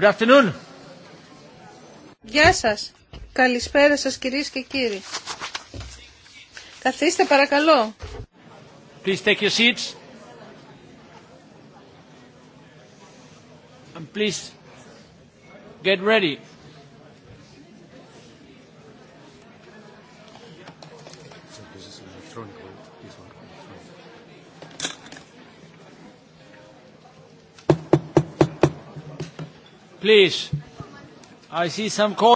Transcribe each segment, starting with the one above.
Good afternoon. Γεια σας. Καλησπέρα σας κυρίες και κύριοι. Καθίστε παρακαλώ. Please take your seats. And please get ready.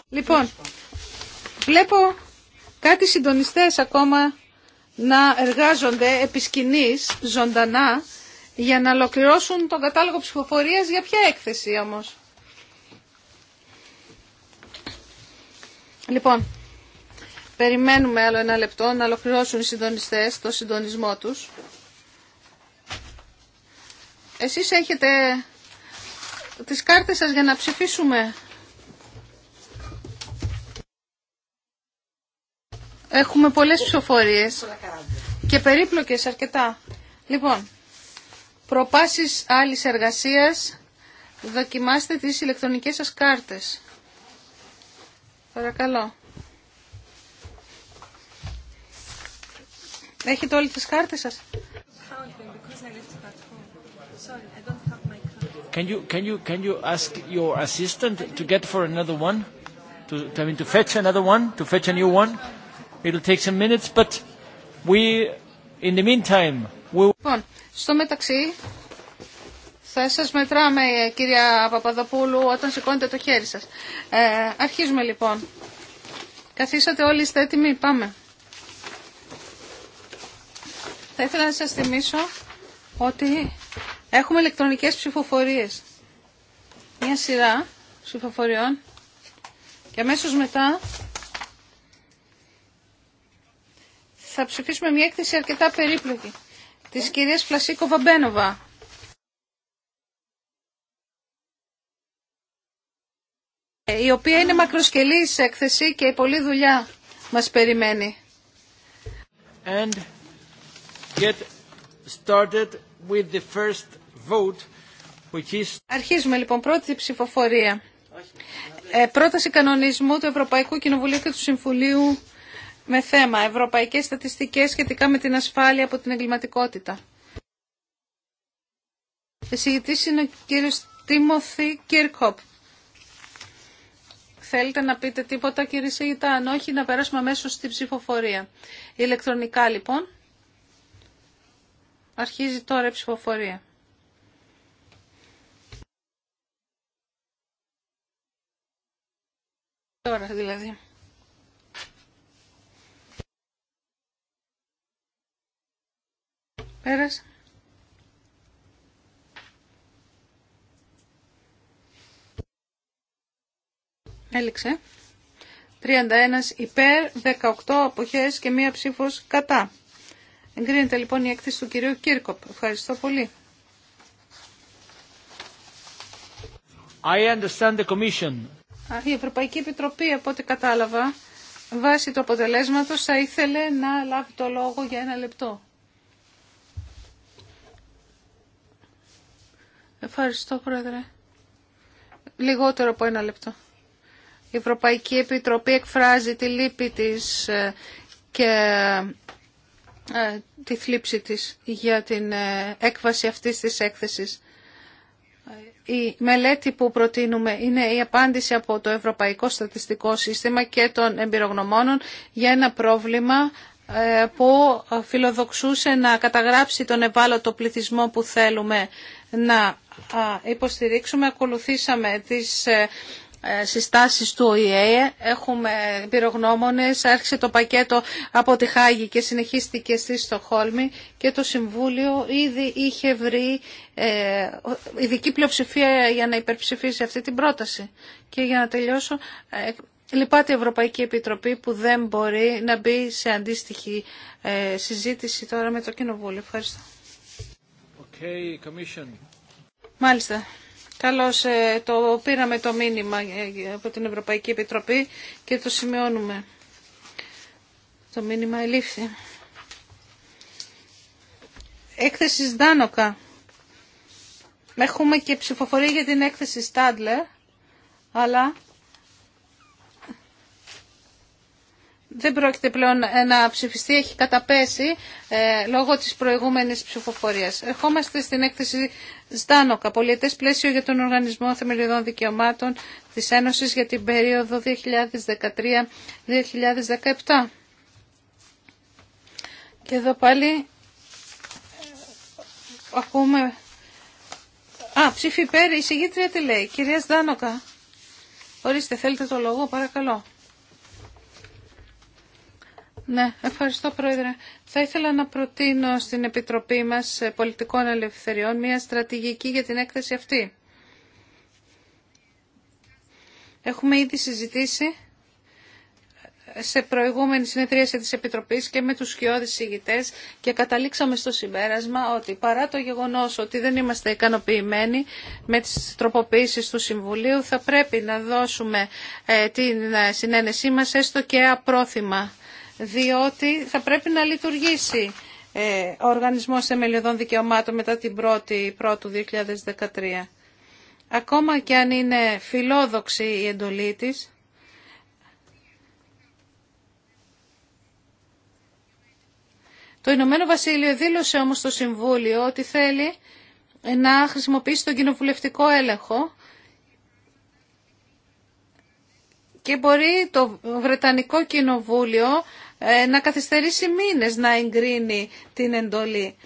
Λοιπόν, βλέπω κάτι συντονιστές ακόμα να εργάζονται επί σκηνής, ζωντανά, για να ολοκληρώσουν τον κατάλογο ψηφοφορίας για ποια έκθεση όμως. Λοιπόν, περιμένουμε άλλο ένα λεπτό να ολοκληρώσουν οι συντονιστές το συντονισμό τους. Εσείς έχετε τις κάρτες σας για να ψηφίσουμε. Έχουμε πολλές ψηφοφορίες και περίπλοκες αρκετά. Λοιπόν, προπάσεις άλλης εργασίας, δοκιμάστε τις ηλεκτρονικές σας κάρτες. Παρακαλώ. Έχετε όλες τις κάρτες σας. Can you can you can you ask your assistant to get for another one? To I mean to fetch another one, to fetch a new one. It'll take some minutes, but we in the meantime we Λοιπόν, στο μεταξύ θα σας μετράμε κυρία Παπαδοπούλου όταν σηκώνετε το χέρι σας. Ε, αρχίζουμε λοιπόν. Καθίσατε όλοι είστε έτοιμοι, πάμε. Θα ήθελα να σας θυμίσω ότι Έχουμε ηλεκτρονικές ψηφοφορίες. Μια σειρά ψηφοφοριών και αμέσω μετά θα ψηφίσουμε μια έκθεση αρκετά περίπλοκη της κυρίας Φλασίκο Βαμπένοβα. η οποία είναι μακροσκελής έκθεση και πολλή δουλειά μας περιμένει. get started with the first Αρχίζουμε λοιπόν πρώτη ψηφοφορία. Ε, πρόταση κανονισμού του Ευρωπαϊκού Κοινοβουλίου και του Συμβουλίου με θέμα Ευρωπαϊκές στατιστικές σχετικά με την ασφάλεια από την εγκληματικότητα. Εισηγητής είναι ο κύριος Τίμωθη Κίρκοπ. Θέλετε να πείτε τίποτα κύριε Σιγητά, αν όχι να περάσουμε αμέσω στην ψηφοφορία. Ηλεκτρονικά λοιπόν. Αρχίζει τώρα η ψηφοφορία. Τώρα δηλαδή. Πέρασε. Έληξε. 31 υπέρ, 18 αποχές και μία ψήφος κατά. Εγκρίνεται λοιπόν η έκθεση του κυρίου Κίρκοπ. Ευχαριστώ πολύ. I understand the commission. Η Ευρωπαϊκή Επιτροπή, από ό,τι κατάλαβα, βάσει του αποτελέσματος θα ήθελε να λάβει το λόγο για ένα λεπτό. Ευχαριστώ, Πρόεδρε. Λιγότερο από ένα λεπτό. Η Ευρωπαϊκή Επιτροπή εκφράζει τη λύπη της ε, και ε, τη θλίψη της για την ε, έκβαση αυτής της έκθεσης. Η μελέτη που προτείνουμε είναι η απάντηση από το Ευρωπαϊκό Στατιστικό Σύστημα και των εμπειρογνωμόνων για ένα πρόβλημα ε, που φιλοδοξούσε να καταγράψει τον ευάλωτο πληθυσμό που θέλουμε να υποστηρίξουμε. Ακολουθήσαμε τις ε, ε, συστάσεις του ΟΗΕ, έχουμε πυρογνώμονες, άρχισε το πακέτο από τη Χάγη και συνεχίστηκε στη Στοχόλμη και το Συμβούλιο ήδη είχε βρει ε, ειδική πλειοψηφία για να υπερψηφίσει αυτή την πρόταση. Και για να τελειώσω, ε, λυπάται η Ευρωπαϊκή Επιτροπή που δεν μπορεί να μπει σε αντίστοιχη συζήτηση τώρα με το Κοινοβούλιο. Ευχαριστώ. Okay, Μάλιστα. Καλώς ε, το πήραμε το μήνυμα ε, από την Ευρωπαϊκή Επιτροπή και το σημειώνουμε. Το μήνυμα ελήφθη. Έκθεση Δάνοκα. Έχουμε και ψηφοφορία για την έκθεση Στάντλερ, αλλά δεν πρόκειται πλέον ε, να ψηφιστεί, έχει καταπέσει ε, λόγω της προηγούμενης ψηφοφορίας. Ερχόμαστε στην έκθεση Στάνοκα, πολιτές πλαίσιο για τον Οργανισμό Θεμελιωδών Δικαιωμάτων της Ένωσης για την περίοδο 2013-2017. Και εδώ πάλι ε, ακούμε... Α, ψήφι υπέρ, η συγγήτρια τι λέει. Κυρία Στάνοκα, ορίστε, θέλετε το λόγο, παρακαλώ. Ναι, ευχαριστώ Πρόεδρε. Θα ήθελα να προτείνω στην Επιτροπή μας ε, Πολιτικών Ελευθεριών μια στρατηγική για την έκθεση αυτή. Έχουμε ήδη συζητήσει ε, σε προηγούμενη συνεδρίαση της Επιτροπής και με τους σκιώδεις ηγητές και καταλήξαμε στο συμπέρασμα ότι παρά το γεγονός ότι δεν είμαστε ικανοποιημένοι με τις τροποποιήσεις του Συμβουλίου θα πρέπει να δώσουμε ε, την συνένεσή μας έστω και απρόθυμα διότι θα πρέπει να λειτουργήσει ε, ο Οργανισμός Εμελιωδών Δικαιωμάτων μετά την 1η Πρώτου 2013. Ακόμα και αν είναι φιλόδοξη η εντολή της, Το Ηνωμένο Βασίλειο δήλωσε όμως στο Συμβούλιο ότι θέλει να χρησιμοποιήσει τον κοινοβουλευτικό έλεγχο και μπορεί το Βρετανικό Κοινοβούλιο ε, να καθυστερήσει μήνες να εγκρίνει την εντολή.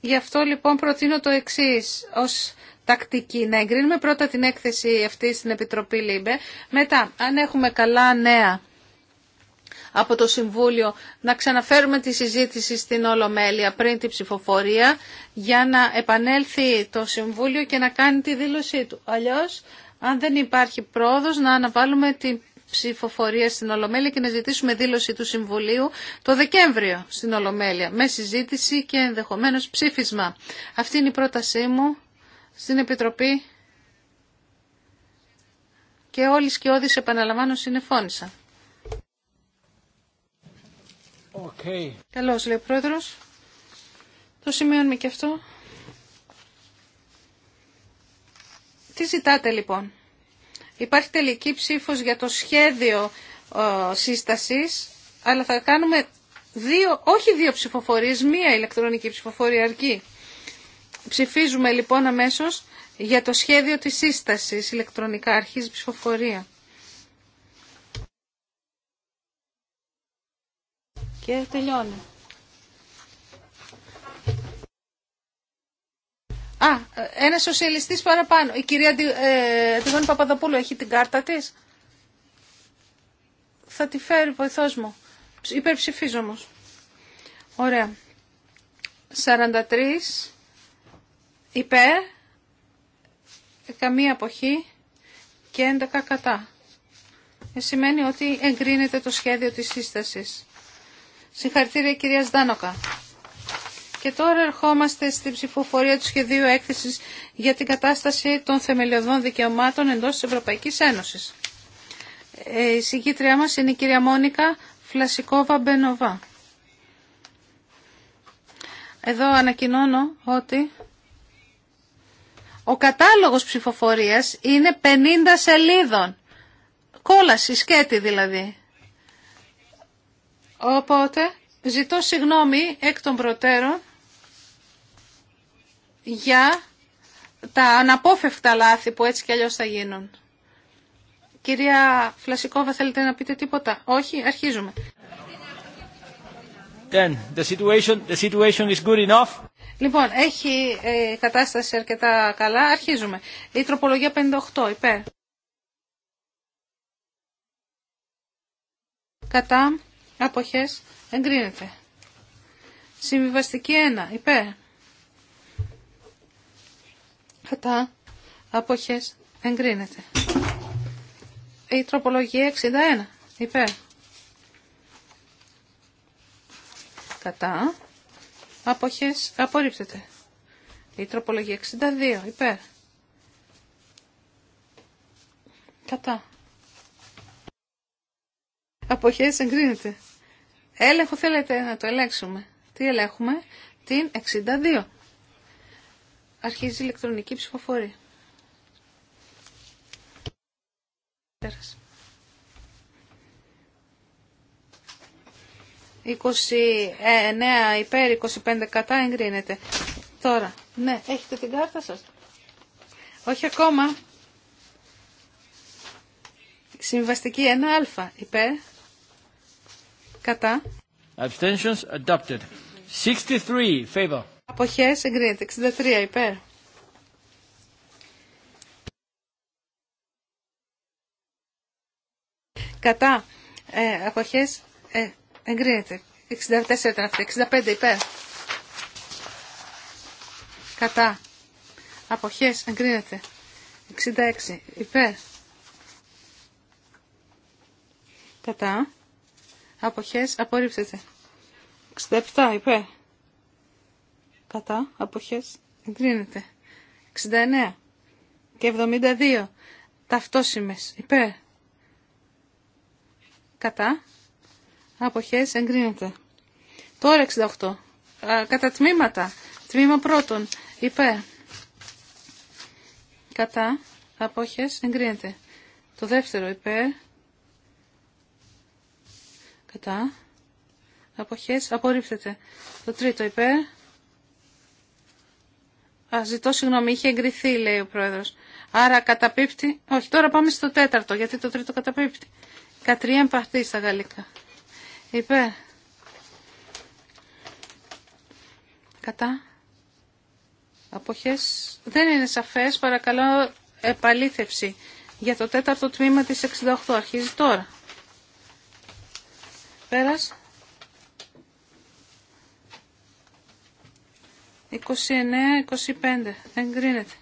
Γι' αυτό λοιπόν προτείνω το εξής ως τακτική. Να εγκρίνουμε πρώτα την έκθεση αυτή στην Επιτροπή ΛΥΜΠΕ. Μετά, αν έχουμε καλά νέα από το Συμβούλιο, να ξαναφέρουμε τη συζήτηση στην Ολομέλεια πριν την ψηφοφορία για να επανέλθει το Συμβούλιο και να κάνει τη δήλωσή του. Αλλιώς, αν δεν υπάρχει πρόοδος, να αναβάλουμε την ψηφοφορία στην Ολομέλεια και να ζητήσουμε δήλωση του Συμβουλίου το Δεκέμβριο στην Ολομέλεια με συζήτηση και ενδεχομένως ψήφισμα. Αυτή είναι η πρότασή μου στην Επιτροπή και όλοι οι σκιώδεις επαναλαμβάνω συνεφώνησαν. Okay. Καλώς λέει ο Πρόεδρος. Το σημειώνουμε και αυτό. Τι ζητάτε λοιπόν. Υπάρχει τελική ψήφος για το σχέδιο ε, σύστασης, αλλά θα κάνουμε δύο, όχι δύο ψηφοφορίες, μία ηλεκτρονική ψηφοφορία αρκεί. Ψηφίζουμε λοιπόν αμέσως για το σχέδιο της σύστασης ηλεκτρονικά, αρχίζει ψηφοφορία. Και τελειώνει. Α, ένα σοσιαλιστή παραπάνω. Η κυρία ε, Παπαδοπούλου έχει την κάρτα τη. Θα τη φέρει βοηθό μου. Υπερψηφίζω όμω. Ωραία. 43 υπέρ, καμία αποχή και 11 κατά. Ε, σημαίνει ότι εγκρίνεται το σχέδιο της σύστασης. Συγχαρητήρια κυρία Σδάνοκα. Και τώρα ερχόμαστε στην ψηφοφορία του σχεδίου έκθεσης για την κατάσταση των θεμελιωδών δικαιωμάτων εντός της Ευρωπαϊκής Ένωσης. Ε, η συγκήτριά μας είναι η κυρία Μόνικα Φλασικόβα Μπενοβά. Εδώ ανακοινώνω ότι ο κατάλογος ψηφοφορίας είναι 50 σελίδων. Κόλαση, σκέτη δηλαδή. Οπότε ζητώ συγγνώμη εκ των προτέρων για τα αναπόφευκτα λάθη που έτσι κι αλλιώς θα γίνουν. Κυρία Φλασικόβα, θέλετε να πείτε τίποτα. Όχι, αρχίζουμε. Then, the situation, the situation is good enough. Λοιπόν, έχει ε, κατάσταση αρκετά καλά. Αρχίζουμε. Η τροπολογία 58, υπέρ. Κατά, αποχές, εγκρίνεται. Συμβιβαστική 1, υπέρ κατά αποχές εγκρίνεται. Η τροπολογία 61 υπέρ κατά αποχές απορρίπτεται. Η τροπολογία 62 υπέρ κατά αποχές εγκρίνεται. Έλεγχο θέλετε να το ελέγξουμε. Τι ελέγχουμε. Την 62. Αρχίζει η ηλεκτρονική ψηφοφορία. 29 υπέρ, 25 κατά εγκρίνεται. Τώρα, ναι, έχετε την κάρτα σας. Όχι ακόμα. Συμβαστική 1α υπέρ, κατά. Abstentions adopted. 63 favor. Αποχές εγκρίνεται. 63 υπέρ. Κατά. Ε, αποχές ε, εγκρίνεται. 64 ήταν αυτή. 65 υπέρ. Κατά. Αποχές εγκρίνεται. 66 υπέρ. Κατά. Αποχές απορρίψεται. 67 υπέρ κατά αποχές εγκρίνεται. 69 και 72 ταυτόσημες υπέρ κατά αποχές εγκρίνεται. Τώρα 68 κατά τμήματα. Τμήμα πρώτον υπέρ κατά απόχες εγκρίνεται. Το δεύτερο υπέρ κατά απόχες απορρίπτεται. Το τρίτο υπέρ Α, ζητώ συγγνώμη, είχε εγκριθεί, λέει ο πρόεδρος. Άρα καταπίπτει. Όχι, τώρα πάμε στο τέταρτο, γιατί το τρίτο καταπίπτει. Κατρία παχτή στα γαλλικά. Είπε. Κατά. Αποχές. Δεν είναι σαφές, παρακαλώ επαλήθευση. Για το τέταρτο τμήμα της 68 αρχίζει τώρα. Πέρας. 29-25. Εγκρίνεται.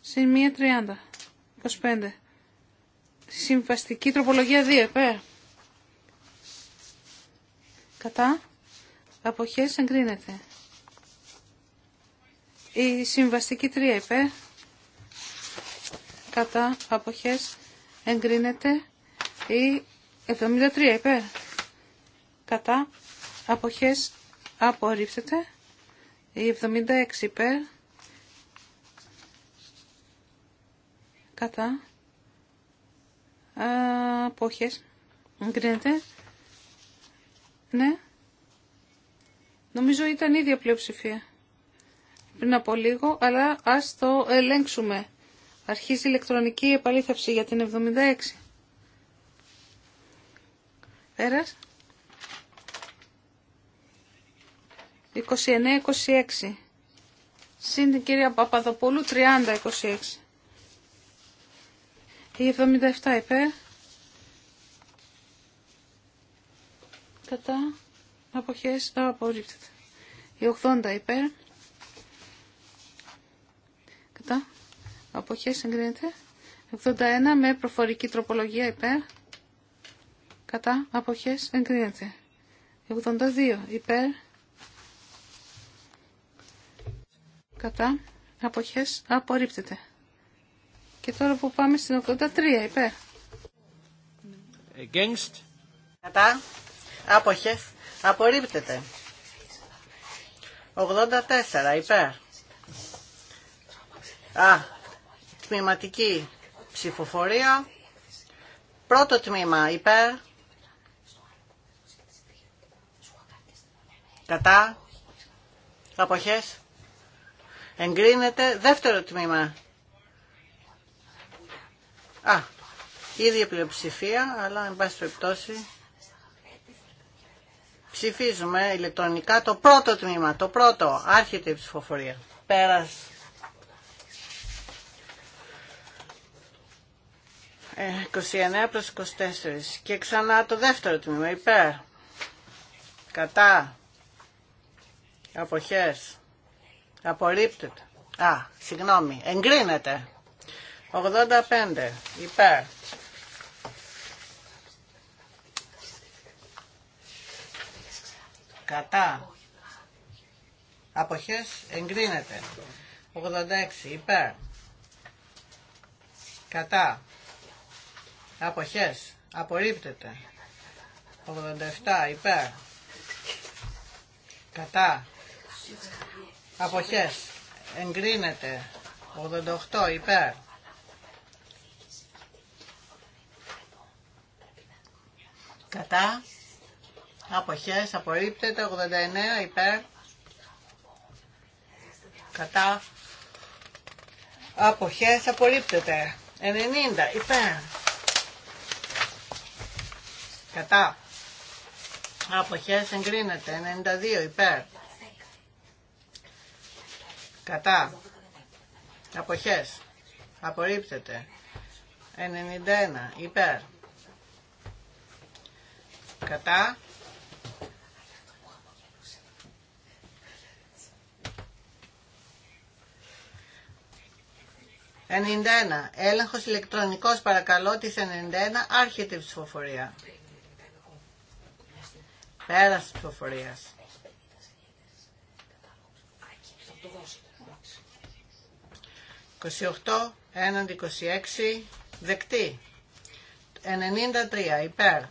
Σημεία 30. 25. Συμβαστική τροπολογία 2. Επέ. Κατά. Αποχές εγκρίνεται. Η συμβαστική 3 Επέ. Κατά. Αποχές εγκρίνεται. Η 73 Επέ. Κατά. Αποχές απορρίψετε Η 76 υπέρ. Κατά. Απόχες. Εγκρίνεται. Ναι. Νομίζω ήταν ίδια πλειοψηφία πριν από λίγο, αλλά ας το ελέγξουμε. Αρχίζει η ηλεκτρονική επαλήθευση για την 76. Πέρας. 29-26. Συν την κυρία Παπαδοπούλου 30-26. Η 77 υπέρ. Κατά. Αποχές. Απορρίπτεται. Η 80 υπέρ. Κατά. Αποχές εγκρίνεται. 81 με προφορική τροπολογία υπέρ. Κατά. Αποχές εγκρίνεται. 82 υπέρ κατά αποχές απορρίπτεται. Και τώρα που πάμε στην 83 υπέρ. Κατά αποχές απορρίπτεται. 84 υπέρ. Α, τμήματική ψηφοφορία. Πρώτο τμήμα υπέρ. Κατά. Αποχές. Εγκρίνεται δεύτερο τμήμα. Α, ίδια πλειοψηφία, αλλά εν πάση περιπτώσει ψηφίζουμε ηλεκτρονικά το πρώτο τμήμα, το πρώτο, άρχεται η ψηφοφορία. Πέρας. Ε, 29 προς 24 και ξανά το δεύτερο τμήμα, υπέρ, κατά, αποχές, Απορρίπτεται. Α, συγγνώμη. Εγκρίνεται. 85. Υπέρ. Κατά. Αποχές εγκρίνεται. 86. Υπέρ. Κατά. Αποχές. Απορρίπτεται. 87. Υπέρ. Κατά. Αποχές. Εγκρίνεται. 88 υπέρ. Κατά. Αποχές. Απορρίπτεται. 89 υπέρ. Κατά. Αποχές. Απορρίπτεται. 90 υπέρ. Κατά. Αποχές εγκρίνεται. 92 υπέρ. Κατά. Αποχές. Απορρίπτεται. 91. Υπέρ. Κατά. «91. Έλεγχος ηλεκτρονικός παρακαλώ της 91. Άρχεται η ψηφοφορία». Πέρας ψηφοφορίας. 28 έναντι 26 δεκτή 93 υπέρ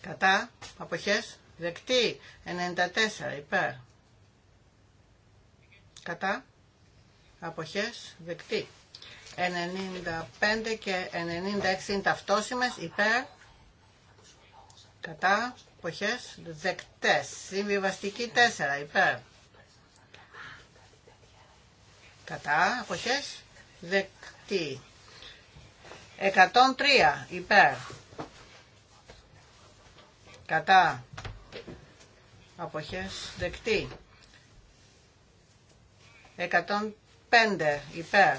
κατά αποχές δεκτή 94 υπέρ κατά αποχές δεκτή 95 και 96 είναι ταυτόσιμες υπέρ κατά αποχές δεκτές συμβιβαστική 4 υπέρ Κατά. Αποχές. Δεκτή. 103 υπέρ. Κατά. Αποχές. Δεκτή. 105 υπέρ.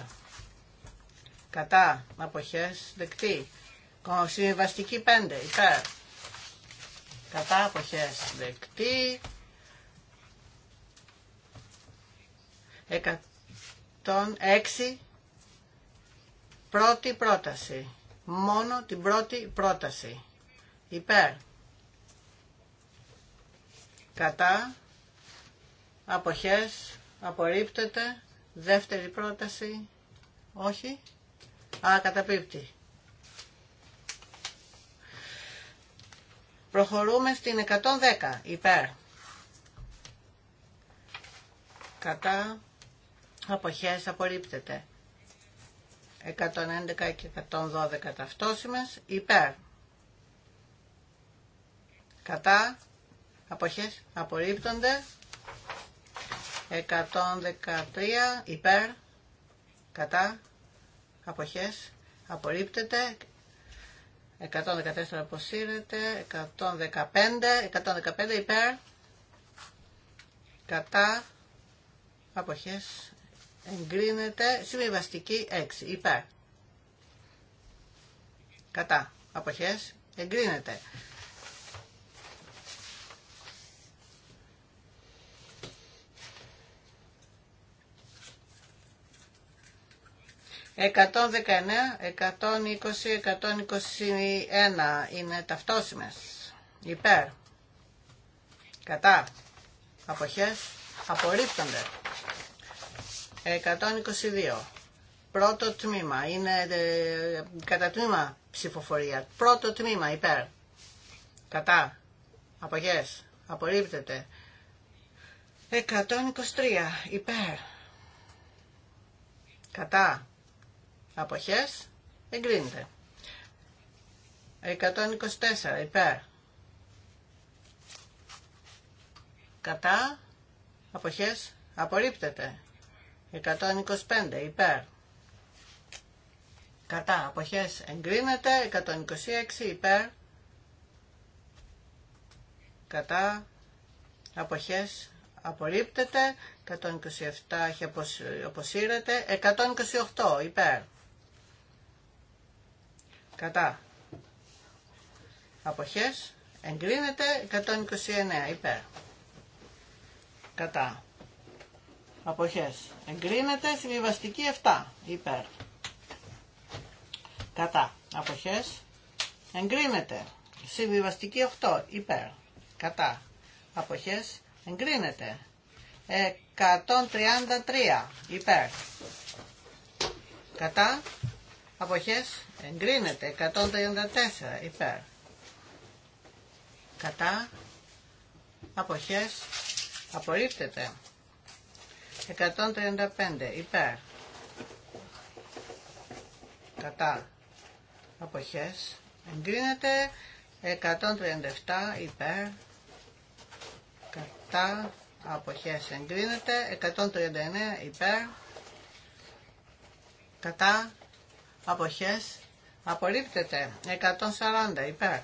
Κατά. Αποχές. Δεκτή. Συμβαστική 5 υπέρ. Κατά. Αποχές. Δεκτή τον 6 πρώτη πρόταση. Μόνο την πρώτη πρόταση. Υπέρ. Κατά. Αποχές. Απορρίπτεται. Δεύτερη πρόταση. Όχι. Α, καταπίπτει. Προχωρούμε στην 110. Υπέρ. Κατά αποχές απορρίπτεται. 111 και 112 ταυτόσημες υπέρ. Κατά αποχές απορρίπτονται. 113 υπέρ. Κατά αποχές απορρίπτεται. 114 αποσύρεται. 115, 115 υπέρ. Κατά αποχές εγκρίνεται συμβιβαστική 6 υπέρ. Κατά. Αποχές εγκρίνεται. Εκατόν δεκαεννέα, εκατόν είκοσι, εκατόν είκοσι ένα είναι ταυτόσιμες. Υπέρ. Κατά. Αποχές απορρίπτονται. 122. Πρώτο τμήμα. Είναι ε, κατά τμήμα ψηφοφορία. Πρώτο τμήμα υπέρ. Κατά. Αποχές. Απορρίπτεται. 123 υπέρ. Κατά. Αποχές. Εγκρίνεται. 124 υπέρ. Κατά. Αποχές. Απορρίπτεται. 125 υπέρ. Κατά αποχές εγκρίνεται 126 υπέρ. Κατά αποχές απορρίπτεται 127 έχει αποσύρεται 128 υπέρ. Κατά αποχές εγκρίνεται 129 υπέρ. Κατά αποχές εγκρίνεται. Συμβιβαστική 7 υπέρ κατά αποχές εγκρίνεται. Συμβιβαστική 8 υπέρ κατά αποχές εγκρίνεται. 133 υπέρ κατά αποχές εγκρίνεται 134 υπέρ κατά αποχές απορρίπτεται 135 υπέρ κατά αποχές εγκρίνεται 137 υπέρ κατά αποχές εγκρίνεται 139 υπέρ κατά αποχές απορρίπτεται 140 υπέρ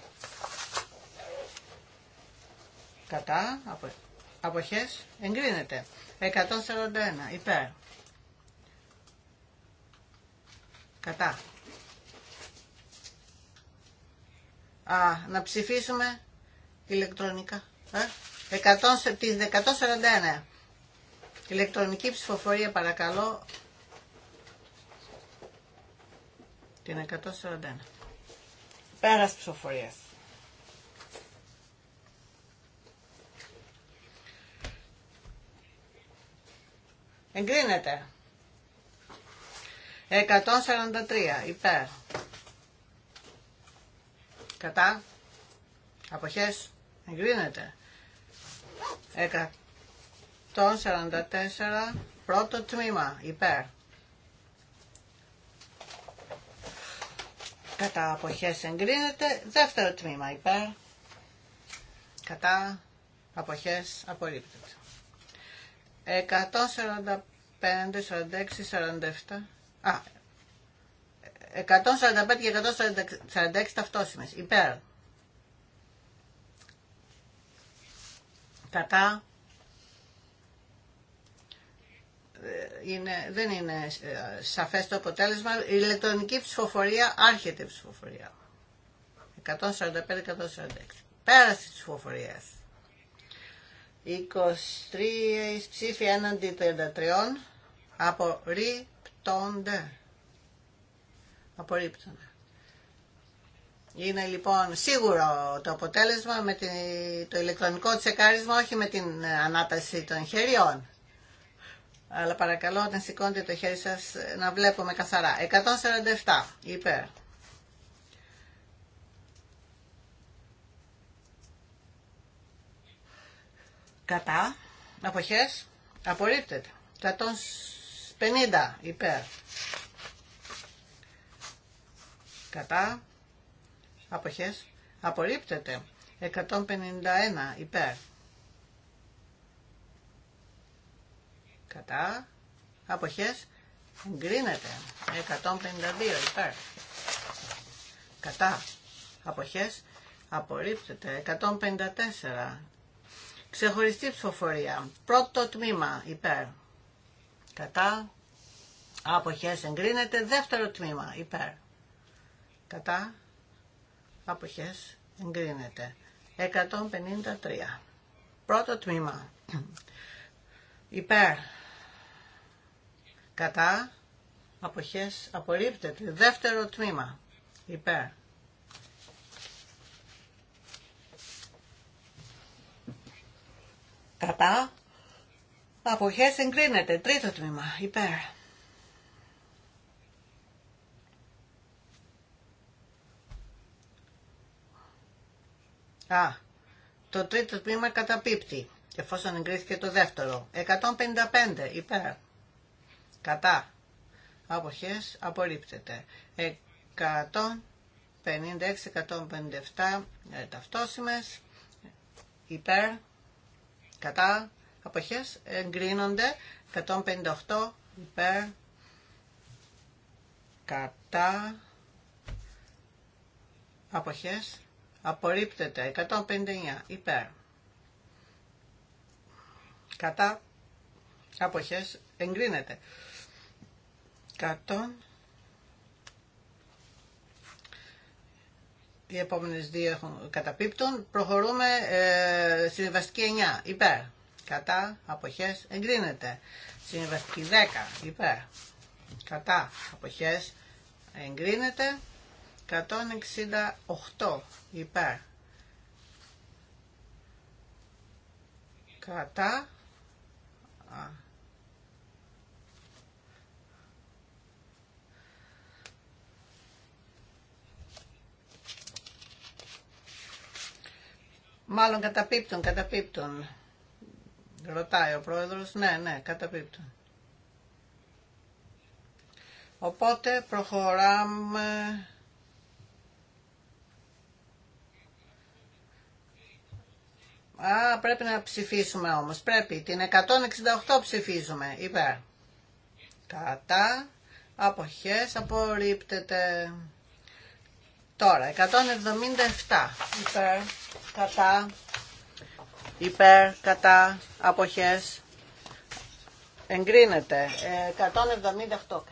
κατά αποχές εγκρίνεται 141 υπέρ. Κατά. Α, να ψηφίσουμε ηλεκτρονικά. Ε? 100, της 141. Ηλεκτρονική ψηφοφορία παρακαλώ. Την 141. Πέρας ψηφοφορίας. Εγκρίνεται. 143 υπέρ. Κατά. Αποχές. Εγκρίνεται. 144 πρώτο τμήμα υπέρ. Κατά αποχές εγκρίνεται. Δεύτερο τμήμα υπέρ. Κατά αποχές απορρίπτεται. 145, 46, 47. Α, 145 και 146 ταυτόσημες. Υπέρ. Κατά. Ε, είναι, δεν είναι ε, σαφές το αποτέλεσμα. Η ηλεκτρονική ψηφοφορία άρχεται η ψηφοφορία. 145-146. Πέρασε τη ψηφοφορία. 23 ψήφοι έναντι 33 απορρίπτονται. Απορρίπτονται. Είναι λοιπόν σίγουρο το αποτέλεσμα με το ηλεκτρονικό τσεκάρισμα, όχι με την ε, ανάταση των χεριών. Αλλά παρακαλώ όταν σηκώνετε το χέρι σας ε, να βλέπουμε καθαρά. 147 υπέρ. κατά, αποχές, απορρίπτεται. 150 υπέρ, κατά, αποχές, απορρίπτεται. 151 υπέρ, κατά, αποχές, εγκρίνεται. 152 υπέρ, κατά, αποχές, απορρίπτεται. 154 Ξεχωριστή ψηφοφορία. Πρώτο τμήμα υπέρ. Κατά. Αποχές εγκρίνεται. Δεύτερο τμήμα υπέρ. Κατά. Αποχές εγκρίνεται. 153. Πρώτο τμήμα. Υπέρ. Κατά. Αποχές απορρίπτεται. Δεύτερο τμήμα. Υπέρ. Κατά. Αποχές εγκρίνεται. Τρίτο τμήμα. Υπέρ. Α, το τρίτο τμήμα καταπίπτει, εφόσον εγκρίθηκε το δεύτερο. 155, υπέρ. Κατά. Αποχές, απορρίπτεται. 156, 157, ε, ταυτόσημες, υπέρ κατά, αποχές, εγκρίνονται, 158 υπέρ, κατά, αποχές, απορρίπτεται, 159 υπέρ, κατά, αποχές, εγκρίνεται, 100 Οι επόμενες δύο έχουν καταπίπτουν. Προχωρούμε ε, συμβαστική 9. Υπέρ. Κατά. Αποχές. Εγκρίνεται. Συμβαστική 10. Υπέρ. Κατά. Αποχές. Εγκρίνεται. 168. Υπέρ. Κατά. Μάλλον καταπίπτουν, καταπίπτουν. Ρωτάει ο πρόεδρος. Ναι, ναι, καταπίπτουν. Οπότε προχωράμε... Α, πρέπει να ψηφίσουμε όμως. Πρέπει. Την 168 ψηφίζουμε. Υπέρ. Κατά. Αποχές απορρίπτεται. Τώρα, 177. Υπέρ, κατά, υπέρ, κατά, αποχές. Εγκρίνεται. 178.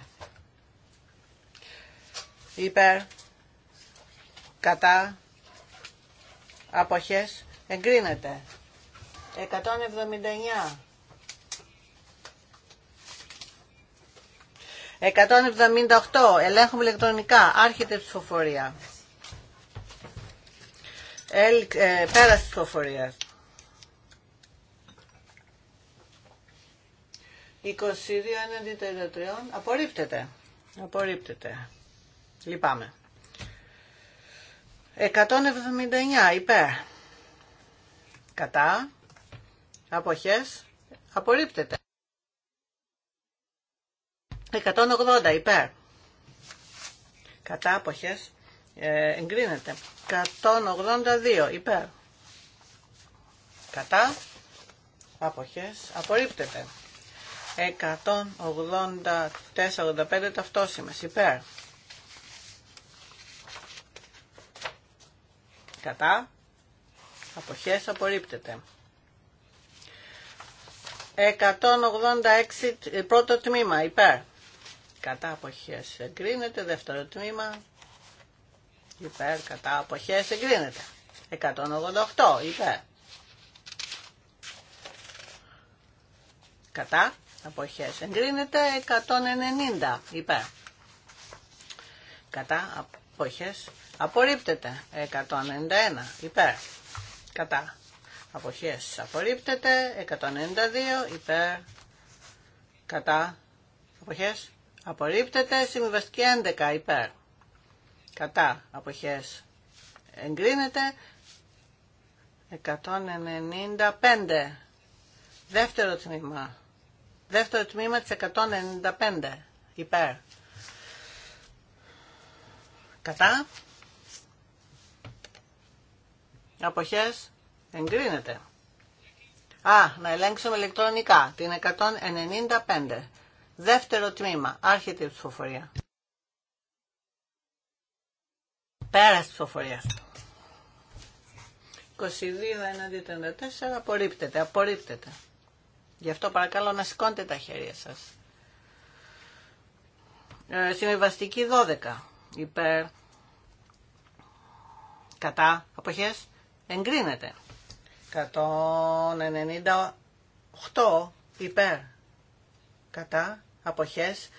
Ε, υπέρ, κατά, αποχές. Εγκρίνεται. 179. 178. Ελέγχουμε ηλεκτρονικά. Άρχεται ψηφοφορία. Ελ, ε, πέρας της 22 έναντι 33. Απορρίπτεται. Απορρίπτεται. Λυπάμαι. 179 υπέρ. Κατά. Αποχές. Απορρίπτεται. 180 υπέρ. Κατά αποχές. Ε, εγκρίνεται. 182 υπέρ. Κατά. Αποχές. Απορρίπτεται. 184-85 ταυτόσημες υπέρ. Κατά. Αποχές απορρίπτεται. 186 ε, πρώτο τμήμα υπέρ. Κατά αποχές εγκρίνεται. Δεύτερο τμήμα υπέρ κατά αποχές εγκρίνεται. 188 υπέρ. Κατά αποχές εγκρίνεται 190 υπέρ. Κατά αποχές απορρίπτεται 191 υπέρ. Κατά αποχές απορρίπτεται 192 υπέρ. Κατά αποχές απορρίπτεται συμβιβαστική 11 υπέρ κατά αποχές εγκρίνεται 195 δεύτερο τμήμα δεύτερο τμήμα της 195 υπέρ κατά αποχές εγκρίνεται Α, να ελέγξουμε ηλεκτρονικά την 195. Δεύτερο τμήμα, άρχεται η ψηφοφορία. Πέρας ψηφοφορίας. 22 έναντι 34 απορρίπτεται, απορρίπτεται. Γι' αυτό παρακαλώ να σηκώνετε τα χέρια σας. Ε, συμβιβαστική 12 υπέρ κατά αποχές εγκρίνεται. 198 υπέρ κατά αποχές.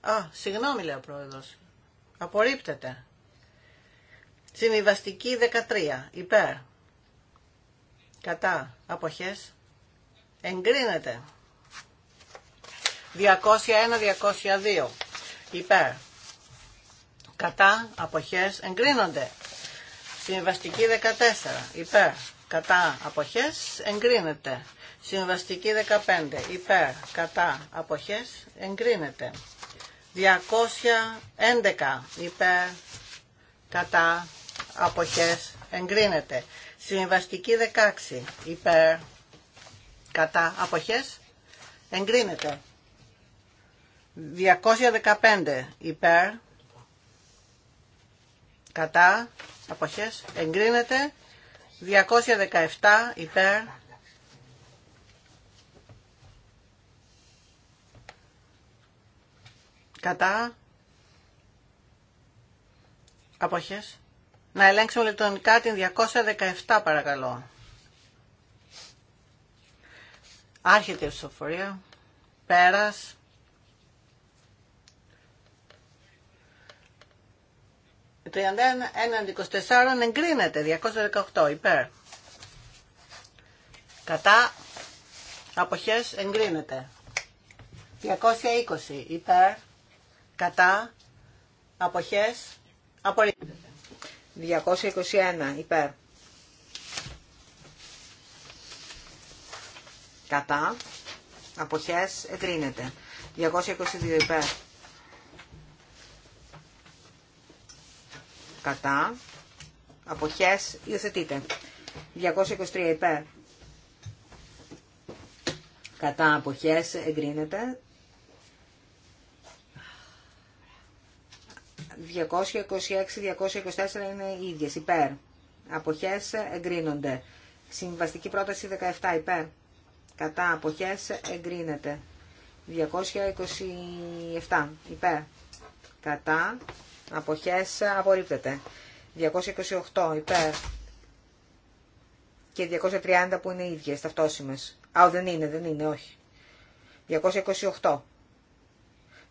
Α, συγγνώμη λέει ο πρόεδρος. Απορρίπτεται. Συμβιβαστική 13. Υπέρ. Κατά. Αποχές. Εγκρίνεται. 201-202. Υπέρ. Κατά. Αποχές. Εγκρίνονται. Συμβαστική 14. Υπέρ. Κατά. Αποχές. Εγκρίνεται. Συμβαστική 15. Υπέρ. Κατά. Αποχές. Εγκρίνεται. 211. Υπέρ. Κατά αποχές εγκρίνεται. Συμβαστική 16 υπέρ κατά αποχές εγκρίνεται. 215 υπέρ κατά αποχές εγκρίνεται. 217 υπέρ κατά αποχές να ελέγξουμε ηλεκτρονικά την 217 παρακαλώ. Άρχεται η ψηφοφορία. Πέρας. Το 31 24 εγκρίνεται. 218 υπέρ. Κατά. Αποχές εγκρίνεται. 220 υπέρ. Κατά. Αποχές απορρίπτεται. 221 υπέρ. Κατά. Αποχές εγκρίνεται. 222 υπέρ. Κατά. Αποχές υιοθετείται. 223 υπέρ. Κατά αποχές εγκρίνεται. 226-224 είναι ίδιες, υπέρ. Αποχές εγκρίνονται. Συμβαστική πρόταση 17 υπέρ. Κατά αποχές εγκρίνεται. 227 υπέρ. Κατά αποχές απορρίπτεται. 228 υπέρ. Και 230 που είναι ίδιες, ταυτόσιμες. Α, δεν είναι, δεν είναι, όχι. 228.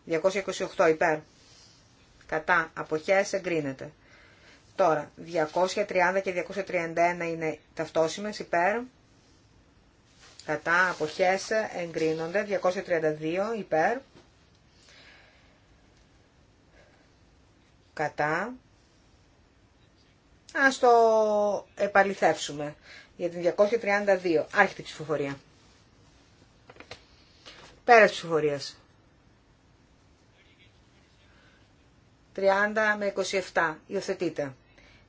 228 υπέρ κατά, αποχές, εγκρίνεται. Τώρα, 230 και 231 είναι ταυτόσημες υπέρ, κατά, αποχές, εγκρίνονται, 232 υπέρ, κατά, ας το επαληθεύσουμε για την 232, άρχεται η ψηφοφορία. Πέρας ψηφοφορίας. 30 με 27. Υιοθετείτε.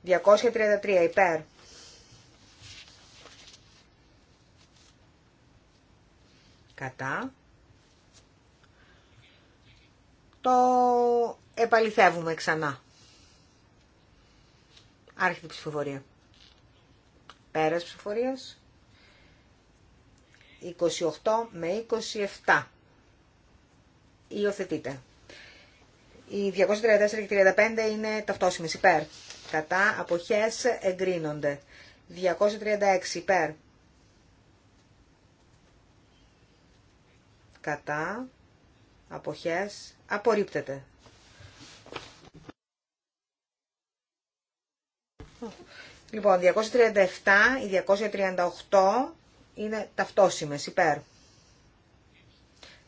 233 υπέρ. Κατά. Το επαληθεύουμε ξανά. Άρχεται η ψηφοφορία. Πέρας ψηφοφορίας. 28 με 27. Υιοθετείτε. Οι 234 και 35 είναι ταυτόσιμες υπέρ. Κατά αποχές εγκρίνονται. 236 υπέρ. Κατά αποχές απορρίπτεται. Λοιπόν, 237, η 238 είναι ταυτόσιμες, υπέρ.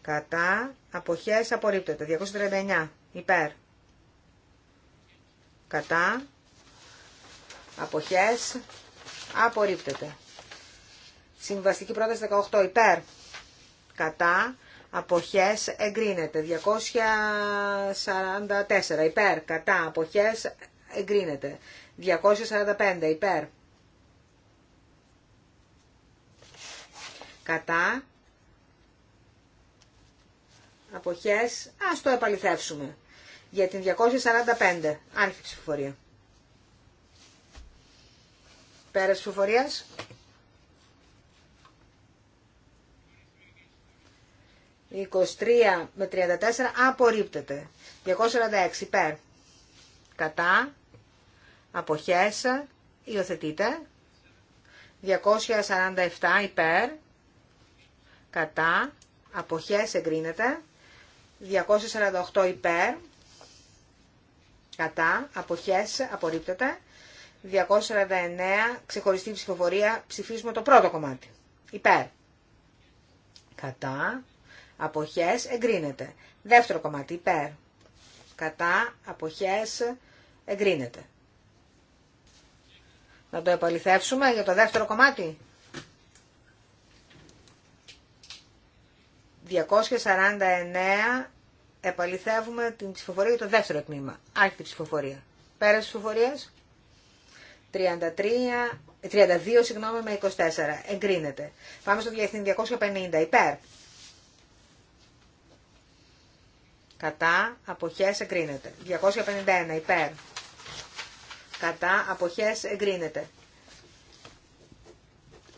Κατά, αποχές, απορρίπτεται. 239, υπέρ κατά αποχές απορρίπτεται συμβαστική πρόταση 18 υπέρ κατά αποχές εγκρίνεται 244 υπέρ κατά αποχές εγκρίνεται 245 υπέρ κατά αποχές ας το επαληθεύσουμε για την 245. Άρχη ψηφοφορία. Πέρας ψηφοφορίας. 23 με 34 απορρίπτεται. 246 υπέρ. Κατά. Αποχέσα. Υιοθετείται. 247 υπέρ. Κατά. Αποχές εγκρίνεται. 248 υπέρ κατά, αποχές, απορρίπτεται. 249, ξεχωριστή ψηφοφορία, ψηφίζουμε το πρώτο κομμάτι. Υπέρ. Κατά, αποχές, εγκρίνεται. Δεύτερο κομμάτι, υπέρ. Κατά, αποχές, εγκρίνεται. Να το επαληθεύσουμε για το δεύτερο κομμάτι. 249 επαληθεύουμε την ψηφοφορία για το δεύτερο τμήμα. Άρχιτη ψηφοφορία. Πέρα ψηφοφορίας. 33, 32 ε, συγγνώμη με 24. Εγκρίνεται. Πάμε στο διεθνή 250. Υπέρ. Κατά αποχές εγκρίνεται. 251. Υπέρ. Κατά αποχές εγκρίνεται.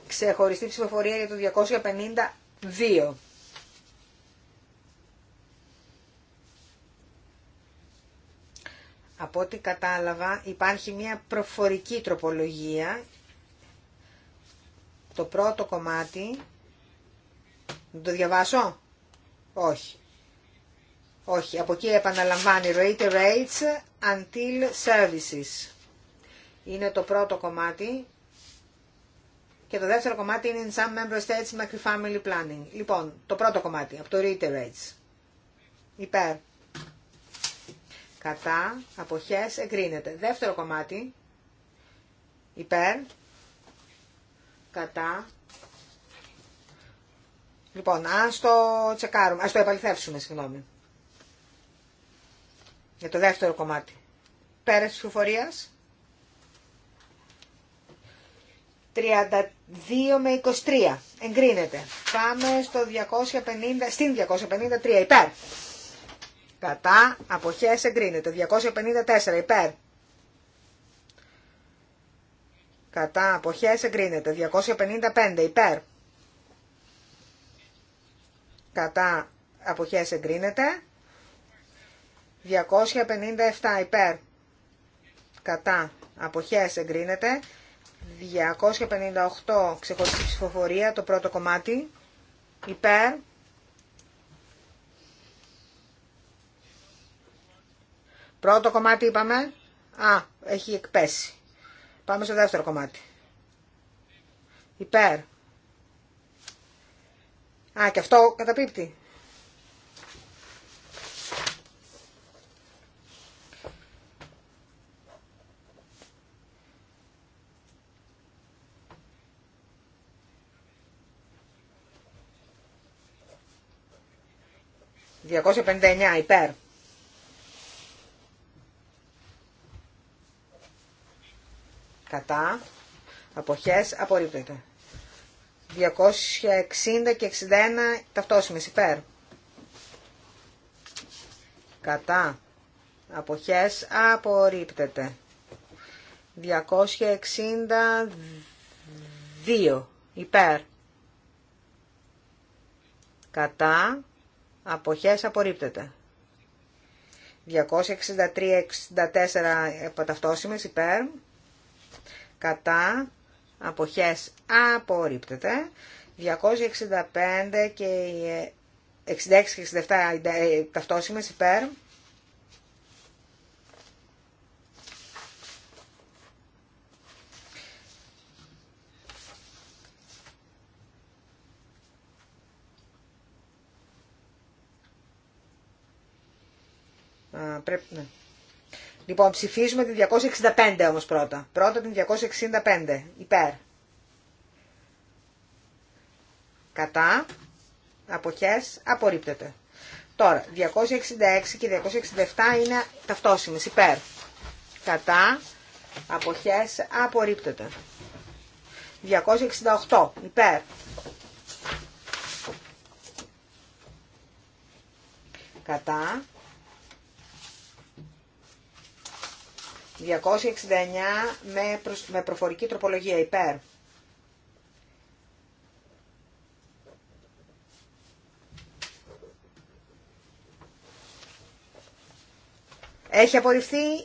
Ξεχωριστή ψηφοφορία για το 252. Από ό,τι κατάλαβα υπάρχει μια προφορική τροπολογία. Το πρώτο κομμάτι... Να το διαβάσω? Όχι. Όχι, από εκεί επαναλαμβάνει rates until services. Είναι το πρώτο κομμάτι και το δεύτερο κομμάτι είναι in some member states macro family planning. Λοιπόν, το πρώτο κομμάτι από το rates, Υπέρ κατά, αποχές, εγκρίνεται. Δεύτερο κομμάτι, υπέρ, κατά. Λοιπόν, ας το τσεκάρουμε, ας το επαληθεύσουμε, συγγνώμη. Για το δεύτερο κομμάτι. Πέρας της ψηφοφορίας. 32 με 23. Εγκρίνεται. Πάμε στο 250, στην 253. Υπέρ κατά, αποχές εγκρίνεται. 254 υπέρ, κατά, αποχές εγκρίνεται. 255 υπέρ, κατά, αποχές εγκρίνεται. 257 υπέρ, κατά, αποχές εγκρίνεται. 258 ξεχωριστή ψηφοφορία, το πρώτο κομμάτι, υπέρ, Πρώτο κομμάτι είπαμε. Α, έχει εκπέσει. Πάμε στο δεύτερο κομμάτι. Υπέρ. Α, και αυτό καταπίπτει. 259 υπέρ. κατά, αποχές, απορρίπτεται. 260 και 61 ταυτόσημες, υπέρ. Κατά. Αποχές απορρίπτεται. 262 υπέρ. Κατά. Αποχές απορρίπτεται. 263-64 ταυτόσημες, υπέρ κατά, αποχές απορρίπτεται, 265 και 66 ε, και 67 ε, ταυτόσημες υπέρ, πρέπει να... Λοιπόν, ψηφίζουμε την 265 όμως πρώτα. Πρώτα την 265. Υπέρ. Κατά. Αποχές. Απορρίπτεται. Τώρα, 266 και 267 είναι ταυτόσιμες. Υπέρ. Κατά. Αποχές. Απορρίπτεται. 268. Υπέρ. Κατά. 269 με, με προφορική τροπολογία υπέρ. Έχει απορριφθεί,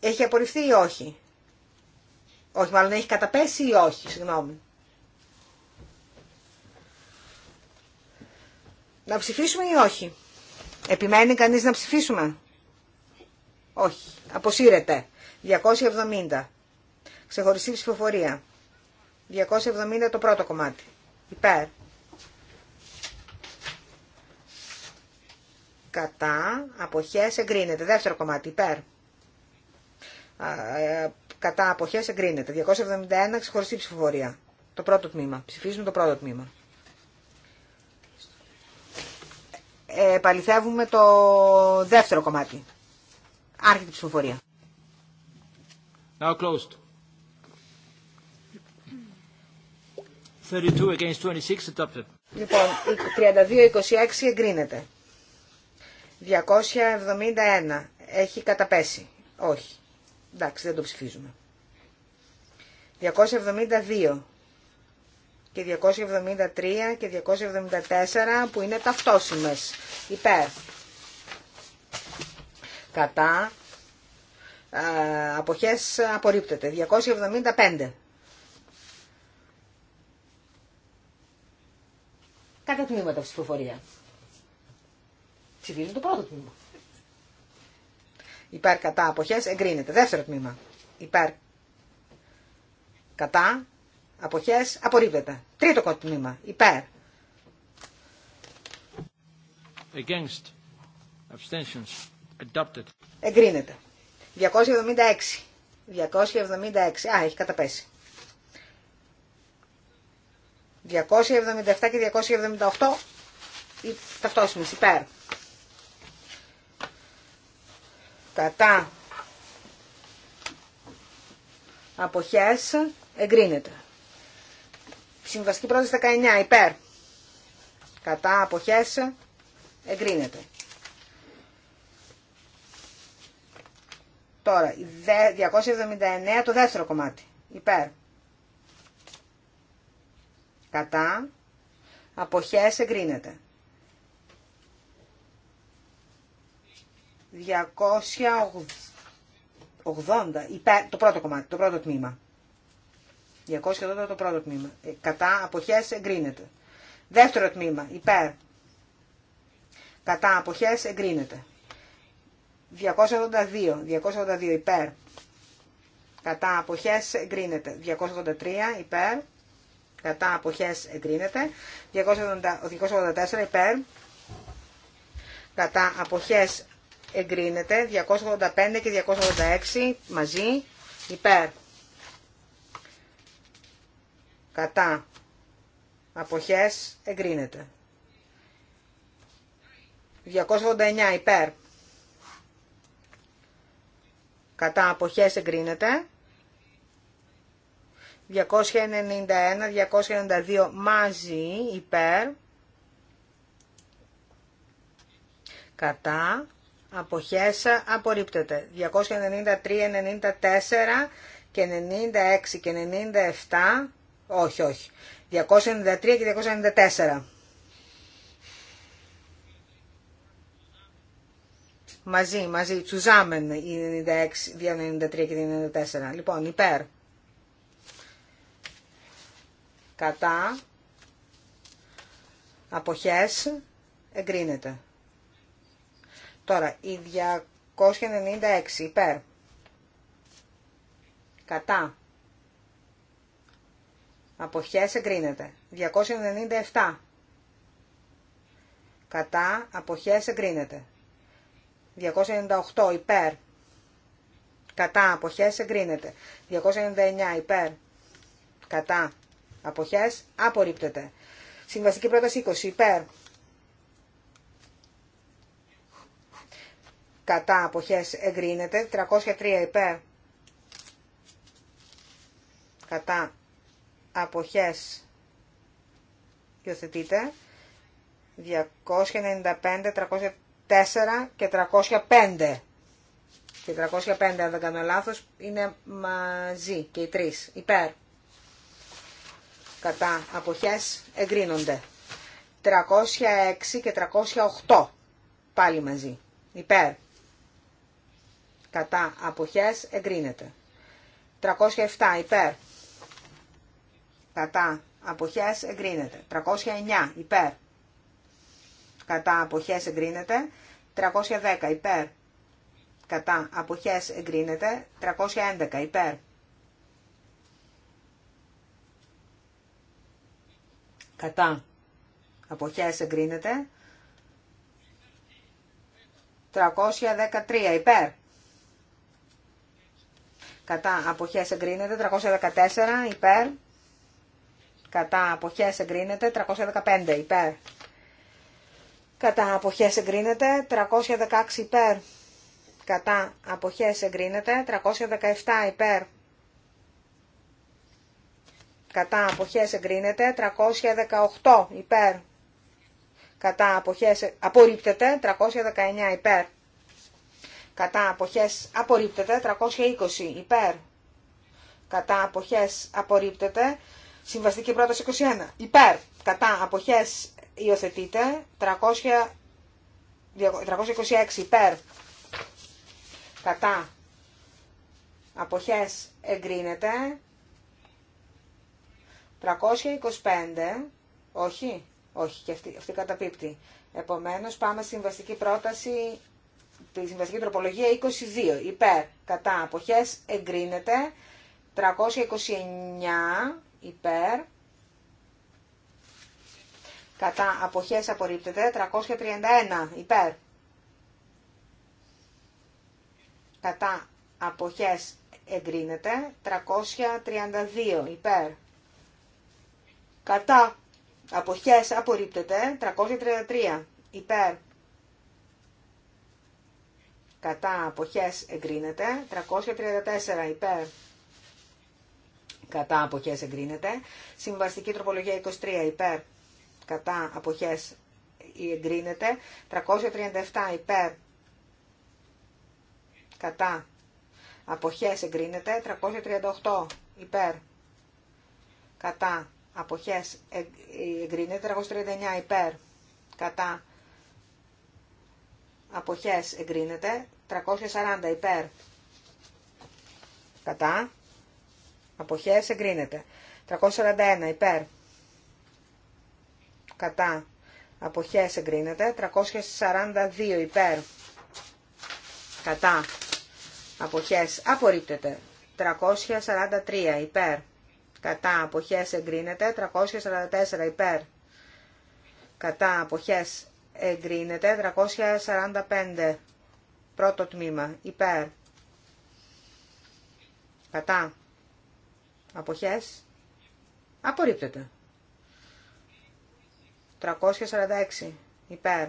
έχει απορριφθεί ή όχι. Όχι, μάλλον έχει καταπέσει ή όχι, συγγνώμη. Να ψηφίσουμε ή όχι. Επιμένει κανείς να ψηφίσουμε. Όχι. Αποσύρεται. 270. Ξεχωριστή ψηφοφορία. 270 το πρώτο κομμάτι. Υπέρ. Κατά. Αποχές εγκρίνεται. Δεύτερο κομμάτι. Υπέρ. Ε, κατά. Αποχές εγκρίνεται. 271 ξεχωριστή ψηφοφορία. Το πρώτο τμήμα. Ψηφίζουμε το πρώτο τμήμα. Ε, παληθεύουμε το δεύτερο κομμάτι. Άρχεται η ψηφοφορία. Now 26 Λοιπόν, 32-26 εγκρίνεται. 271. Έχει καταπέσει. Όχι. Εντάξει, δεν το ψηφίζουμε. 272 και 273 και 274 που είναι ταυτόσιμες. Υπέρ κατά, αποχές απορρίπτεται. 275. Κατά τμήματα ψηφοφορία. Ψηφίζουν το πρώτο τμήμα. Υπέρ κατά αποχές εγκρίνεται. Δεύτερο τμήμα. Υπέρ κατά αποχές απορρίπτεται. Τρίτο τμήμα. Υπέρ. Against. Abstentions. Adopted. Εγκρίνεται. 276. 276. Α, έχει καταπέσει. 277 και 278 ταυτόσιμες υπέρ. Κατά αποχές εγκρίνεται. Συμβαστική πρόταση 19 υπέρ. Κατά αποχές εγκρίνεται. Τώρα, 279 το δεύτερο κομμάτι. Υπέρ. Κατά. Αποχές εγκρίνεται. 280. Υπέρ, το πρώτο κομμάτι, το πρώτο τμήμα. 280 το πρώτο τμήμα. Ε, κατά αποχές εγκρίνεται. Δεύτερο τμήμα. Υπέρ. Κατά αποχές εγκρίνεται. 282, 282 υπέρ. Κατά αποχές εγκρίνεται. 283 υπέρ. Κατά αποχές εγκρίνεται. 284 υπέρ. Κατά αποχές εγκρίνεται. 285 και 286 μαζί υπέρ. Κατά αποχές εγκρίνεται. 289 υπέρ κατά αποχές εγκρίνεται. 291-292 μαζί υπέρ κατά αποχές απορρίπτεται. 293-94 και 96 και 97 όχι όχι. 293 και 294 μαζί, μαζί, τσουζάμεν οι 96, 293 και 94, Λοιπόν, υπέρ. Κατά. Αποχές. Εγκρίνεται. Τώρα, οι 296 υπέρ. Κατά. Αποχές εγκρίνεται. 297. Κατά. Αποχές εγκρίνεται. 298 υπέρ. Κατά αποχές εγκρίνεται. 299 υπέρ. Κατά αποχές απορρίπτεται. Συμβαστική πρόταση 20 υπέρ. Κατά αποχές εγκρίνεται. 303 υπέρ. Κατά αποχές υιοθετείται. 295, 300 και 305. Και 305, αν δεν κάνω λάθος, είναι μαζί και οι τρεις, υπέρ. Κατά αποχές εγκρίνονται. 306 και 308, πάλι μαζί, υπέρ. Κατά αποχές εγκρίνεται. 307 υπέρ. Κατά αποχές εγκρίνεται. 309 υπέρ κατά αποχές εγκρίνεται, 310 υπέρ, κατά αποχές εγκρίνεται, 311 υπέρ. Κατά αποχές εγκρίνεται, 313 υπέρ. Κατά αποχές εγκρίνεται, 314 υπέρ. Κατά αποχές εγκρίνεται, 315 υπέρ κατά αποχές εγκρίνεται, 316 υπέρ, κατά αποχές εγκρίνεται, 317 υπέρ, κατά αποχές εγκρίνεται, 318 υπέρ, κατά αποχές απορρίπτεται, 319 υπέρ, κατά αποχές απορρίπτεται, 320 υπέρ, κατά αποχές απορρίπτεται, συμβαστική πρόταση 21 υπέρ, κατά αποχές Υιοθετείται 326 υπέρ κατά αποχές εγκρίνεται 325 όχι, όχι και αυτή, καταπίπτει επομένως πάμε στη βασική πρόταση τη συμβαστική τροπολογία 22 υπέρ κατά αποχές εγκρίνεται 329 υπέρ κατά αποχές απορρίπτεται 331 υπέρ κατά αποχές εγκρίνεται 332 υπέρ κατά αποχές απορρίπτεται 333 υπέρ κατά αποχές εγκρίνεται 334 υπέρ κατά αποχές εγκρίνεται συμβαστική τροπολογία 23 υπέρ κατά αποχές εγκρίνεται, 337 υπέρ κατά αποχές εγκρίνεται, 338 υπέρ κατά αποχές εγκρίνεται, 339 υπέρ κατά αποχές εγκρίνεται, 340 υπέρ κατά αποχές εγκρίνεται, 341 υπέρ κατά αποχές εγκρίνεται, 342 υπέρ κατά αποχές απορρίπτεται, 343 υπέρ κατά αποχές εγκρίνεται, 344 υπέρ κατά αποχές εγκρίνεται, 345 πρώτο τμήμα υπέρ κατά αποχές απορρίπτεται. 346 υπέρ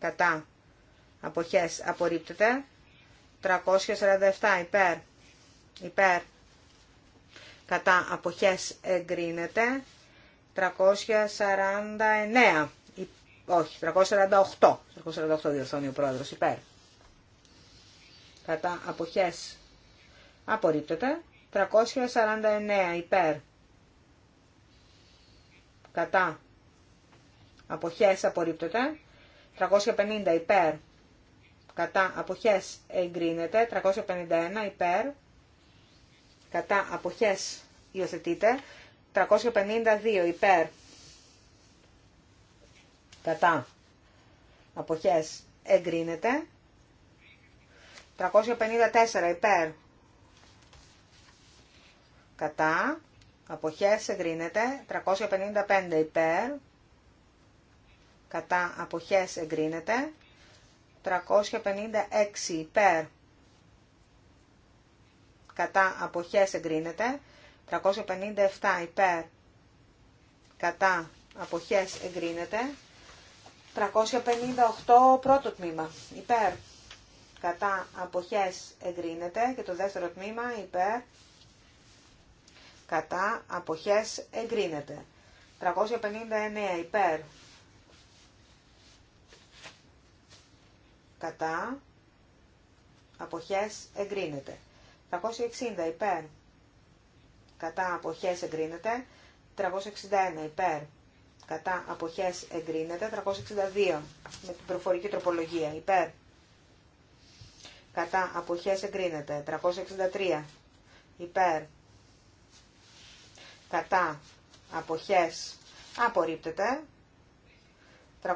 κατά αποχές απορρίπτεται 347 υπέρ υπέρ κατά αποχές εγκρίνεται 349 όχι 348 348 διορθώνει ο πρόεδρος υπέρ κατά αποχές απορρίπτεται 349 υπέρ κατά αποχές απορρίπτεται, 350 υπέρ κατά αποχές εγκρίνεται, 351 υπέρ κατά αποχές υιοθετείται, 352 υπέρ κατά αποχές εγκρίνεται, 354 υπέρ κατά Αποχές εγκρίνεται. 355 υπέρ. Κατά αποχές εγκρίνεται. 356 υπέρ. Κατά αποχές εγκρίνεται. 357 υπέρ. Κατά αποχές εγκρίνεται. 358 πρώτο τμήμα υπέρ. Κατά αποχές εγκρίνεται. Και το δεύτερο τμήμα υπέρ κατά, αποχές, εγκρίνεται. 359 υπέρ, κατά, αποχές, εγκρίνεται. 360 υπέρ, κατά, αποχές, εγκρίνεται. 361 υπέρ, κατά, αποχές, εγκρίνεται. 362 με την προφορική τροπολογία υπέρ, κατά, αποχές, εγκρίνεται. 363 υπέρ, κατά αποχές απορρίπτεται. 364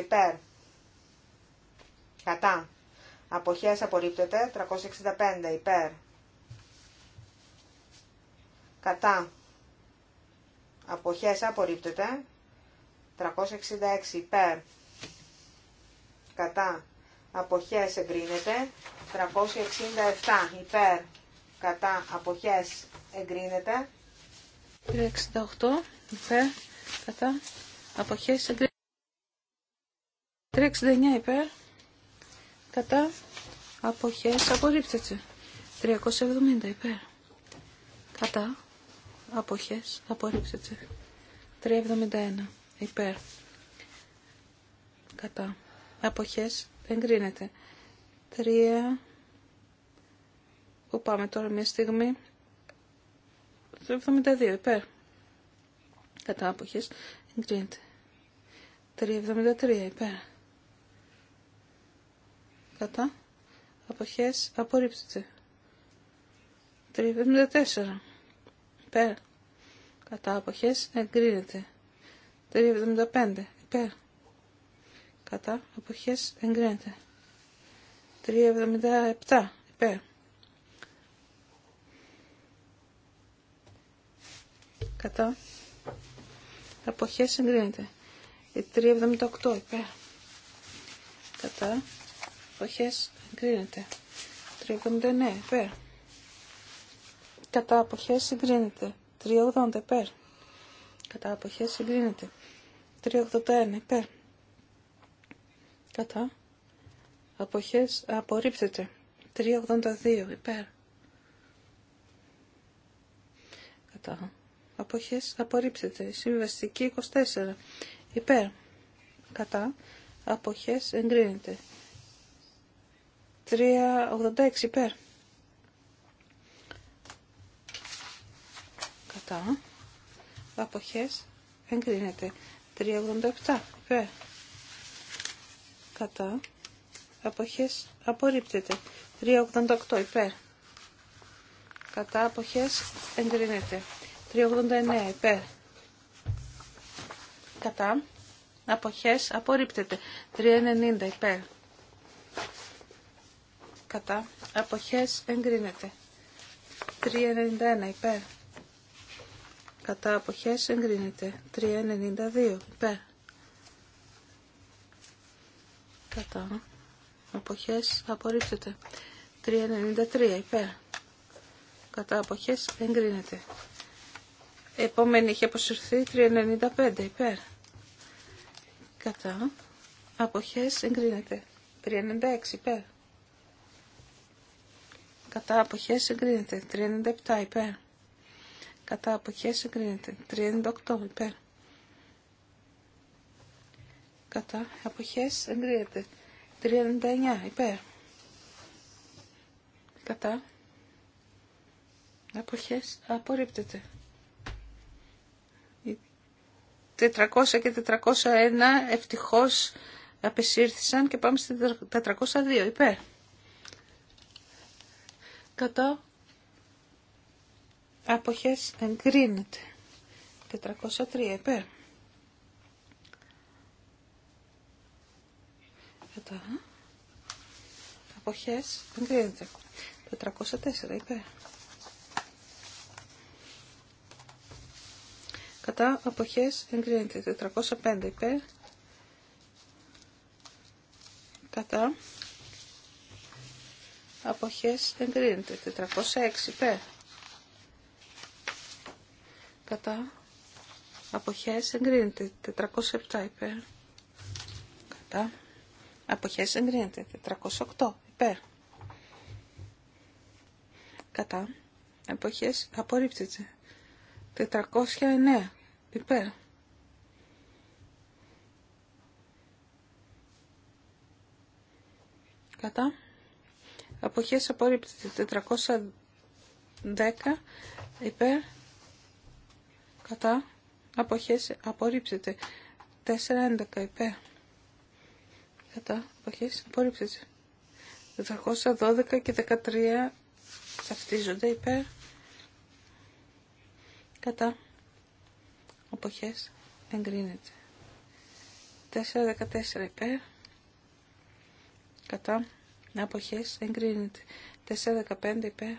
υπέρ κατά αποχές απορρίπτεται. 365 υπέρ κατά αποχές απορρίπτεται. 366 υπέρ κατά αποχές εγκρίνεται. 367 υπέρ κατά αποχές εγκρίνεται. 368 υπέρ κατά αποχές εγκρίνεται. 369 υπέρ κατά αποχές απορρίπτεται. 370 υπέρ κατά αποχές απορρίπτεται. 371 υπέρ κατά αποχές εγκρίνεται. 3 που πάμε τώρα μια στιγμή 372 υπέρ. Κατά αποχές εγκρίνεται. 373 υπέρ. Κατά αποχές απορρίπτεται. 374 υπέρ. Κατά αποχές εγκρίνεται. 375 υπέρ. Κατά αποχές εγκρίνεται. 377 υπέρ. Κατά. Αποχές εγκρίνεται. Η 378 υπέρ. Κατά. Αποχές εγκρίνεται. 379 υπέρ. Κατά αποχές συγκρίνεται. 380 υπέρ. Κατά αποχές συγκρίνεται. 381 υπέρ. Κατά αποχές απορρίπτεται. 382 υπέρ. Κατά αποχές απορρίπτεται. Συμβαστική 24 υπέρ κατά αποχές εγκρίνεται. 386 υπέρ. Κατά αποχές εγκρίνεται. 387 υπέρ. Κατά αποχές απορρίπτεται. 388 υπέρ. Κατά αποχές εγκρίνεται. 389 υπέρ. Κατά. Αποχές απορρίπτεται. 390 υπέρ. Κατά. Αποχές εγκρίνεται. 391 υπέρ. Κατά αποχές εγκρίνεται. 392 υπέρ. Κατά αποχές απορρίπτεται. 393 υπέρ. Κατά αποχές εγκρίνεται. Επόμενη έχει αποσυρθεί 395 υπέρ. Κατά. Αποχές εγκρίνεται. 396 υπέρ. Κατά αποχές εγκρίνεται. 37 υπέρ. Κατά αποχές εγκρίνεται. 38 υπέρ. Κατά αποχές εγκρίνεται. 39 υπέρ. Κατά αποχές απορρίπτεται. 400 και 401 ευτυχώς απεσύρθησαν και πάμε στη 402 υπέρ. Κατά άποχες εγκρίνεται. 403 υπέρ. Κατά άποχες εγκρίνεται. 404 υπέρ. κατά αποχές εγκρίνεται 405 υπέρ κατά αποχές εγκρίνεται 406 υπέρ κατά αποχές εγκρίνεται 407 υπέρ κατά αποχές εγκρίνεται 408 υπέρ κατά αποχές απορρίπτεται 409 Υπέρ. Κατά. Αποχές απόρριψη 410 υπέρ. Κατά. Αποχές απόρριψη 411 υπέρ. Κατά. Αποχές απόρριψη 412 και 13 ταυτίζονται υπέρ. Κατά αποχές εγκρίνεται. 4-14 υπέρ κατά αποχές εγκρίνεται. 4-15 υπέρ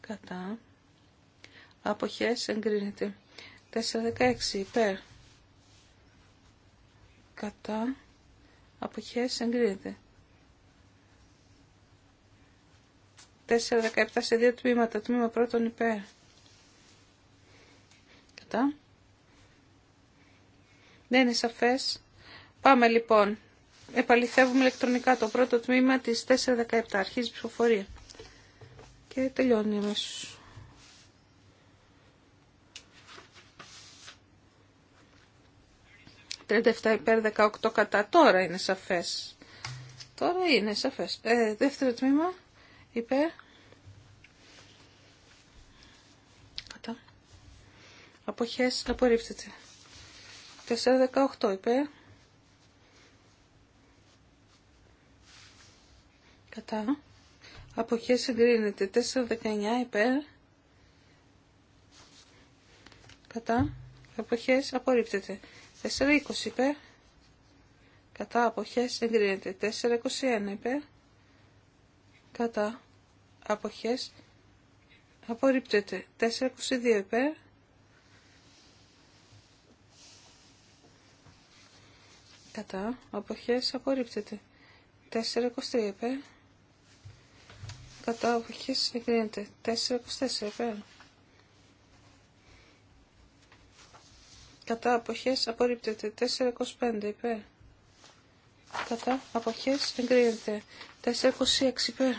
κατά αποχές εγκρίνεται. 4-16 υπέρ κατά αποχές εγκρίνεται. 4.17 σε δύο τμήματα. Τμήμα πρώτον υπέρ. Δεν ναι, είναι σαφές. Πάμε λοιπόν. Επαληθεύουμε ηλεκτρονικά το πρώτο τμήμα της 4.17. Αρχίζει η ψηφοφορία. Και τελειώνει αμέσω. «37 υπέρ 18 κατά». Τώρα είναι σαφές. Τώρα είναι σαφές. Ε, δεύτερο τμήμα υπέρ Αποχές απορρίπτεται. 418 υπέρ. Κατά. Αποχές εγκρίνεται. 419 υπέρ. Κατά. Αποχές απορρίπτεται. 420 υπέρ. Κατά. Αποχές εγκρίνεται. 421 υπέρ. Κατά. Αποχές απορρίπτεται. 422 υπέρ κατά αποχές απορρίπτεται 423 υπέρ κατά αποχές εγκρίνεται 424 υπέρ κατά αποχές απορρίπτεται 425 υπέρ κατά αποχές εγκρίνεται 426 υπέρ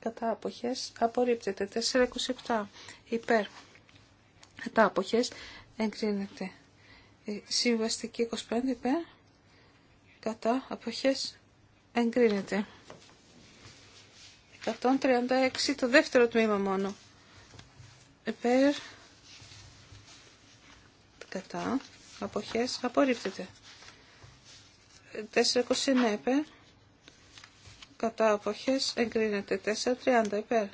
κατά αποχές απορρίπτεται 427 υπέρ κατά αποχές εγκρίνεται συμβαστική 25 υπέρ κατά αποχές εγκρίνεται. 136 το δεύτερο τμήμα μόνο. Υπέρ κατά αποχές απορρίπτεται. 429 υπέρ κατά αποχές εγκρίνεται. 430 υπέρ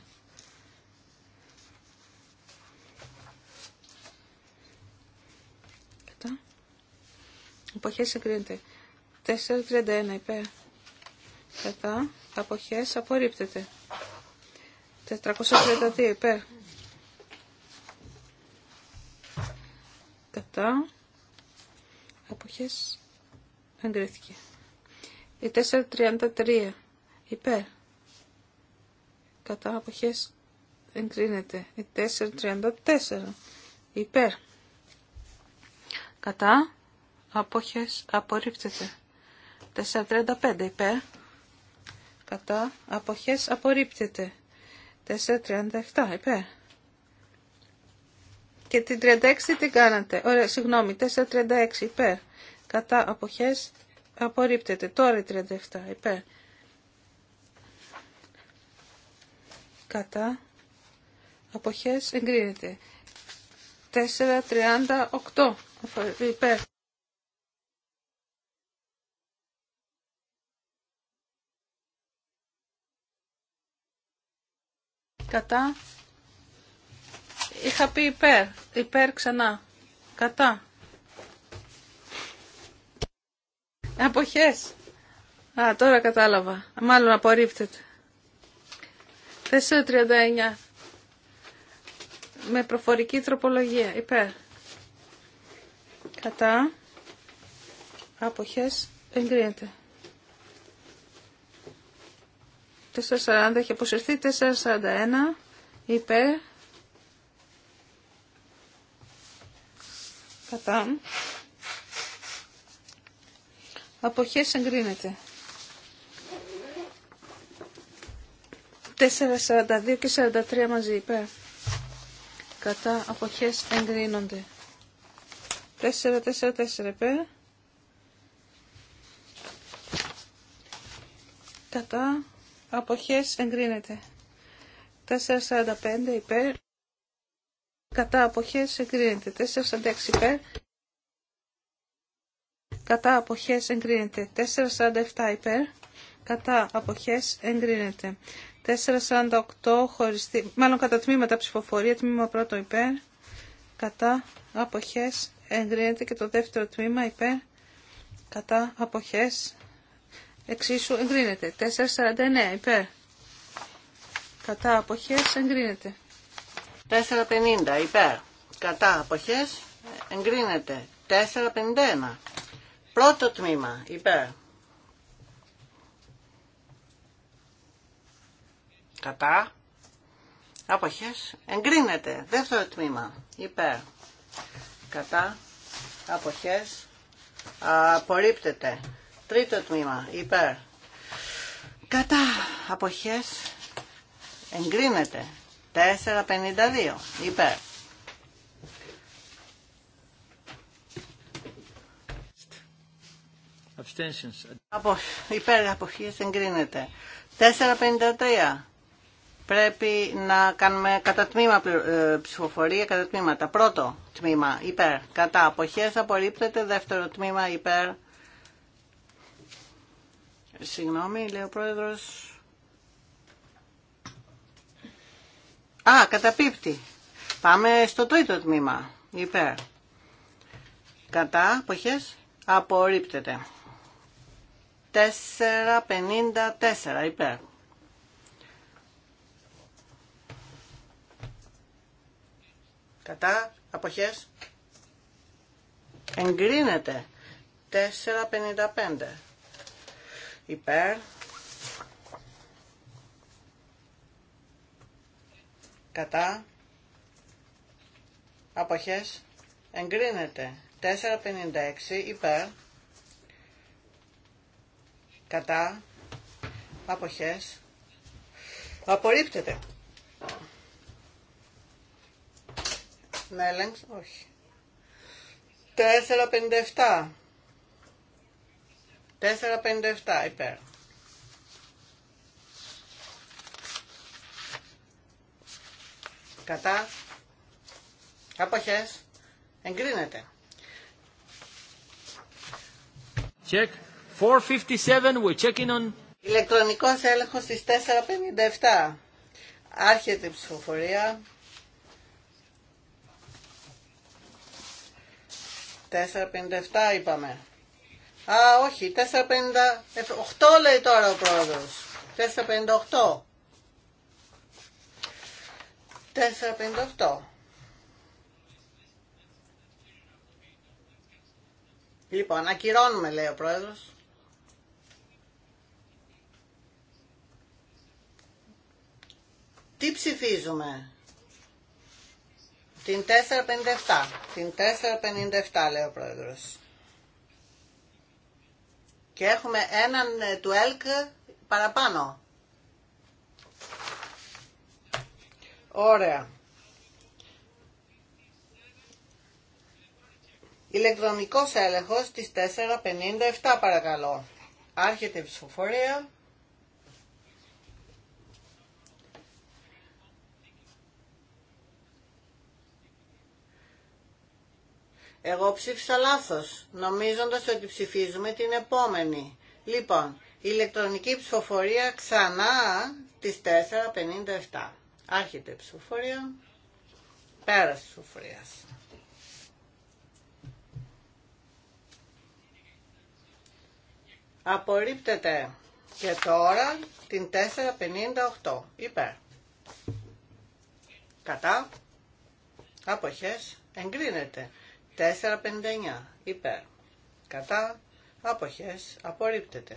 αποχές εγκρίνεται. 4.31 υπέρ. Κατά Αποχέ απορρίπτεται. 432 υπέρ. Κατά Αποχέ εγκρίθηκε. Η 4.33 υπέρ. Κατά Αποχέ εγκρίνεται. Η 4.34 υπέρ. Κατά αποχές απορρίπτεται. 435 υπέρ κατά αποχές απορρίπτεται. 437 υπέρ. Και την 36 την κάνατε. Ωραία, συγγνώμη, 436 υπέρ. Κατά αποχές απορρίπτεται. Τώρα η 37 υπέρ. Κατά αποχές εγκρίνεται. 438 υπέρ. κατά. Είχα πει υπέρ. Υπέρ ξανά. Κατά. Αποχές. Α, τώρα κατάλαβα. Μάλλον απορρίπτεται. 439. Με προφορική τροπολογία. Υπέρ. Κατά. Αποχές. Εγκρίνεται. 440 έχει αποσυρθεί. 441 Είπε. Κατά. Αποχές εγκρίνεται. 4,42 και 43 μαζί Είπε. Κατά αποχές εγκρίνονται. 4,44 υπέρ. Κατά αποχές εγκρίνεται. 4.45 υπέρ, κατά αποχές εγκρίνεται. 4.46 υπέρ, κατά αποχές εγκρίνεται. 4.47 υπέρ, κατά αποχές εγκρίνεται. 4.48 χωριστή, μάλλον κατά τμήματα ψηφοφορία, τμήμα πρώτο υπέρ, κατά αποχές εγκρίνεται και το δεύτερο τμήμα υπέρ, κατά αποχές Εξίσου εγκρίνεται. 4,49 υπέρ. Κατά αποχές εγκρίνεται. 4,50 υπέρ. Κατά αποχές εγκρίνεται. 4,51. Πρώτο τμήμα υπέρ. Κατά. Αποχές εγκρίνεται. Δεύτερο τμήμα υπέρ. Κατά. Αποχές απορρίπτεται. Τρίτο τμήμα, υπέρ. Κατά αποχές εγκρίνεται. 4,52 υπέρ. Από, υπέρ αποχές εγκρίνεται. 4,53 πρέπει να κάνουμε κατά τμήμα ε, ψηφοφορία, κατά τμήματα. Πρώτο τμήμα υπέρ, κατά αποχές απορρίπτεται. Δεύτερο τμήμα υπέρ, Συγγνώμη, λέει ο πρόεδρος. Α, καταπίπτει. Πάμε στο τρίτο τμήμα. Υπέρ. Κατά, αποχές, απορρίπτεται. 4.54 υπέρ. Κατά, αποχές, εγκρίνεται. 4.55 υπέρ κατά αποχές εγκρίνεται 4.56 υπέρ κατά αποχές απορρίπτεται να ελέγξω όχι 4.57 4,57 υπέρ. Κατά. Αποχές. Εγκρίνεται. Check. 457, we're checking on... Ηλεκτρονικός έλεγχος στις 4.57. Άρχεται η ψηφοφορία. 4.57 είπαμε. Α, όχι, 458 λέει τώρα ο πρόεδρος. 458. 458. Λοιπόν, ακυρώνουμε λέει ο πρόεδρος. Τι ψηφίζουμε. Την 457. Την 457 λέει ο πρόεδρος. Και έχουμε έναν ε, του ΕΛΚ παραπάνω. Ωραία. Ηλεκτρονικός έλεγχος της 457 παρακαλώ. Άρχεται η ψηφοφορία. Εγώ ψήφισα λάθος, νομίζοντας ότι ψηφίζουμε την επόμενη. Λοιπόν, ηλεκτρονική ψηφοφορία ξανά τις 4.57. Άρχεται η ψηφοφορία. Πέρας της ψηφοφορίας. Απορρίπτεται και τώρα την 4.58. Υπέρ. Κατά. Αποχές. Εγκρίνεται. 4,59 υπέρ. Κατά αποχές απορρίπτεται.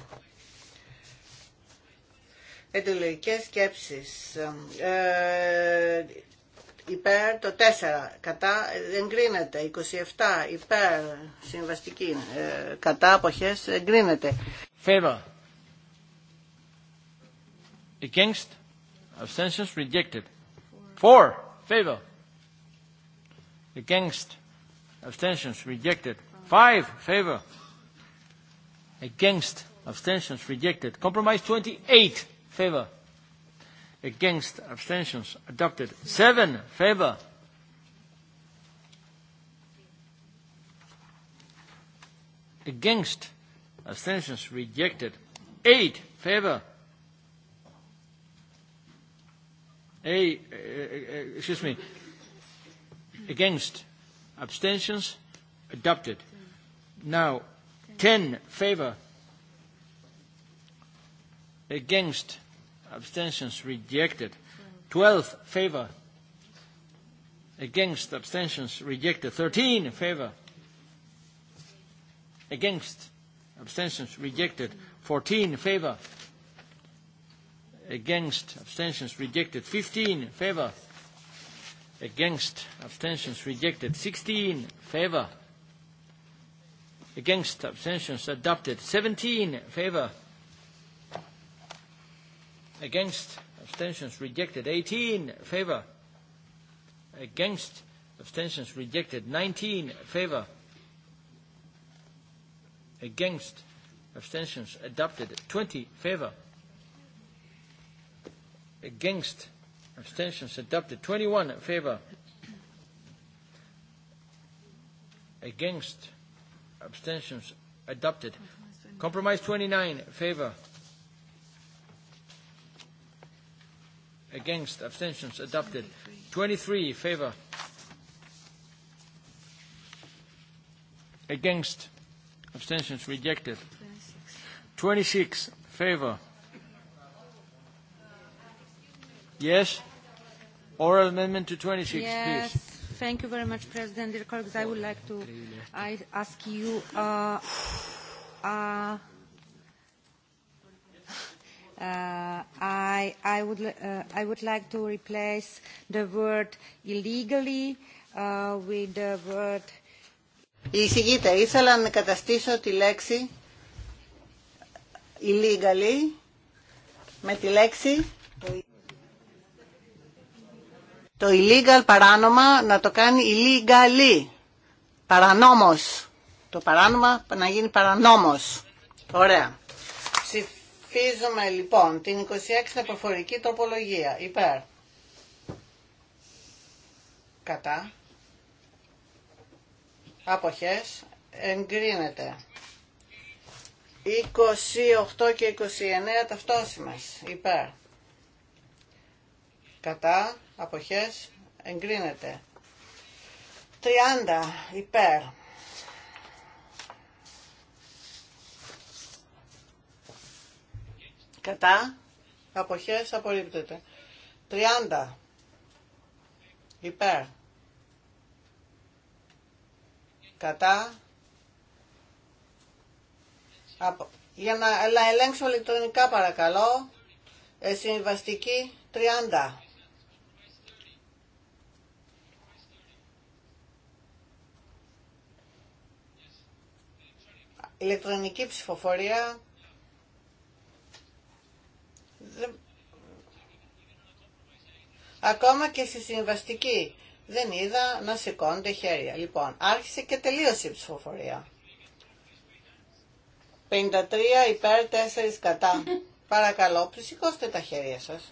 Εντολογικές σκέψεις. Ε, υπέρ το 4 κατά εγκρίνεται. 27 υπέρ συμβαστική ε, κατά αποχές εγκρίνεται. Favor. Against. Abstentions rejected. 4. Favor. Against abstentions rejected. Five, favor. Against, abstentions rejected. Compromise 28, favor. Against, abstentions adopted. Seven, favor. Against, abstentions rejected. Eight, favor. uh excuse me. Against, abstentions adopted now 10 favor against abstentions rejected 12 favor against abstentions rejected 13 favor against abstentions rejected 14 favor against abstentions rejected 15 favor Against. Abstentions rejected. 16. Favor. Against. Abstentions adopted. 17. Favor. Against. Abstentions rejected. 18. Favor. Against. Abstentions rejected. 19. Favor. Against. Abstentions adopted. 20. Favor. Against abstentions adopted 21 in favor against abstentions adopted compromise 29 in favor against abstentions adopted 23 in favor against abstentions rejected 26 favor yes Oral amendment to 26, please. Yes, thank you very much, President. Dear colleagues, I would like to I ask you uh, uh, I I, would I would like to replace the word illegally uh, with the word. Η ήθελα να καταστήσω τη λέξη illegally με τη λέξη το illegal παράνομα να το κάνει illegally. Παρανόμος. Το παράνομα να γίνει παρανόμος. Ωραία. Ψηφίζουμε λοιπόν την 26 η προφορική τοπολογία. Υπέρ. Κατά. Αποχές. Εγκρίνεται. 28 και 29 ταυτόσιμες. Υπέρ. Κατά αποχές εγκρίνεται 30 υπέρ κατά αποχές απορρίπτεται 30 υπέρ κατά απο... για να ελέγξω ηλεκτρονικά παρακαλώ ε, συμβαστική 30 ηλεκτρονική ψηφοφορία Ακόμα και στη συμβαστική δεν είδα να σηκώνονται χέρια. Λοιπόν, άρχισε και τελείωσε η ψηφοφορία. 53 υπέρ 4 κατά. Παρακαλώ, ψηκώστε τα χέρια σας.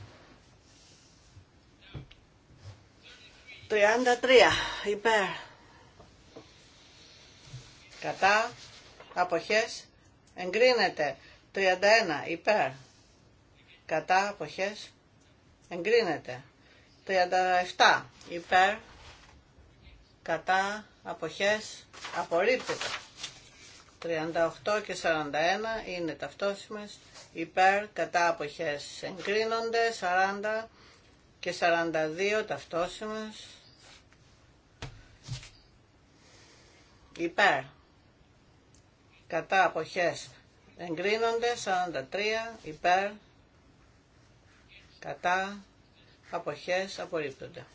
33 υπέρ. Κατά αποχές εγκρίνεται 31 υπέρ κατά αποχές εγκρίνεται 37 υπέρ κατά αποχές απορρίπτεται 38 και 41 είναι ταυτόσιμες υπέρ κατά αποχές εγκρίνονται 40 και 42 ταυτόσιμες υπέρ κατά αποχές εγκρίνονται 43 υπέρ κατά αποχές απορρίπτονται.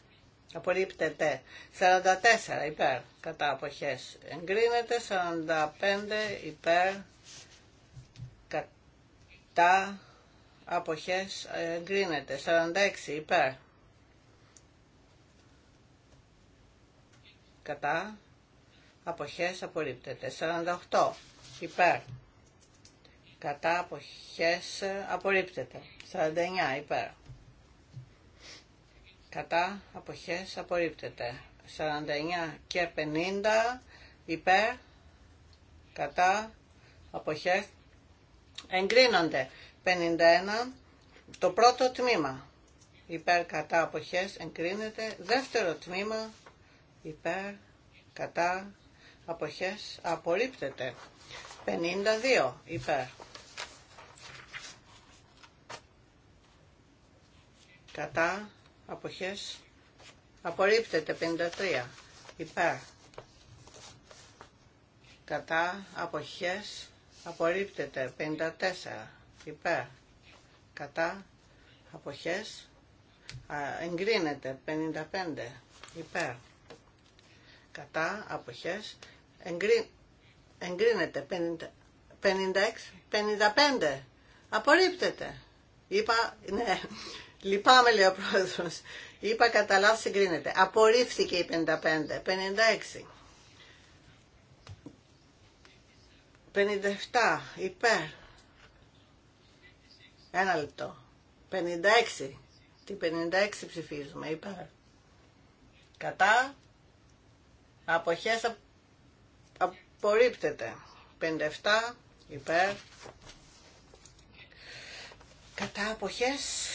Απορρίπτεται 44 υπέρ κατά αποχές εγκρίνεται 45 υπέρ κατά αποχές εγκρίνεται 46 υπέρ κατά αποχές απορρίπτεται 48 υπέρ. Κατά αποχές απορρίπτεται. 49 υπέρ. Κατά αποχές απορρίπτεται. 49 και 50 υπέρ. Κατά αποχές εγκρίνονται. 51 το πρώτο τμήμα. Υπέρ κατά αποχές εγκρίνεται. Δεύτερο τμήμα υπέρ κατά αποχές απορρίπτεται. 52 υπέρ. Κατά αποχές απορρίπτεται 53 υπέρ. Κατά αποχές απορρίπτεται 54 υπέρ. Κατά αποχές εγκρίνεται 55 υπέρ. Κατά αποχές εγκρίνεται Εγκρίνεται. 56. 55. Απορρίπτεται. Είπα, ναι, λυπάμαι λέει ο πρόεδρος. Είπα κατά λάθος εγκρίνεται. Απορρίφθηκε η 55. 56. 57. Υπέρ. Ένα λεπτό. 56. Την 56 ψηφίζουμε. Υπέρ. Κατά. Αποχές απορρίπτεται. 57 υπέρ. Κατά αποχές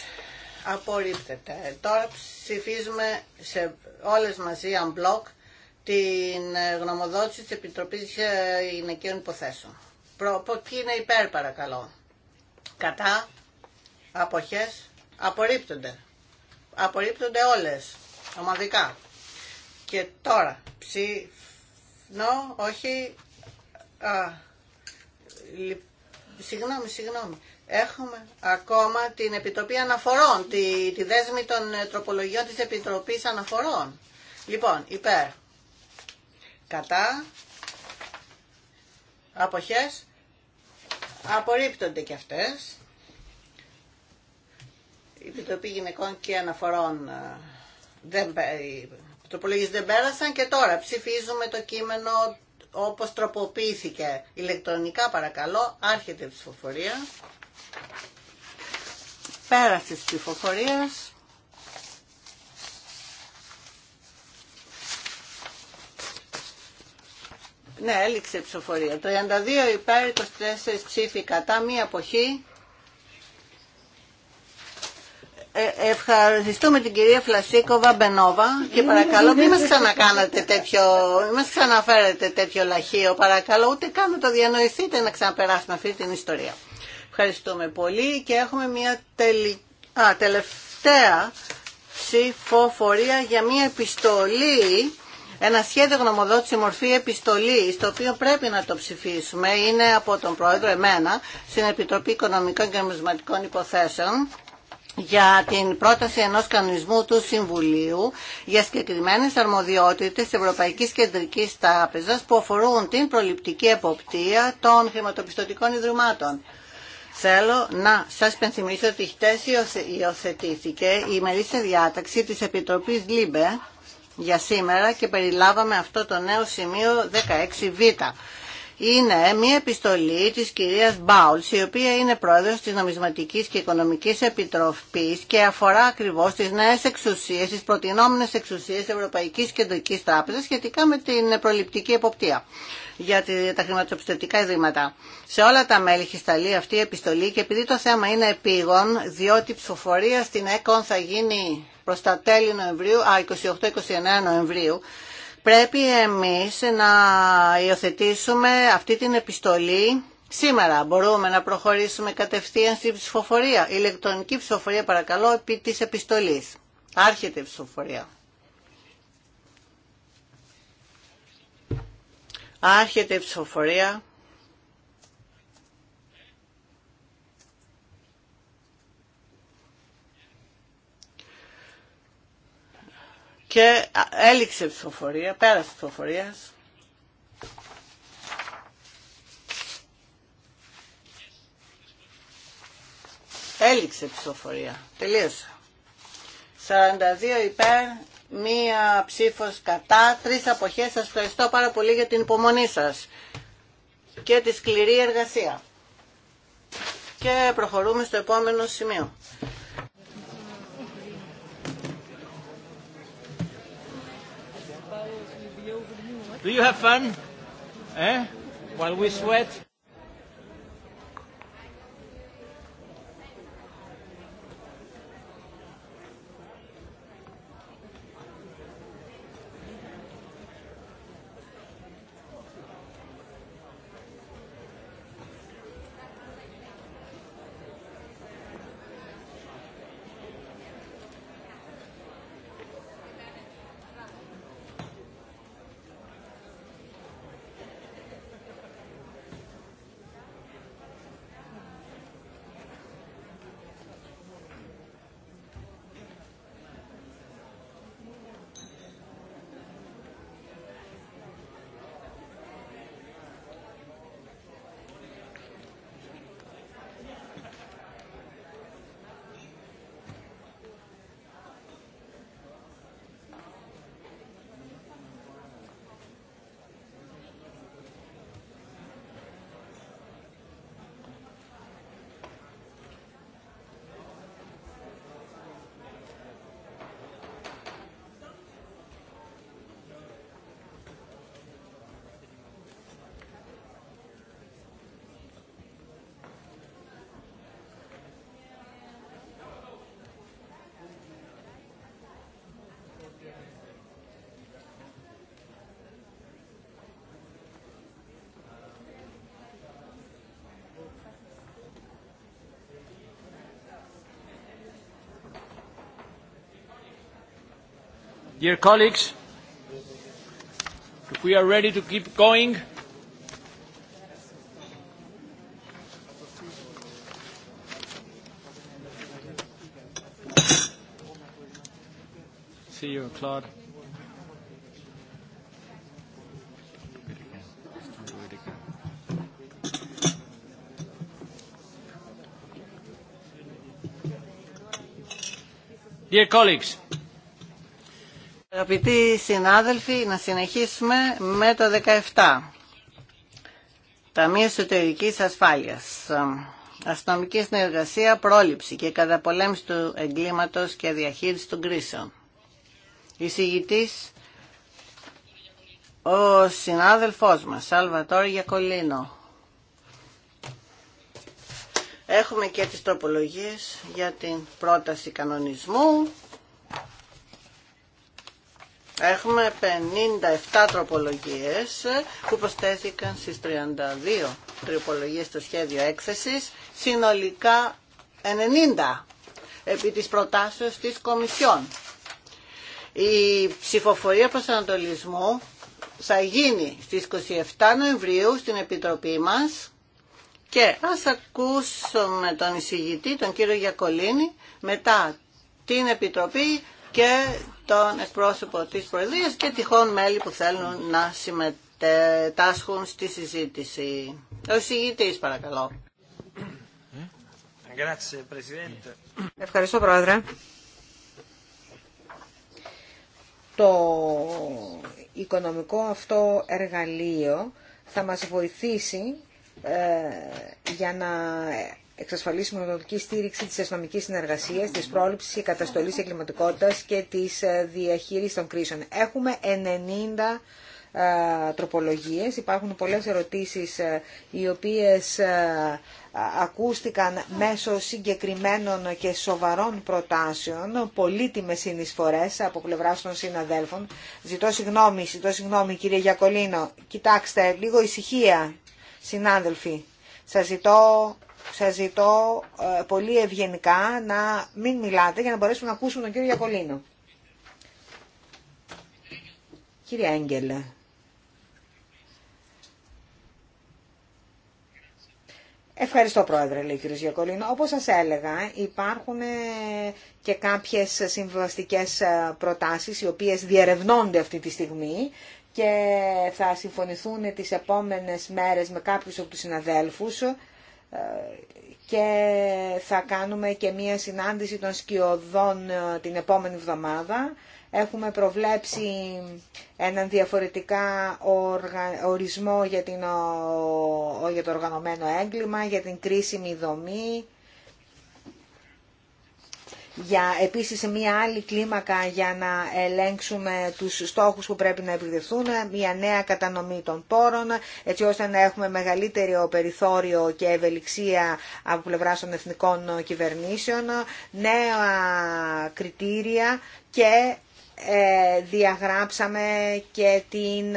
απορρίπτεται. Ε, τώρα ψηφίζουμε σε όλες μαζί unblock μπλόκ την ε, γνωμοδότηση της Επιτροπής ε, Γυναικείων Υποθέσεων. Προ, ποιοι είναι υπέρ παρακαλώ. Κατά αποχές απορρίπτονται. Απορρίπτονται όλες ομαδικά. Και τώρα ψηφίζουμε νο, όχι. Α, λι... Συγγνώμη, συγγνώμη. Έχουμε ακόμα την Επιτροπή Αναφορών, τη, τη δέσμη των ε, τροπολογιών της Επιτροπής Αναφορών. Λοιπόν, υπέρ. Κατά. Αποχές. Απορρίπτονται και αυτές. Η Επιτροπή Γυναικών και Αναφορών ε, δεν Τροπολογίες δεν πέρασαν και τώρα ψηφίζουμε το κείμενο όπως τροποποιήθηκε. Ηλεκτρονικά παρακαλώ, άρχεται η ψηφοφορία. Πέρασε τη ψηφοφορία. Ναι, έληξε η ψηφοφορία. 32 υπέρ, 24 ψήφοι κατά, μία αποχή. Ε, ευχαριστούμε την κυρία Φλασίκοβα Μπενόβα και παρακαλώ μην μας τέτοιο, μην μας ξαναφέρετε τέτοιο λαχείο παρακαλώ ούτε καν να το διανοηθείτε να ξαναπεράσουμε αυτή την ιστορία. Ευχαριστούμε πολύ και έχουμε μια Α, τελευταία ψηφοφορία για μια επιστολή ένα σχέδιο γνωμοδότηση μορφή επιστολή, το οποίο πρέπει να το ψηφίσουμε, είναι από τον Πρόεδρο εμένα, στην Επιτροπή Οικονομικών και Νομισματικών Υποθέσεων, για την πρόταση ενός κανονισμού του Συμβουλίου για συγκεκριμένες αρμοδιότητες Ευρωπαϊκής Κεντρικής Τράπεζας που αφορούν την προληπτική εποπτεία των χρηματοπιστωτικών ιδρυμάτων. Θέλω να σας πενθυμίσω ότι χτες υιοθετήθηκε η μερίσια διάταξη της Επιτροπής ΛΥΜΠΕ για σήμερα και περιλάβαμε αυτό το νέο σημείο 16β είναι μια επιστολή της κυρίας Μπάουλς, η οποία είναι πρόεδρος της Νομισματικής και Οικονομικής Επιτροπής και αφορά ακριβώς τις νέες εξουσίες, τις προτινόμενες εξουσίες Ευρωπαϊκής Κεντρικής Τράπεζας σχετικά με την προληπτική εποπτεία για τα χρηματοπιστωτικά ιδρύματα. Σε όλα τα μέλη έχει σταλεί αυτή η επιστολή και επειδή το θέμα είναι επίγον, διότι η ψηφοφορία στην ΕΚΟΝ θα γίνει προς τα τέλη Νοεμβρίου, α, 28-29 Νοεμβρίου, πρέπει εμείς να υιοθετήσουμε αυτή την επιστολή σήμερα. Μπορούμε να προχωρήσουμε κατευθείαν στην ψηφοφορία. Ηλεκτρονική ψηφοφορία παρακαλώ επί της επιστολής. Άρχεται η ψηφοφορία. Άρχεται η ψηφοφορία. και έληξε η ψηφοφορία, πέρασε η ψηφοφορία. Έληξε η ψηφοφορία. Τελείωσε. 42 υπέρ, μία ψήφος κατά, τρεις αποχές. Σας ευχαριστώ πάρα πολύ για την υπομονή σας και τη σκληρή εργασία. Και προχωρούμε στο επόμενο σημείο. Do you have fun? Eh? While we sweat? Dear colleagues, if we are ready to keep going, see you, Claude. Dear colleagues, Αγαπητοί συνάδελφοι, να συνεχίσουμε με το 17. Ταμείο Εσωτερική Ασφάλεια. Αστυνομική συνεργασία, πρόληψη και καταπολέμηση του εγκλήματο και διαχείριση των κρίσεων. Εισηγητή ο συνάδελφός μας, Σαλβατόρ Γιακολίνο. Έχουμε και τις τροπολογίες για την πρόταση κανονισμού. Έχουμε 57 τροπολογίες που προσθέθηκαν στις 32 τροπολογίες στο σχέδιο έκθεσης, συνολικά 90 επί της προτάσεως της Κομισιόν. Η ψηφοφορία προσανατολισμού θα γίνει στις 27 Νοεμβρίου στην Επιτροπή μας και ας ακούσουμε τον εισηγητή, τον κύριο Γιακολίνη, μετά την Επιτροπή και τον εκπρόσωπο της Προεδρίας και τυχόν μέλη που θέλουν να συμμετάσχουν στη συζήτηση. Ο συγητής, παρακαλώ. Ευχαριστώ Πρόεδρε. Το οικονομικό αυτό εργαλείο θα μας βοηθήσει ε, για να εξασφαλίσουμε μονοδοτική στήριξη της αστυνομική συνεργασίας, τη πρόληψη, και καταστολή εγκληματικότητα και τη διαχείριση των κρίσεων. Έχουμε 90 ε, τροπολογίες. Υπάρχουν πολλές ερωτήσεις ε, οι οποίες ε, ακούστηκαν μέσω συγκεκριμένων και σοβαρών προτάσεων, πολύτιμες συνεισφορές από πλευράς των συναδέλφων. Ζητώ συγγνώμη, ζητώ συγγνώμη κύριε Γιακολίνο. Κοιτάξτε, λίγο ησυχία, συνάδελφοι. Σας ζητώ σας ζητώ ε, πολύ ευγενικά να μην μιλάτε για να μπορέσουμε να ακούσουμε τον κύριο Γιακολίνο. Κύριε Έγγελε. Ευχαριστώ Πρόεδρε, λέει ο κύριος Γιακολίνο. Όπως σας έλεγα, υπάρχουν ε, και κάποιες συμβαστικές ε, προτάσεις, οι οποίες διερευνώνται αυτή τη στιγμή και θα συμφωνηθούν τις επόμενες μέρες με κάποιους από τους συναδέλφους και θα κάνουμε και μία συνάντηση των σκιωδών ε, την επόμενη βδομάδα. Έχουμε προβλέψει έναν διαφορετικά ορισμό για, την, για το οργανωμένο έγκλημα, για την κρίσιμη δομή για επίσης μια άλλη κλίμακα για να ελέγξουμε τους στόχους που πρέπει να επιδεθούν μια νέα κατανομή των πόρων, έτσι ώστε να έχουμε μεγαλύτερο περιθώριο και ευελιξία από πλευρά των εθνικών κυβερνήσεων, νέα κριτήρια και ε, διαγράψαμε και την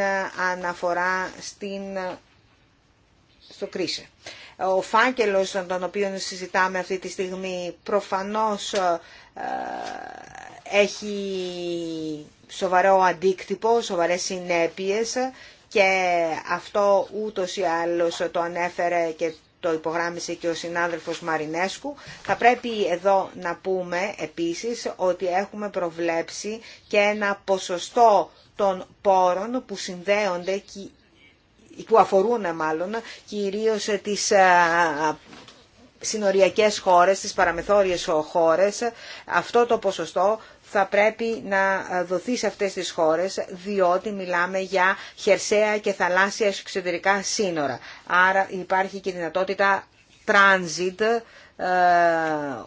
αναφορά στην, στο κρίση. Ο φάκελος τον οποίο συζητάμε αυτή τη στιγμή προφανώς ε, έχει σοβαρό αντίκτυπο, σοβαρές συνέπειες και αυτό ούτως ή άλλως το ανέφερε και το υπογράμμισε και ο συνάδελφος Μαρινέσκου. Θα πρέπει εδώ να πούμε επίσης ότι έχουμε προβλέψει και ένα ποσοστό των πόρων που συνδέονται που αφορούν μάλλον κυρίως τις συνοριακές χώρες, τις παραμεθόριες χώρες, αυτό το ποσοστό θα πρέπει να δοθεί σε αυτές τις χώρες, διότι μιλάμε για χερσαία και θαλάσσια εξωτερικά σύνορα. Άρα υπάρχει και δυνατότητα transit, ε,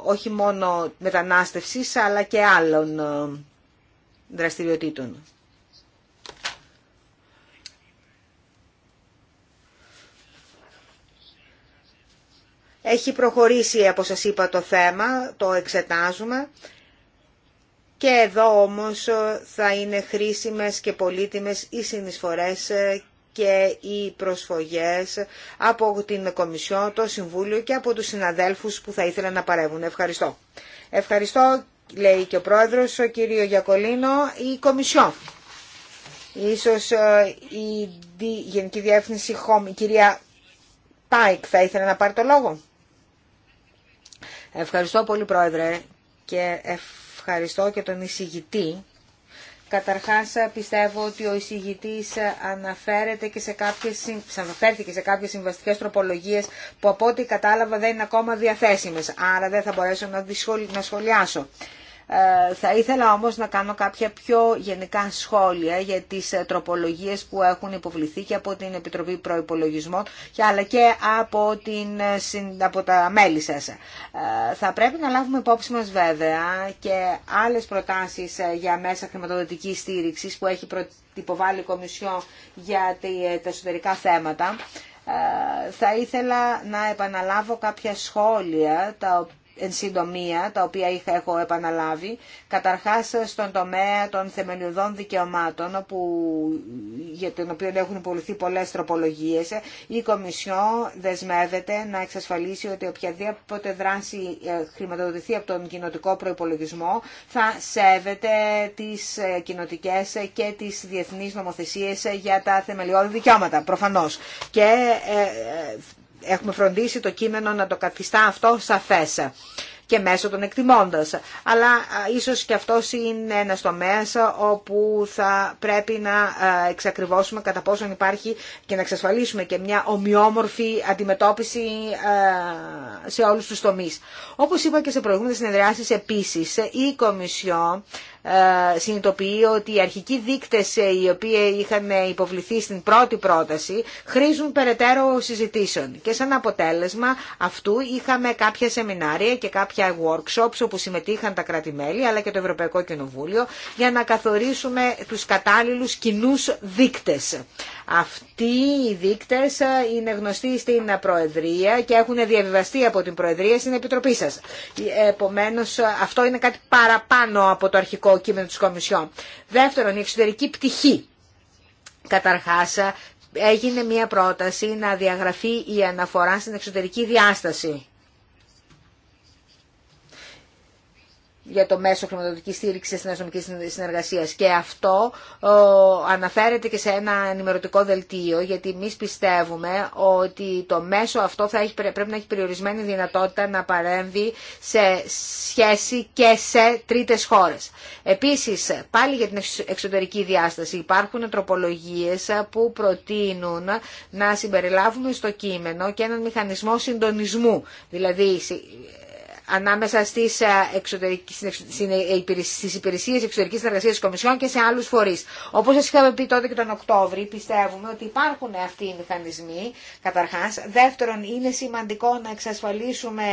όχι μόνο μετανάστευσης, αλλά και άλλων ε, δραστηριοτήτων. Έχει προχωρήσει, όπως σας είπα, το θέμα, το εξετάζουμε. Και εδώ όμως ε, θα είναι χρήσιμες και πολύτιμες οι συνεισφορές ε, και οι προσφογές από την Κομισιό, το Συμβούλιο και από τους συναδέλφους που θα ήθελαν να παρεύουν. Ευχαριστώ. Ευχαριστώ, λέει και ο Πρόεδρος, ο κύριο Γιακολίνο, η Κομισιό. Ίσως ε, η Γενική Διεύθυνση η κυρία Πάικ θα ήθελε να πάρει το λόγο. Ευχαριστώ πολύ Πρόεδρε και ευχαριστώ και τον εισηγητή. Καταρχάς πιστεύω ότι ο εισηγητής αναφέρεται και σε κάποιες, αναφέρθηκε σε κάποιες συμβαστικές τροπολογίες που από ό,τι κατάλαβα δεν είναι ακόμα διαθέσιμες, άρα δεν θα μπορέσω να σχολιάσω. Ε, θα ήθελα όμως να κάνω κάποια πιο γενικά σχόλια για τις ε, τροπολογίες που έχουν υποβληθεί και από την Επιτροπή Προϋπολογισμών αλλά και από, την, ε, από τα μέλη σας. Θα πρέπει να λάβουμε υπόψη μας βέβαια και άλλες προτάσεις για μέσα χρηματοδοτική στήριξης που έχει υποβάλει η Κομισιό για τα εσωτερικά θέματα. Θα ήθελα να επαναλάβω κάποια σχόλια τα οποία εν συντομία, τα οποία είχα έχω επαναλάβει, καταρχάς στον τομέα των θεμελιωδών δικαιωμάτων, οπου για τον οποίο έχουν υποληθεί πολλές τροπολογίες, η Κομισιό δεσμεύεται να εξασφαλίσει ότι οποιαδήποτε δράση ε, χρηματοδοτηθεί από τον κοινοτικό προϋπολογισμό θα σέβεται τις ε, κοινοτικέ και τις διεθνείς νομοθεσίες για τα θεμελιώδη δικαιώματα, προφανώς. Και ε, έχουμε φροντίσει το κείμενο να το καθιστά αυτό σαφές και μέσω των εκτιμώντας. Αλλά ίσως και αυτός είναι ένας τομέας όπου θα πρέπει να εξακριβώσουμε κατά πόσον υπάρχει και να εξασφαλίσουμε και μια ομοιόμορφη αντιμετώπιση σε όλους τους τομείς. Όπως είπα και σε προηγούμενες συνεδριάσεις επίσης, η Κομισιό ε, συνειδητοποιεί ότι οι αρχικοί δείκτες ε, οι οποίοι είχαν υποβληθεί στην πρώτη πρόταση χρήζουν περαιτέρω συζητήσεων. Και σαν αποτέλεσμα αυτού είχαμε κάποια σεμινάρια και κάποια workshops όπου συμμετείχαν τα κράτη-μέλη αλλά και το Ευρωπαϊκό Κοινοβούλιο για να καθορίσουμε τους κατάλληλους κοινού δείκτες. Αυτοί οι δείκτες ε, είναι γνωστοί στην Προεδρία και έχουν διαβιβαστεί από την Προεδρία στην Επιτροπή σας. Επομένως αυτό είναι κάτι παραπάνω από το αρχικό κείμενο της Κομισιόν. Δεύτερον, η εξωτερική πτυχή. Καταρχάς, ε, έγινε μια πρόταση να διαγραφεί η αναφορά στην εξωτερική διάσταση. για το μέσο χρηματοδοτικής στήριξη στην αστυνομική συνεργασία. Και αυτό αναφέρεται και σε ένα ενημερωτικό δελτίο, γιατί εμεί πιστεύουμε ότι το μέσο αυτό θα έχει, πρέπει να έχει περιορισμένη δυνατότητα να παρέμβει σε σχέση και σε τρίτες χώρες. Επίσης, πάλι για την εξωτερική διάσταση υπάρχουν τροπολογίε που προτείνουν να συμπεριλάβουμε στο κείμενο και έναν μηχανισμό συντονισμού. Δηλαδή, ανάμεσα στις, ε, ε, στις υπηρεσίες εξωτερικής συνεργασίας της Κομισιόν και σε άλλους φορείς. Όπως σας είχαμε πει τότε και τον Οκτώβρη, πιστεύουμε ότι υπάρχουν αυτοί οι μηχανισμοί, καταρχάς. Δεύτερον, είναι σημαντικό να εξασφαλίσουμε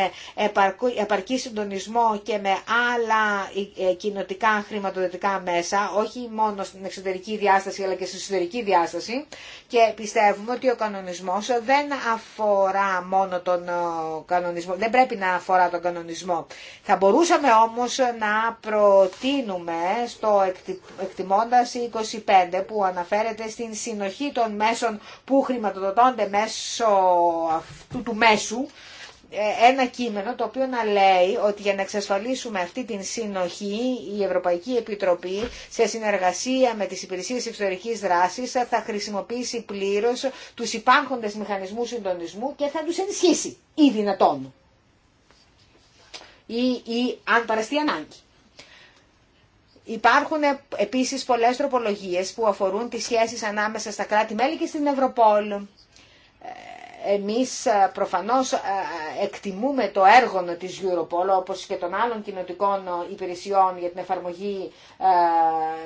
επαρκή συντονισμό και με άλλα ε, κοινοτικά χρηματοδοτικά μέσα, όχι μόνο στην εξωτερική διάσταση αλλά και στην εσωτερική διάσταση. Και πιστεύουμε ότι ο κανονισμός δεν αφορά μόνο τον κανονισμό, δεν πρέπει να αφορά τον κανονισμό θα μπορούσαμε όμως να προτείνουμε στο εκτιμώντας 25 που αναφέρεται στην συνοχή των μέσων που χρηματοδοτώνται μέσω αυτού του μέσου, ε, ένα κείμενο το οποίο να λέει ότι για να εξασφαλίσουμε αυτή την συνοχή η Ευρωπαϊκή Επιτροπή σε συνεργασία με τις υπηρεσίες εξωτερικής δράσης θα χρησιμοποιήσει πλήρως τους υπάρχοντες μηχανισμούς συντονισμού και θα τους ενισχύσει ή δυνατόν ή, ή αν παραστεί ανάγκη. Υπάρχουν επίσης πολλές τροπολογίες που αφορούν τις σχέσεις ανάμεσα στα κράτη-μέλη και στην Ευρωπόλ. Ε, εμείς ε, προφανώς ε, εκτιμούμε το έργο της Ευρωπόλ, όπως και των άλλων κοινοτικών υπηρεσιών για την εφαρμογή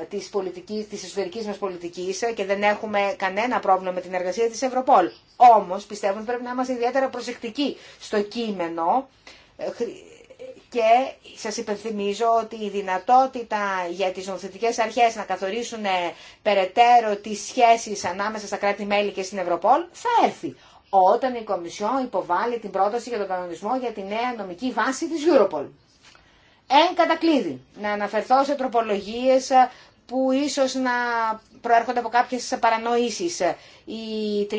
της, πολιτικής, της εσωτερικής μας πολιτικής και δεν έχουμε κανένα πρόβλημα με την εργασία της Ευρωπόλ. Όμως πιστεύω ότι πρέπει να είμαστε ιδιαίτερα προσεκτικοί στο κείμενο και σας υπενθυμίζω ότι η δυνατότητα για τις νομοθετικές αρχές να καθορίσουν ε, περαιτέρω τις σχέσεις ανάμεσα στα κράτη-μέλη και στην Ευρωπόλ θα έρθει όταν η Κομισιόν υποβάλει την πρόταση για τον κανονισμό για τη νέα νομική βάση της Europol. Εν κατακλείδη, να αναφερθώ σε τροπολογίες ε, που ίσως να προέρχονται από κάποιες παρανοήσεις. Η 31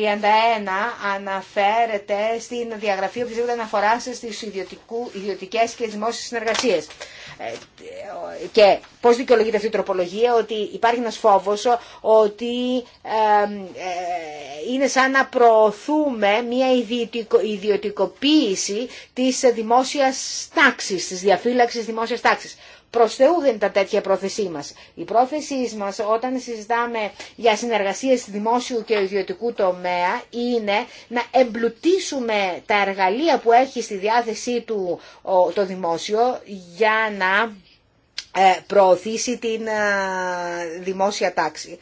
αναφέρεται στην διαγραφή οποιασδήποτε αναφορά στις ιδιωτικού, ιδιωτικές και δημόσιες συνεργασίες. Ε, και πώς δικαιολογείται αυτή η τροπολογία, ότι υπάρχει ένας φόβος ότι ε, είναι σαν να προωθούμε μια ιδιωτικοποίηση της δημόσιας τάξης, της διαφύλαξης δημόσιας τάξης. Προς Θεού δεν τέτοια πρόθεσή μας. Η πρόθεσή μας όταν συζητάμε για συνεργασίες δημόσιου και ιδιωτικού τομέα είναι να εμπλουτίσουμε τα εργαλεία που έχει στη διάθεσή του το δημόσιο για να ε, προωθήσει την ε, δημόσια τάξη.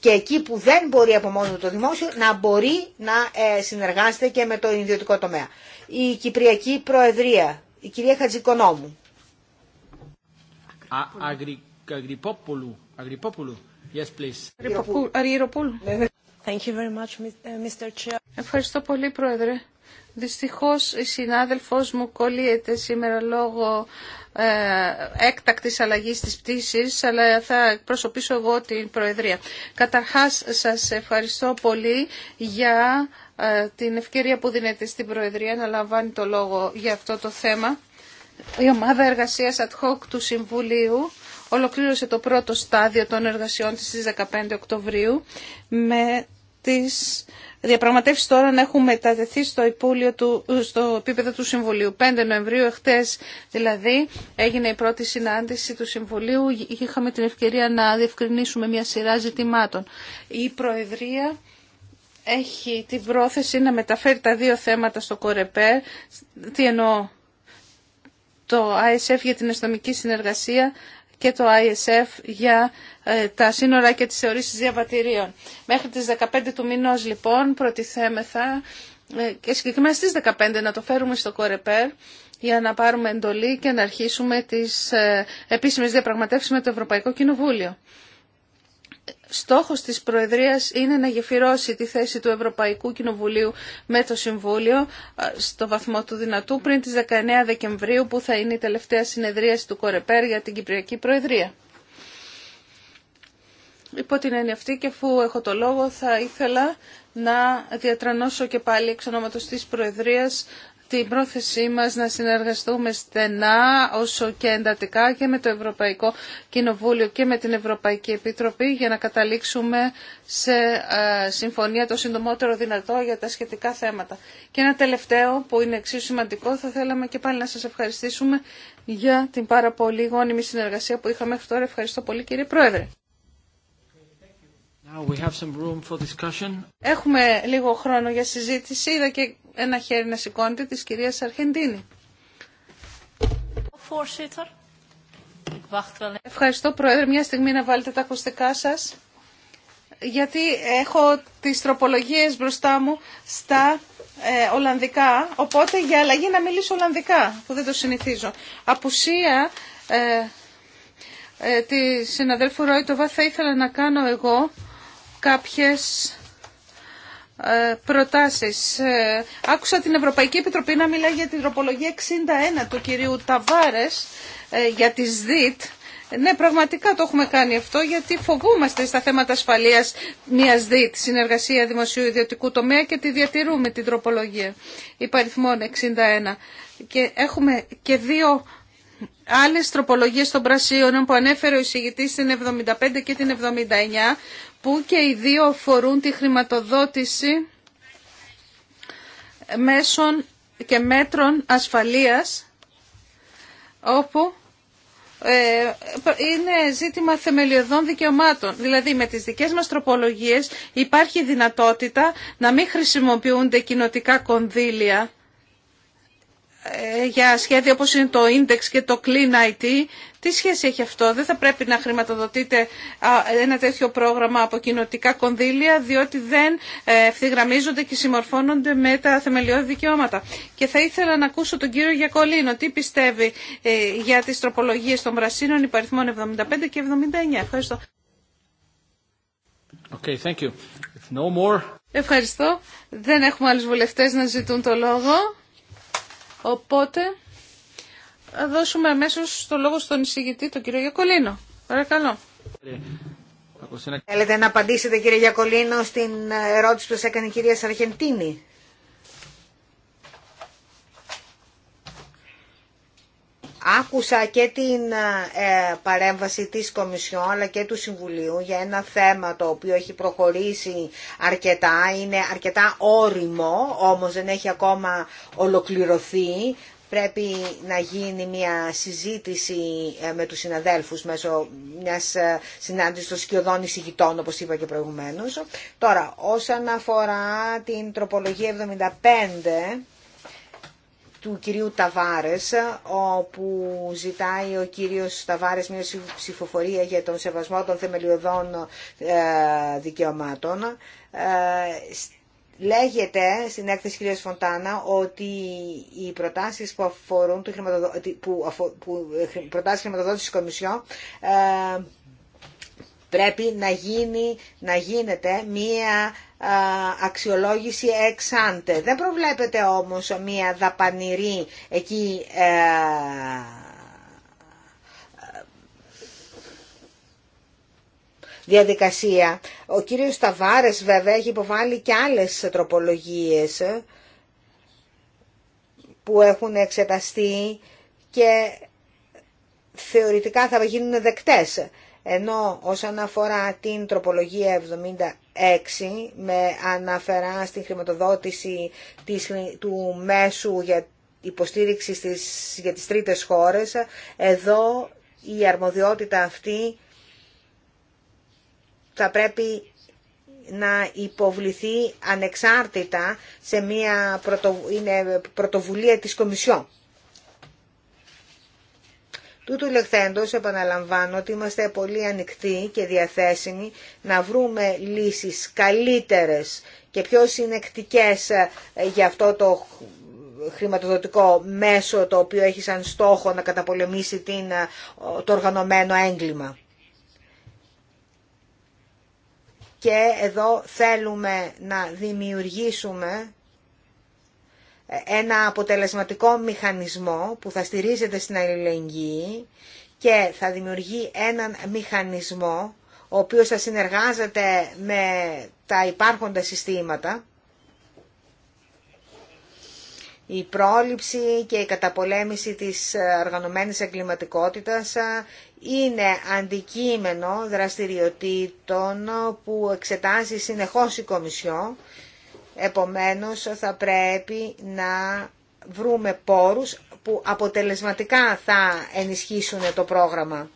Και εκεί που δεν μπορεί από μόνο το δημόσιο να μπορεί να ε, συνεργάζεται και με το ιδιωτικό τομέα. Η Κυπριακή Προεδρία, η κυρία Χατζικονόμου. Ευχαριστώ πολύ, Πρόεδρε. Δυστυχώς η συνάδελφός μου κολλείεται σήμερα λόγω έκτακτη ε, έκτακτης αλλαγής της πτήσης, αλλά θα εκπροσωπήσω εγώ την Προεδρία. Καταρχάς σας ευχαριστώ πολύ για ε, την ευκαιρία που δίνετε στην Προεδρία να λαμβάνει το λόγο για αυτό το θέμα. Η ομάδα εργασίας ad hoc του Συμβουλίου ολοκλήρωσε το πρώτο στάδιο των εργασιών της στις 15 Οκτωβρίου με τις διαπραγματεύσεις τώρα να έχουν μετατεθεί στο, του, στο επίπεδο του Συμβουλίου. 5 Νοεμβρίου, εχθέ, δηλαδή, έγινε η πρώτη συνάντηση του Συμβουλίου. Είχαμε την ευκαιρία να διευκρινίσουμε μια σειρά ζητημάτων. Η Προεδρία έχει την πρόθεση να μεταφέρει τα δύο θέματα στο Κορεπέ, Τι εννοώ, το ISF για την αστυνομική συνεργασία και το ISF για ε, τα σύνορα και τις θεωρήσεις διαβατηρίων. Μέχρι τις 15 του μηνός λοιπόν προτιθέμεθα ε, και συγκεκριμένα στις 15 να το φέρουμε στο Κορεπέρ για να πάρουμε εντολή και να αρχίσουμε τις ε, επίσημες διαπραγματεύσεις με το Ευρωπαϊκό Κοινοβούλιο στόχος της Προεδρίας είναι να γεφυρώσει τη θέση του Ευρωπαϊκού Κοινοβουλίου με το Συμβούλιο στο βαθμό του δυνατού πριν τις 19 Δεκεμβρίου που θα είναι η τελευταία συνεδρίαση του Κορεπέρ για την Κυπριακή Προεδρία. Υπό την έννοια αυτή και αφού έχω το λόγο θα ήθελα να διατρανώσω και πάλι εξ ονόματος της Προεδρίας την πρόθεσή μας να συνεργαστούμε στενά όσο και εντατικά και με το Ευρωπαϊκό Κοινοβούλιο και με την Ευρωπαϊκή Επιτροπή για να καταλήξουμε σε ε, συμφωνία το συντομότερο δυνατό για τα σχετικά θέματα. Και ένα τελευταίο που είναι εξίσου σημαντικό θα θέλαμε και πάλι να σας ευχαριστήσουμε για την πάρα πολύ γόνιμη συνεργασία που είχαμε μέχρι τώρα. Ευχαριστώ πολύ κύριε Πρόεδρε. Έχουμε λίγο χρόνο για συζήτηση. Είδα και ένα χέρι να σηκώνεται της κυρίας Αρχεντίνη. Ευχαριστώ Πρόεδρε. Μια στιγμή να βάλετε τα ακουστικά σα Γιατί έχω τι τροπολογίε μπροστά μου στα ε, Ολλανδικά. Οπότε για αλλαγή να μιλήσω Ολλανδικά που δεν το συνηθίζω. Απουσία... Ε, ε τη συναδέλφου Ρόιτοβα θα ήθελα να κάνω εγώ κάποιες ε, προτάσεις. Ε, άκουσα την Ευρωπαϊκή Επιτροπή να μιλάει για την τροπολογία 61 του κυρίου Ταβάρες ε, για τις ΔΙΤ. Ναι, πραγματικά το έχουμε κάνει αυτό γιατί φοβούμαστε στα θέματα ασφαλείας μιας ΔΙΤ, συνεργασία δημοσίου ιδιωτικού τομέα και τη διατηρούμε την τροπολογία υπαριθμών 61. Και έχουμε και δύο άλλες τροπολογίες των πρασίων που ανέφερε ο εισηγητής στην 75 και την 79 που και οι δύο αφορούν τη χρηματοδότηση μέσων και μέτρων ασφαλείας όπου ε, είναι ζήτημα θεμελιωδών δικαιωμάτων. Δηλαδή με τις δικές μας τροπολογίες υπάρχει δυνατότητα να μην χρησιμοποιούνται κοινοτικά κονδύλια ε, για σχέδια όπως είναι το Index και το Clean IT. Τι σχέση έχει αυτό, δεν θα πρέπει να χρηματοδοτείτε ένα τέτοιο πρόγραμμα από κοινοτικά κονδύλια, διότι δεν ε, ευθυγραμμίζονται και συμμορφώνονται με τα θεμελιώδη δικαιώματα. Και θα ήθελα να ακούσω τον κύριο Γιακολίνο, τι πιστεύει ε, για τις τροπολογίες των Βρασίνων υπαριθμών 75 και 79. Ευχαριστώ. Okay, thank you. If no more... Ευχαριστώ. Δεν έχουμε άλλους βουλευτές να ζητούν το λόγο. Οπότε, δώσουμε αμέσω το λόγο στον εισηγητή, τον κύριο Γιακολίνο. Παρακαλώ. Θέλετε να απαντήσετε κύριε Γιακολίνο στην ερώτηση που σα έκανε η κυρία Σαρχεντίνη. Άκουσα και την ε, παρέμβαση της Κομισιόν αλλά και του Συμβουλίου για ένα θέμα το οποίο έχει προχωρήσει αρκετά, είναι αρκετά όριμο, όμως δεν έχει ακόμα ολοκληρωθεί. Πρέπει να γίνει μια συζήτηση ε, με τους συναδέλφους μέσω μιας ε, συνάντησης των σκιωδών εισηγητών, όπως είπα και προηγουμένως. Τώρα, όσον αφορά την τροπολογία 75 του κυρίου Ταβάρες, όπου ζητάει ο κύριος Ταβάρες μια ψηφοφορία για τον σεβασμό των θεμελιωδών ε, δικαιωμάτων. Ε, λέγεται στην έκθεση κυρίας Φοντάνα ότι οι προτάσεις που αφορούν το που, ε, προτάσεις χρηματοδότησης Κομισιό πρέπει να, γίνει, να γίνεται μία αξιολόγηση εξάντε Δεν προβλέπεται όμως μία δαπανηρή εκεί ε, διαδικασία. Ο κύριος Σταβάρες βέβαια έχει υποβάλει και άλλες τροπολογίες που έχουν εξεταστεί και θεωρητικά θα γίνουν δεκτές. Ενώ όσον αφορά την τροπολογία με αναφερά στην χρηματοδότηση του μέσου για υποστήριξη στις, για τις τρίτες χώρες. Εδώ η αρμοδιότητα αυτή θα πρέπει να υποβληθεί ανεξάρτητα σε μια πρωτοβουλία της Κομισιόν. Τούτου λεχθέντος επαναλαμβάνω ότι είμαστε πολύ ανοιχτοί και διαθέσιμοι να βρούμε λύσεις καλύτερες και πιο συνεκτικές ε, για αυτό το χρηματοδοτικό μέσο το οποίο έχει σαν στόχο να καταπολεμήσει την, ε, το οργανωμένο έγκλημα. Και εδώ θέλουμε να δημιουργήσουμε ένα αποτελεσματικό μηχανισμό που θα στηρίζεται στην αλληλεγγύη και θα δημιουργεί έναν μηχανισμό ο οποίος θα συνεργάζεται με τα υπάρχοντα συστήματα. Η πρόληψη και η καταπολέμηση της οργανωμένης εγκληματικότητας είναι αντικείμενο δραστηριοτήτων που εξετάζει συνεχώς η Κομισιό Επομένως θα πρέπει να βρούμε πόρους που αποτελεσματικά θα ενισχύσουν το πρόγραμμα.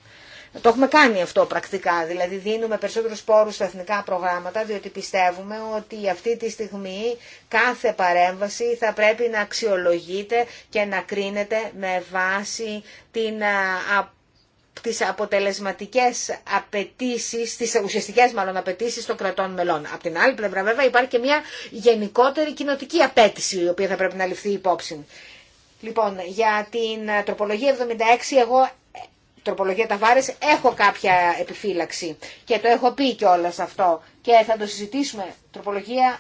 Το έχουμε κάνει αυτό πρακτικά, δηλαδή δίνουμε περισσότερους πόρους στα εθνικά προγράμματα, διότι πιστεύουμε ότι αυτή τη στιγμή κάθε παρέμβαση θα πρέπει να αξιολογείται και να κρίνεται με βάση την τις αποτελεσματικές απαιτήσει, τις ουσιαστικές μάλλον απαιτήσει των κρατών μελών. Από την άλλη πλευρά βέβαια υπάρχει και μια γενικότερη κοινοτική απέτηση η οποία θα πρέπει να ληφθεί υπόψη. Λοιπόν, για την τροπολογία 76 εγώ τροπολογία Ταβάρες έχω κάποια επιφύλαξη και το έχω πει κιόλα αυτό και θα το συζητήσουμε τροπολογία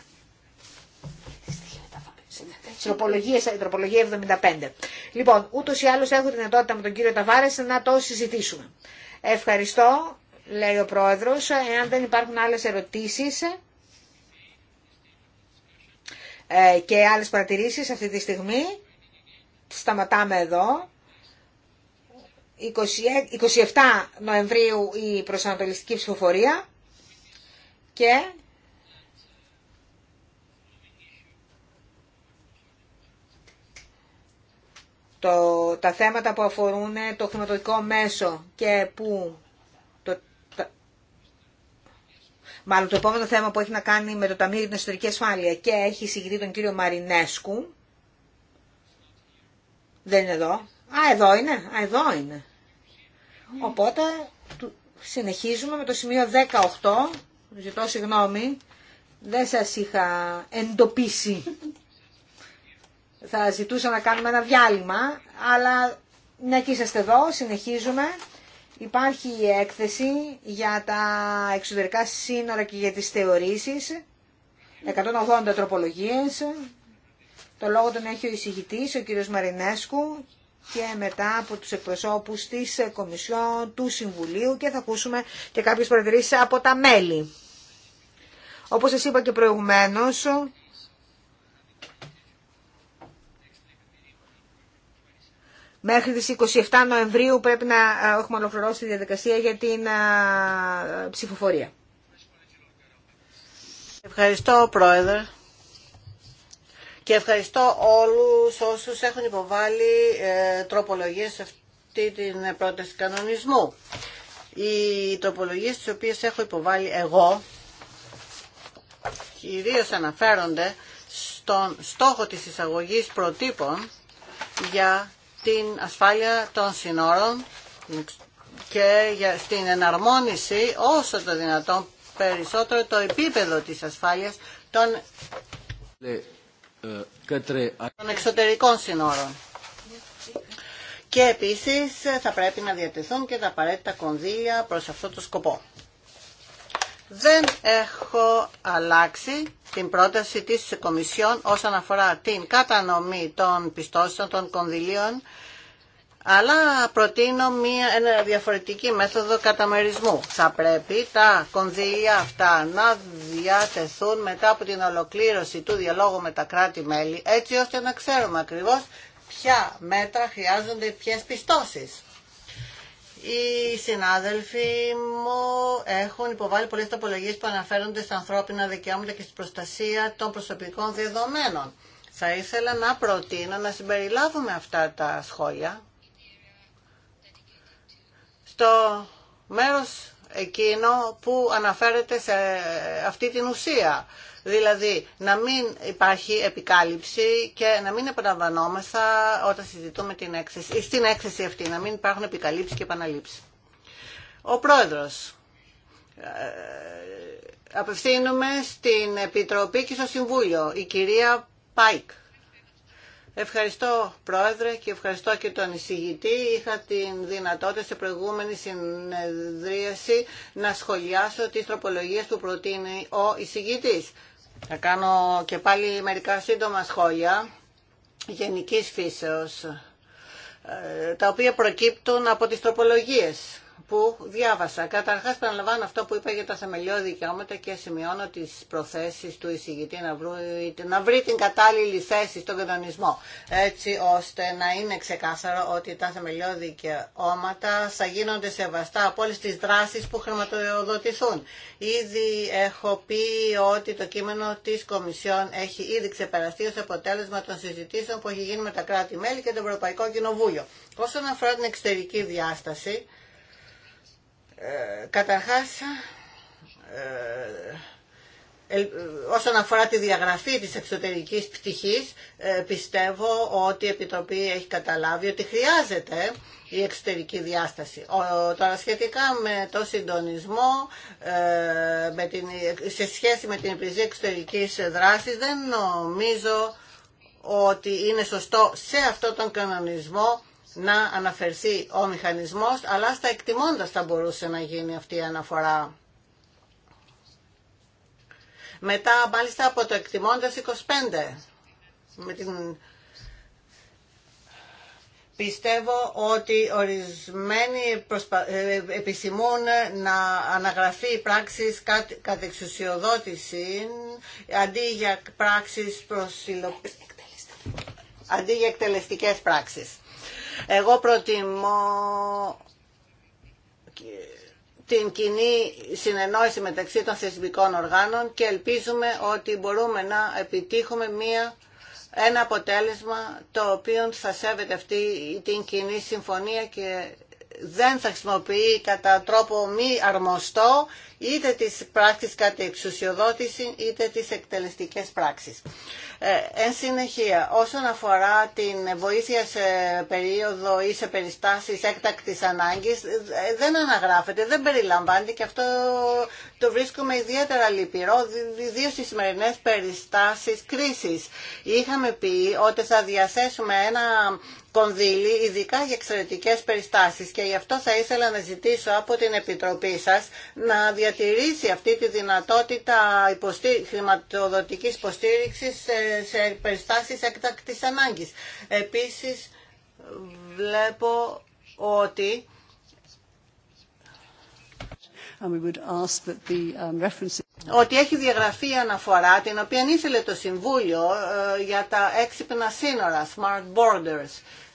ε, τροπολογία 75. Λοιπόν, ούτως ή άλλως έχω τη δυνατότητα με τον κύριο Ταβάρες να το συζητήσουμε. Ευχαριστώ, λέει ο Πρόεδρος. Εάν δεν υπάρχουν άλλες ερωτήσεις ε, και άλλες παρατηρήσεις αυτή τη στιγμή, σταματάμε εδώ. 27 ε, Νοεμβρίου η προσανατολιστική ψηφοφορία και το, τα θέματα που αφορούν το χρηματοδοτικό μέσο και που... Το, μάλλον το επόμενο θέμα που έχει να κάνει με το Ταμείο για την Εσωτερική Ασφάλεια και έχει συγκριθεί τον κύριο Μαρινέσκου. Δεν είναι εδώ. Α, εδώ είναι. Α, εδώ είναι. Οπότε συνεχίζουμε με το σημείο 18. Ζητώ συγγνώμη. Δεν σας είχα εντοπίσει θα ζητούσα να κάνουμε ένα διάλειμμα, αλλά να και είσαστε εδώ, συνεχίζουμε. Υπάρχει η έκθεση για τα εξωτερικά σύνορα και για τις θεωρήσεις, 180 τροπολογίες. Το λόγο τον έχει ο εισηγητής, ο κύριος Μαρινέσκου, και μετά από τους εκπροσώπους της Κομισιόν του Συμβουλίου και θα ακούσουμε και κάποιες παρατηρήσεις από τα μέλη. Όπως σας είπα και προηγουμένως, Μέχρι τις 27 Νοεμβρίου πρέπει να ε, έχουμε ολοκληρώσει τη διαδικασία για την ε, ψηφοφορία. Ευχαριστώ, Πρόεδρε. Και ευχαριστώ όλους όσους έχουν υποβάλει ε, τροπολογίες σε αυτή την πρόταση κανονισμού. Οι τροπολογίες τις οποίες έχω υποβάλει εγώ κυρίως αναφέρονται στον στόχο της εισαγωγής προτύπων για την ασφάλεια των συνόρων και για στην εναρμόνιση όσο το δυνατόν περισσότερο το επίπεδο της ασφάλειας των, ε, των εξωτερικών συνόρων. Και επίσης θα πρέπει να διατεθούν και τα απαραίτητα κονδύλια προς αυτό το σκοπό. Δεν έχω αλλάξει την πρόταση της Κομισιόν όσον αφορά την κατανομή των πιστώσεων, των κονδυλίων, αλλά προτείνω μια, ένα διαφορετική μέθοδο καταμερισμού. Θα πρέπει τα κονδύλια αυτά να διατεθούν μετά από την ολοκλήρωση του διαλόγου με τα κράτη-μέλη, έτσι ώστε να ξέρουμε ακριβώς ποια μέτρα χρειάζονται ποιες πιστώσεις οι συνάδελφοι μου έχουν υποβάλει πολλές τοπολογίες που αναφέρονται στα ανθρώπινα δικαιώματα και στην προστασία των προσωπικών δεδομένων. Θα ήθελα να προτείνω να συμπεριλάβουμε αυτά τα σχόλια στο μέρος εκείνο που αναφέρεται σε αυτή την ουσία Δηλαδή να μην υπάρχει επικάλυψη και να μην επαναλαμβανόμαστε όταν συζητούμε την έκθεση, στην έκθεση αυτή, να μην υπάρχουν επικάλυψη και επαναλήψεις. Ο πρόεδρος ε, απευθύνουμε στην Επιτροπή και στο Συμβούλιο, η κυρία Πάικ. Ευχαριστώ Πρόεδρε και ευχαριστώ και τον εισηγητή. Είχα την δυνατότητα σε προηγούμενη συνεδρίαση να σχολιάσω τις τροπολογίες που προτείνει ο εισηγητής. Θα κάνω και πάλι μερικά σύντομα σχόλια γενικής φύσεως, ε, τα οποία προκύπτουν από τις τροπολογίες που διάβασα. Καταρχά παραλαμβάνω αυτό που είπα για τα θεμελιώδη δικαιώματα και σημειώνω τι προθέσει του εισηγητή να, βρει, να βρει την κατάλληλη θέση στον κανονισμό. Έτσι ώστε να είναι ξεκάθαρο ότι τα θεμελιώδη δικαιώματα θα γίνονται σεβαστά από όλε τι δράσει που χρηματοδοτηθούν. Ήδη έχω πει ότι το κείμενο τη Κομισιόν έχει ήδη ξεπεραστεί ω αποτέλεσμα των συζητήσεων που έχει γίνει με τα κράτη-μέλη και το Ευρωπαϊκό Κοινοβούλιο. Όσον αφορά την εξωτερική διάσταση, ε, καταρχάς, ε, ε, όσον αφορά τη διαγραφή της εξωτερικής πτυχής, πιστεύω ότι η Επιτροπή έχει καταλάβει ότι χρειάζεται η εξωτερική διάσταση. Τώρα σχετικά με το συντονισμό, με την, σε σχέση με την υπηρεσία εξωτερικής δράσης, δεν νομίζω ότι είναι σωστό σε αυτό τον κανονισμό να αναφερθεί ο μηχανισμός, αλλά στα εκτιμώντας θα μπορούσε να γίνει αυτή η αναφορά. Μετά μάλιστα από το εκτιμώντας 25, Πιστεύω ότι ορισμένοι προσπα... Ε, επισημούν να αναγραφεί πράξεις κατ' εξουσιοδότηση αντί για πράξεις προς Αντί για εκτελεστικές πράξεις. Εγώ προτιμώ την κοινή συνεννόηση μεταξύ των θεσμικών οργάνων και ελπίζουμε ότι μπορούμε να επιτύχουμε μία, ένα αποτέλεσμα το οποίο θα σέβεται αυτή την κοινή συμφωνία και δεν θα χρησιμοποιεί κατά τρόπο μη αρμοστό είτε τις πράξεις κατά εξουσιοδότηση είτε τις εκτελεστικές πράξεις. Ε, εν συνεχεία, όσον αφορά την βοήθεια σε περίοδο ή σε περιστάσεις έκτακτης ανάγκης, ε, δεν αναγράφεται, δεν περιλαμβάνεται και αυτό το βρίσκουμε ιδιαίτερα λυπηρό, ιδίω στι σημερινέ περιστάσει κρίση. Είχαμε πει ότι θα διαθέσουμε ένα κονδύλι, ειδικά για εξαιρετικέ περιστάσει. και γι' αυτό θα ήθελα να ζητήσω από την Επιτροπή σα να διατηρήσει αυτή τη δυνατότητα υποστή... υποστήριξη σε περιστάσεις εκτακτής ανάγκη. Επίση βλέπω ότι Um, ότι έχει διαγραφεί η αναφορά την οποία ήθελε το Συμβούλιο ε, για τα έξυπνα σύνορα, smart borders,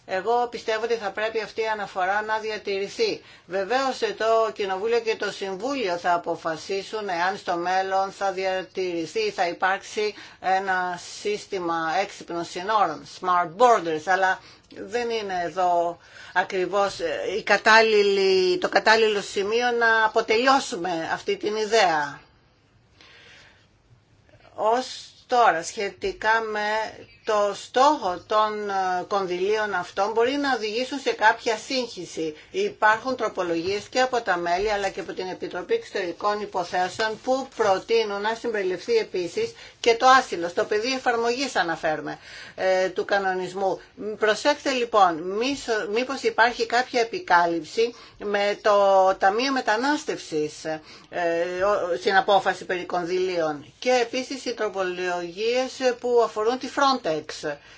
εγώ πιστεύω ότι θα πρέπει αυτή η αναφορά να διατηρηθεί. Βεβαίω το Κοινοβούλιο και το Συμβούλιο θα αποφασίσουν εάν στο μέλλον θα διατηρηθεί ή θα υπάρξει ένα σύστημα έξυπνων συνόρων, smart borders, αλλά δεν είναι εδώ ακριβώς ε, η κατάλληλη, το κατάλληλο σημείο να αποτελειώσουμε αυτή την ιδέα. Ως τώρα, σχετικά με το στόχο των ε, κονδυλίων αυτών μπορεί να οδηγήσουν σε κάποια σύγχυση. Υπάρχουν τροπολογίες και από τα μέλη αλλά και από την Επιτροπή Εξωτερικών Υποθέσεων που προτείνουν να συμπεριληφθεί επίσης και το άσυλο. Στο πεδίο εφαρμογής αναφέρουμε ε, του κανονισμού. Προσέξτε λοιπόν, μήπως υπάρχει κάποια επικάλυψη με το Ταμείο Μετανάστευσης ε, στην απόφαση περί κονδυλίων και επίσης οι τροπολογίες που αφορούν τη Frontex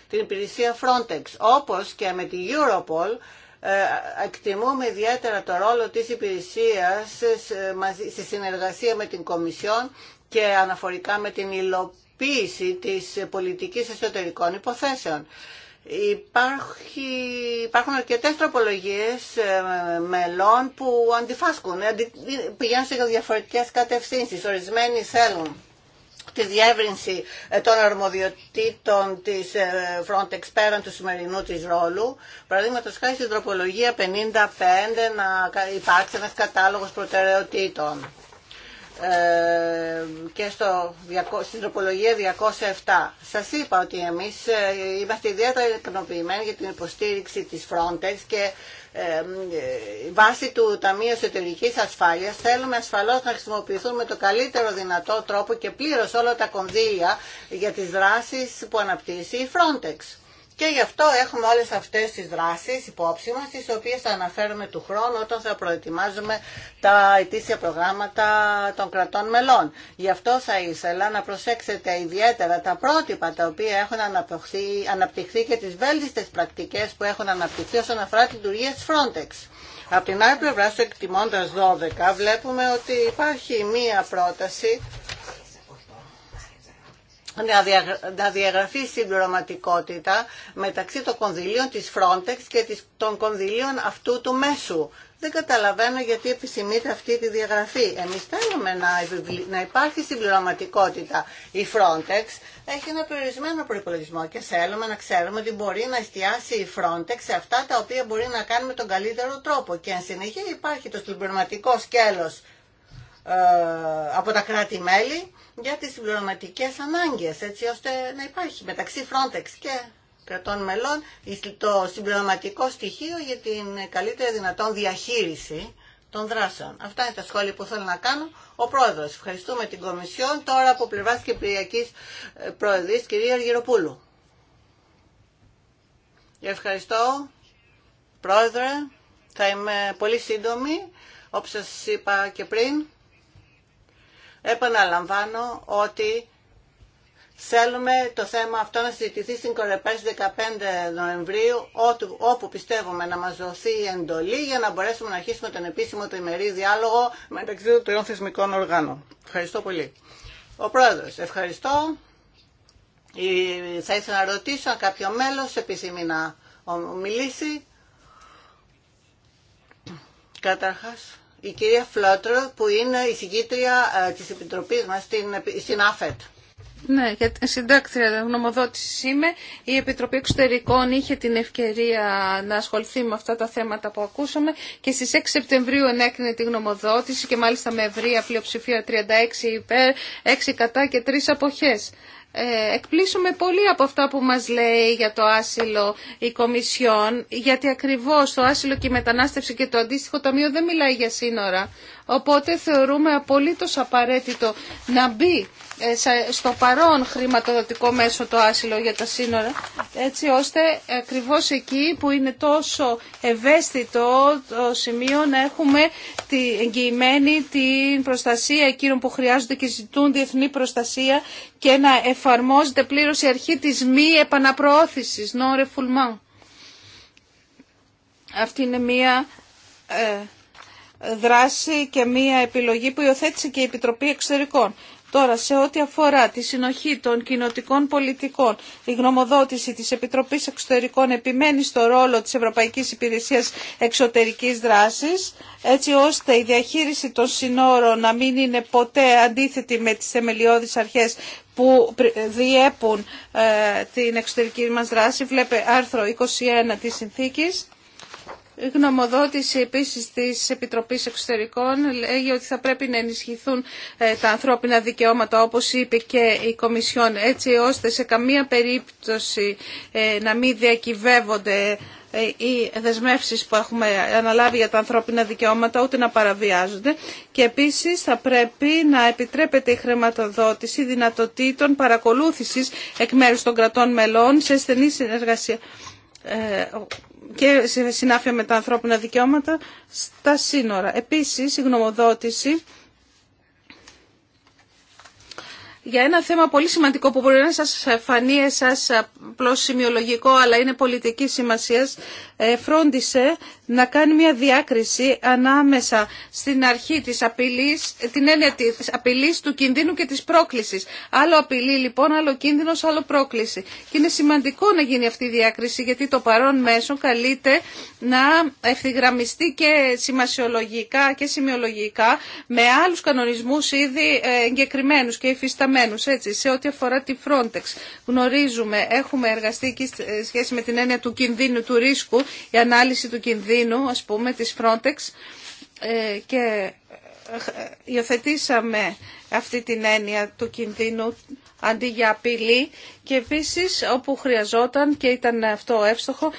την υπηρεσία Frontex, όπως και με την Europol, ε, εκτιμούμε ιδιαίτερα το ρόλο της υπηρεσίας στη συνεργασία με την Κομισιόν και αναφορικά με την υλοποίηση της πολιτικής εσωτερικών υποθέσεων. υπάρχουν αρκετές τροπολογίες ε, μελών που αντιφάσκουν, ε, πηγαίνουν σε διαφορετικές κατευθύνσεις, ορισμένοι θέλουν τη διεύρυνση ε, των αρμοδιοτήτων της ε, Frontex πέραν του σημερινού της ρόλου. Παραδείγματος χάρη στην τροπολογία 55 να υπάρξει ένας κατάλογος προτεραιοτήτων. Ε, και στο, στην τροπολογία 207. Σας είπα ότι εμείς ε, είμαστε ιδιαίτερα ικανοποιημένοι για την υποστήριξη της Frontex και ε, ε βάσει του Ταμείου Εσωτερική Ασφάλειας θέλουμε ασφαλώς να χρησιμοποιηθούν με το καλύτερο δυνατό τρόπο και πλήρως όλα τα κονδύλια για τις δράσεις που αναπτύσσει η Frontex. Και γι' αυτό έχουμε όλες αυτές τις δράσεις υπόψη μας, τις οποίες θα αναφέρουμε του χρόνου όταν θα προετοιμάζουμε τα ετήσια προγράμματα των κρατών μελών. Γι' αυτό θα ήθελα να προσέξετε ιδιαίτερα τα πρότυπα τα οποία έχουν αναπτυχθεί και τις βέλτιστες πρακτικές που έχουν αναπτυχθεί όσον αφορά τη λειτουργία της Frontex. Από την άλλη πλευρά, στο εκτιμώντας 12, βλέπουμε ότι υπάρχει μία πρόταση να διαγραφεί συμπληρωματικότητα μεταξύ των κονδυλίων της Frontex και των κονδυλίων αυτού του μέσου. Δεν καταλαβαίνω γιατί επισημείται αυτή τη διαγραφή. Εμείς θέλουμε να υπάρχει συμπληρωματικότητα. Η Frontex έχει ένα περιορισμένο προπολογισμό και θέλουμε να ξέρουμε ότι μπορεί να εστιάσει η Frontex σε αυτά τα οποία μπορεί να κάνει με τον καλύτερο τρόπο. Και εν συνεχεία υπάρχει το συμπληρωματικό σκέλος ε, από τα κράτη-μέλη για τις συμπληρωματικές ανάγκες, έτσι ώστε να υπάρχει μεταξύ Frontex και κρατών μελών το συμπληρωματικό στοιχείο για την καλύτερη δυνατόν διαχείριση των δράσεων. Αυτά είναι τα σχόλια που θέλω να κάνω. Ο Πρόεδρος, ευχαριστούμε την Κομισιόν, τώρα από πλευράς Κυπριακής ε, Πρόεδρης, κυρία Αργυροπούλου. Ευχαριστώ, Πρόεδρε. Θα είμαι πολύ σύντομη, όπως σας είπα και πριν. Επαναλαμβάνω ότι θέλουμε το θέμα αυτό να συζητηθεί στην Κορεπέ 15 Νοεμβρίου, όπου πιστεύουμε να μας δοθεί η εντολή για να μπορέσουμε να αρχίσουμε τον επίσημο τριμερή διάλογο μεταξύ των τριών θεσμικών οργάνων. Ευχαριστώ πολύ. Ο Πρόεδρος, ευχαριστώ. Θα ήθελα να ρωτήσω αν κάποιο μέλος επιθυμεί να μιλήσει. Καταρχάς, η κυρία Φλότρο που είναι η συγκήτρια ε, της Επιτροπής μας στην, στην ΑΦΕΤ. Ναι, για συντάκτρια γνωμοδότηση είμαι. Η Επιτροπή Εξωτερικών είχε την ευκαιρία να ασχοληθεί με αυτά τα θέματα που ακούσαμε και στις 6 Σεπτεμβρίου ενέκρινε τη γνωμοδότηση και μάλιστα με ευρεία πλειοψηφία 36 υπέρ, 6 κατά και 3 αποχές. Ε, εκπλήσουμε πολύ από αυτά που μας λέει για το άσυλο η Κομισιόν, γιατί ακριβώς το άσυλο και η μετανάστευση και το αντίστοιχο ταμείο δεν μιλάει για σύνορα. Οπότε θεωρούμε απολύτως απαραίτητο να μπει ε, στο παρόν χρηματοδοτικό μέσο το άσυλο για τα σύνορα, έτσι ώστε ακριβώς εκεί που είναι τόσο ευαίσθητο το σημείο να έχουμε την εγγυημένη την προστασία εκείνων που χρειάζονται και ζητούν διεθνή προστασία και να εφαρμόζεται πλήρως η αρχή της μη επαναπροώθησης, non refoulement. Αυτή είναι μία ε, δράση και μία επιλογή που υιοθέτησε και η Επιτροπή Εξωτερικών. Τώρα, σε ό,τι αφορά τη συνοχή των κοινοτικών πολιτικών, η γνωμοδότηση της Επιτροπής Εξωτερικών επιμένει στο ρόλο της Ευρωπαϊκής Υπηρεσίας Εξωτερικής Δράσης, έτσι ώστε η διαχείριση των συνόρων να μην είναι ποτέ αντίθετη με τις θεμελιώδεις αρχές που διέπουν ε, την εξωτερική μας δράση. βλέπετε άρθρο 21 της συνθήκης. Η γνωμοδότηση επίσης της Επιτροπής Εξωτερικών λέγει ότι θα πρέπει να ενισχυθούν ε, τα ανθρώπινα δικαιώματα όπως είπε και η Κομισιόν έτσι ώστε σε καμία περίπτωση ε, να μην διακυβεύονται ε, οι δεσμεύσεις που έχουμε αναλάβει για τα ανθρώπινα δικαιώματα ούτε να παραβιάζονται και επίσης θα πρέπει να επιτρέπεται η χρηματοδότηση δυνατοτήτων παρακολούθησης εκ μέρους των κρατών μελών σε στενή συνεργασία και συνάφεια με τα ανθρώπινα δικαιώματα στα σύνορα. Επίσης, η γνωμοδότηση για ένα θέμα πολύ σημαντικό που μπορεί να σας φανεί εσάς απλώς σημειολογικό αλλά είναι πολιτική σημασίας ε, φρόντισε να κάνει μια διάκριση ανάμεσα στην αρχή της απειλής, την έννοια της απειλής του κινδύνου και της πρόκλησης. Άλλο απειλή λοιπόν, άλλο κίνδυνος, άλλο πρόκληση. Και είναι σημαντικό να γίνει αυτή η διάκριση γιατί το παρόν μέσο καλείται να ευθυγραμμιστεί και σημασιολογικά και σημειολογικά με άλλους κανονισμούς ήδη ε, εγκεκριμένους και υφισταμένους συγκεκριμένους έτσι, σε ό,τι αφορά τη Frontex. Γνωρίζουμε, έχουμε εργαστεί και ε, σχέση με την έννοια του κινδύνου, του ρίσκου, η ανάλυση του κινδύνου, ας πούμε, της Frontex ε, και ε, υιοθετήσαμε αυτή την έννοια του κινδύνου αντί για απειλή και επίσης όπου χρειαζόταν και ήταν αυτό εύστοχο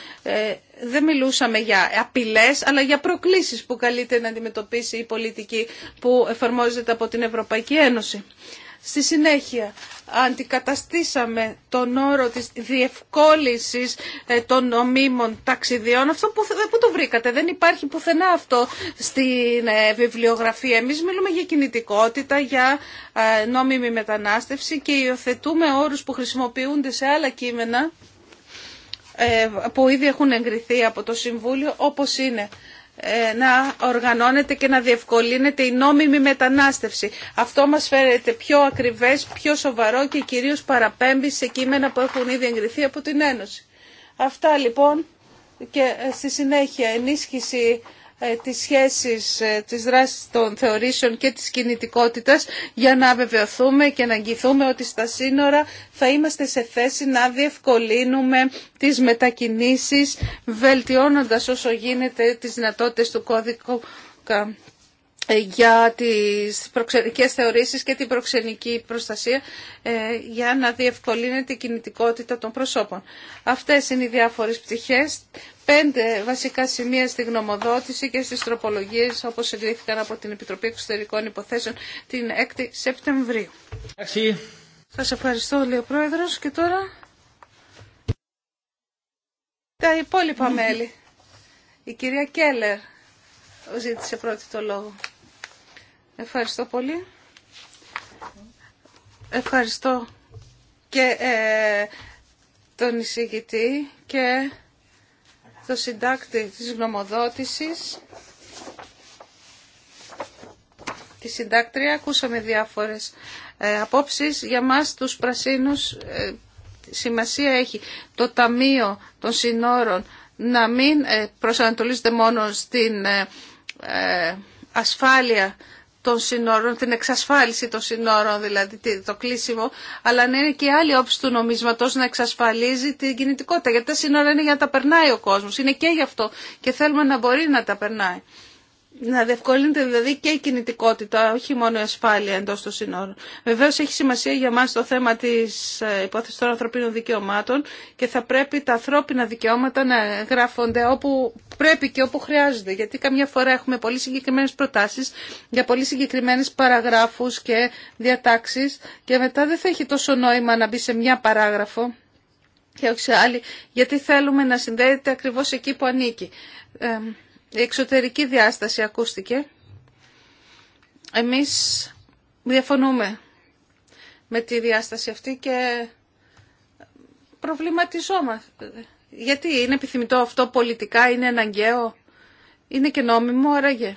δεν μιλούσαμε για απειλές αλλά για προκλήσεις που καλείται να αντιμετωπίσει η πολιτική που εφαρμόζεται από την Ευρωπαϊκή Ένωση. Στη συνέχεια, αντικαταστήσαμε τον όρο της διευκόλυνσης ε, των νομίμων ταξιδιών. Αυτό που, που το βρήκατε, δεν υπάρχει πουθενά αυτό στην ε, βιβλιογραφία. Εμείς μιλούμε για κινητικότητα, για ε, νόμιμη μετανάστευση και υιοθετούμε όρους που χρησιμοποιούνται σε άλλα κείμενα που ήδη έχουν εγκριθεί από το Συμβούλιο, όπως είναι ε, να οργανώνεται και να διευκολύνεται η νόμιμη μετανάστευση. Αυτό μας φέρεται πιο ακριβές, πιο σοβαρό και κυρίως παραπέμπει σε κείμενα που έχουν ήδη εγκριθεί από την Ένωση. Αυτά λοιπόν και ε, στη συνέχεια ενίσχυση ε, τις σχέσεις ε, της δράσης των θεωρήσεων και της κινητικότητας για να βεβαιωθούμε και να αγγιθούμε ότι στα σύνορα θα είμαστε σε θέση να διευκολύνουμε τις μετακινήσεις βελτιώνοντας όσο γίνεται τις δυνατότητες του κώδικου για τις προξενικές θεωρήσεις και την προξενική προστασία ε, για να διευκολύνεται η κινητικότητα των προσώπων. Αυτές είναι οι διάφορες πτυχές. Πέντε βασικά σημεία στη γνωμοδότηση και στις τροπολογίες όπως εγκρίθηκαν από την Επιτροπή Εξωτερικών Υποθέσεων την 6η Σεπτεμβρίου. Σας ευχαριστώ, Πρόεδρος. Και τώρα τα υπόλοιπα μέλη. Η κυρία Κέλλερ ζήτησε πρώτη το λόγο. Ευχαριστώ πολύ. Ευχαριστώ και ε, τον εισηγητή και το συντάκτη της γνωμοδότησης. Τη συντάκτρια ακούσαμε διάφορες ε, απόψεις. Για μας τους πρασίνους ε, σημασία έχει το Ταμείο των Συνόρων να μην ε, προσανατολίζεται μόνο στην ασφάλεια των συνόρων, την εξασφάλιση των συνόρων, δηλαδή το κλείσιμο, αλλά να είναι και η άλλη όψη του νομίσματος να εξασφαλίζει την κινητικότητα, γιατί τα σύνορα είναι για να τα περνάει ο κόσμος, είναι και γι' αυτό και θέλουμε να μπορεί να τα περνάει να διευκολύνεται δηλαδή και η κινητικότητα, όχι μόνο η ασφάλεια εντό των συνόρων. Βεβαίω έχει σημασία για μα το θέμα τη ε, υπόθεση των ανθρωπίνων δικαιωμάτων και θα πρέπει τα ανθρώπινα δικαιώματα να γράφονται όπου πρέπει και όπου χρειάζονται. Γιατί καμιά φορά έχουμε πολύ συγκεκριμένε προτάσει για πολύ συγκεκριμένε παραγράφου και διατάξει και μετά δεν θα έχει τόσο νόημα να μπει σε μια παράγραφο και όχι σε άλλη, γιατί θέλουμε να συνδέεται ακριβώ εκεί που ανήκει. Ε, η εξωτερική διάσταση ακούστηκε. Εμείς διαφωνούμε με τη διάσταση αυτή και προβληματιζόμαστε. Γιατί είναι επιθυμητό αυτό πολιτικά, είναι αναγκαίο, είναι και νόμιμο, άραγε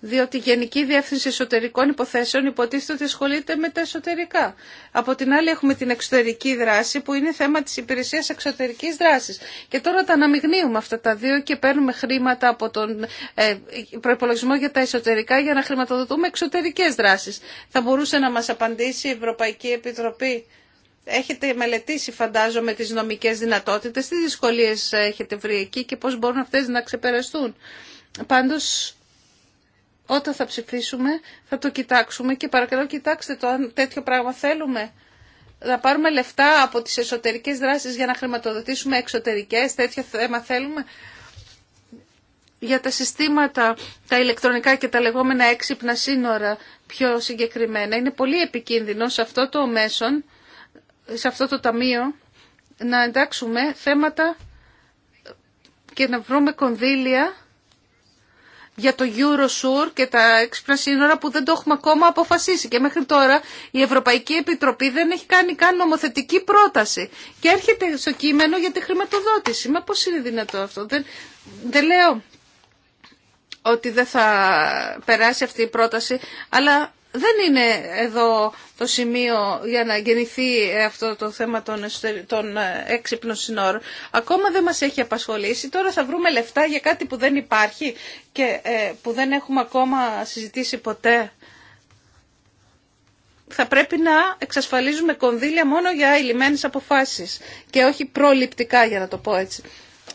διότι η Γενική Διεύθυνση Εσωτερικών Υποθέσεων υποτίθεται ότι ασχολείται με τα εσωτερικά. Από την άλλη έχουμε την εξωτερική δράση που είναι θέμα της υπηρεσίας εξωτερικής δράσης. Και τώρα τα αναμειγνύουμε αυτά τα δύο και παίρνουμε χρήματα από τον ε, προπολογισμό για τα εσωτερικά για να χρηματοδοτούμε εξωτερικές δράσεις. Θα μπορούσε να μας απαντήσει η Ευρωπαϊκή Επιτροπή. Έχετε μελετήσει φαντάζομαι τις νομικές δυνατότητες, τι δυσκολίες έχετε βρει εκεί και πώς μπορούν αυτές να ξεπεραστούν. Πάντως όταν θα ψηφίσουμε θα το κοιτάξουμε και παρακαλώ κοιτάξτε το αν τέτοιο πράγμα θέλουμε. Να πάρουμε λεφτά από τις εσωτερικές δράσεις για να χρηματοδοτήσουμε εξωτερικές, τέτοιο θέμα θέλουμε. Για τα συστήματα, τα ηλεκτρονικά και τα λεγόμενα έξυπνα σύνορα πιο συγκεκριμένα, είναι πολύ επικίνδυνο σε αυτό το μέσον, σε αυτό το ταμείο, να εντάξουμε θέματα και να βρούμε κονδύλια για το Eurosur και τα έξυπνα σύνορα που δεν το έχουμε ακόμα αποφασίσει. Και μέχρι τώρα η Ευρωπαϊκή Επιτροπή δεν έχει κάνει καν νομοθετική πρόταση. Και έρχεται στο κείμενο για τη χρηματοδότηση. Μα πώς είναι δυνατό αυτό. Δεν, δεν λέω ότι δεν θα περάσει αυτή η πρόταση, αλλά δεν είναι εδώ το σημείο για να γεννηθεί αυτό το θέμα των, των ε, έξυπνων συνόρων. Ακόμα δεν μας έχει απασχολήσει. Τώρα θα βρούμε λεφτά για κάτι που δεν υπάρχει και ε, που δεν έχουμε ακόμα συζητήσει ποτέ. Θα πρέπει να εξασφαλίζουμε κονδύλια μόνο για ειλημμένες αποφάσεις και όχι προληπτικά για να το πω έτσι.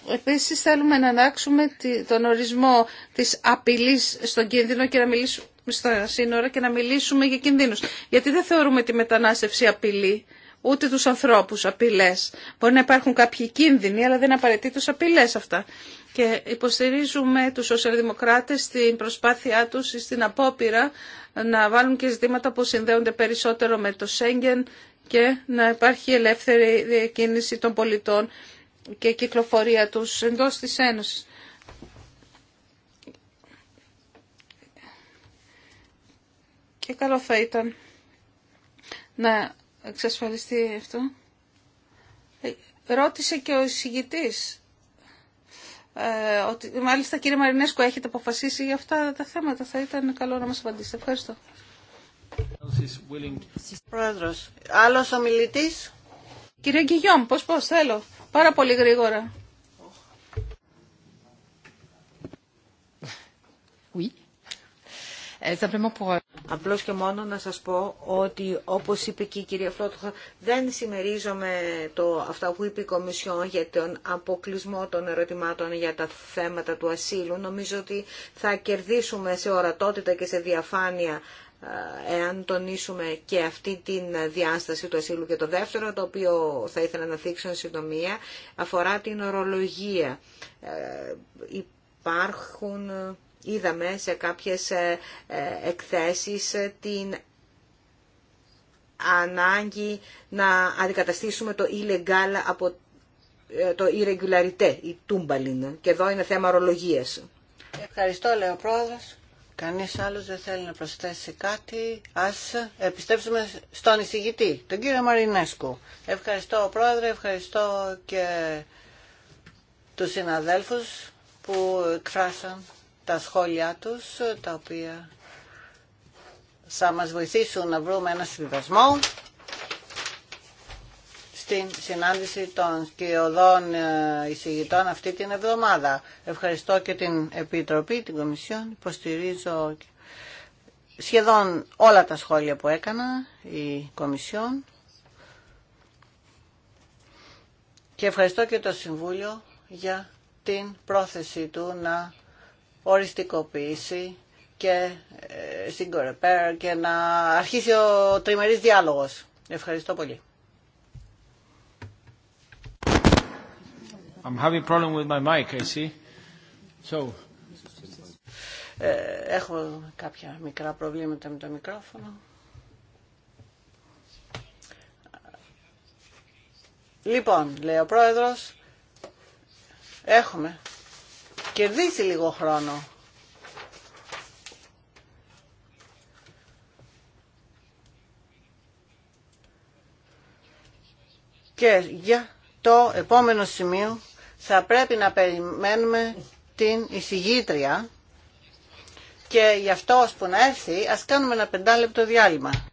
Επίσης θέλουμε να ανάξουμε τον ορισμό της απειλής στον κίνδυνο και να μιλήσουμε στα σύνορα και να μιλήσουμε για κινδύνους. Γιατί δεν θεωρούμε τη μετανάστευση απειλή, ούτε τους ανθρώπους απειλές. Μπορεί να υπάρχουν κάποιοι κίνδυνοι, αλλά δεν είναι απαραίτητος απειλές αυτά. Και υποστηρίζουμε τους σοσιαλδημοκράτες στην προσπάθειά τους, στην απόπειρα να βάλουν και ζητήματα που συνδέονται περισσότερο με το Σέγγεν και να υπάρχει ελεύθερη διακίνηση των πολιτών και κυκλοφορία τους εντός της Ένωσης. Και καλό θα ήταν να εξασφαλιστεί αυτό. Ε, ρώτησε και ο εισηγητής ε, ότι μάλιστα κύριε Μαρινέσκο έχετε αποφασίσει για αυτά τα θέματα. Θα ήταν καλό να μας απαντήσετε. Ευχαριστώ. Πρόεδρος, άλλος ομιλητής. Κύριε Γκυγιόμ, πώς πώς θέλω. Πάρα πολύ γρήγορα. Oui. Ε, Απλώς και μόνο να σας πω ότι όπως είπε και η κυρία Φλότουχα δεν συμμερίζομαι το, αυτά που είπε η Κομισιόν για τον αποκλεισμό των ερωτημάτων για τα θέματα του ασύλου. Νομίζω ότι θα κερδίσουμε σε ορατότητα και σε διαφάνεια ε, εάν τονίσουμε και αυτή την διάσταση του ασύλου και το δεύτερο, το οποίο θα ήθελα να θίξω εν συντομία, αφορά την ορολογία. Ε, υπάρχουν Είδαμε σε κάποιες ε, ε, εκθέσεις ε, την ανάγκη να αντικαταστήσουμε το illegal από το irregularité, η τούμπαλιν. Και εδώ είναι θέμα ορολογία. Ευχαριστώ, λέει ο πρόεδρος. Κανείς άλλος δεν θέλει να προσθέσει κάτι. Ας επιστρέψουμε στον εισηγητή, τον κύριο Μαρινέσκου. Ευχαριστώ, πρόεδρε, ευχαριστώ και του συναδέλφους που εκφράσαν τα σχόλιά τους, τα οποία θα μας βοηθήσουν να βρούμε ένα συμβιβασμό στην συνάντηση των σκιωδών ε, εισηγητών αυτή την εβδομάδα. Ευχαριστώ και την Επιτροπή, την Κομισιόν. Υποστηρίζω σχεδόν όλα τα σχόλια που έκανα η Κομισιόν. Και ευχαριστώ και το Συμβούλιο για την πρόθεση του να οριστικοποίηση και ε, στην και να αρχίσει ο τριμερής διάλογος. Ευχαριστώ πολύ. I'm having problem with my mic, I see. So. Ε, έχω κάποια μικρά προβλήματα με το μικρόφωνο. Λοιπόν, λέει ο πρόεδρος, έχουμε κερδίσει λίγο χρόνο. Και για το επόμενο σημείο θα πρέπει να περιμένουμε την εισηγήτρια και γι' αυτό που να έρθει ας κάνουμε ένα πεντάλεπτο διάλειμμα.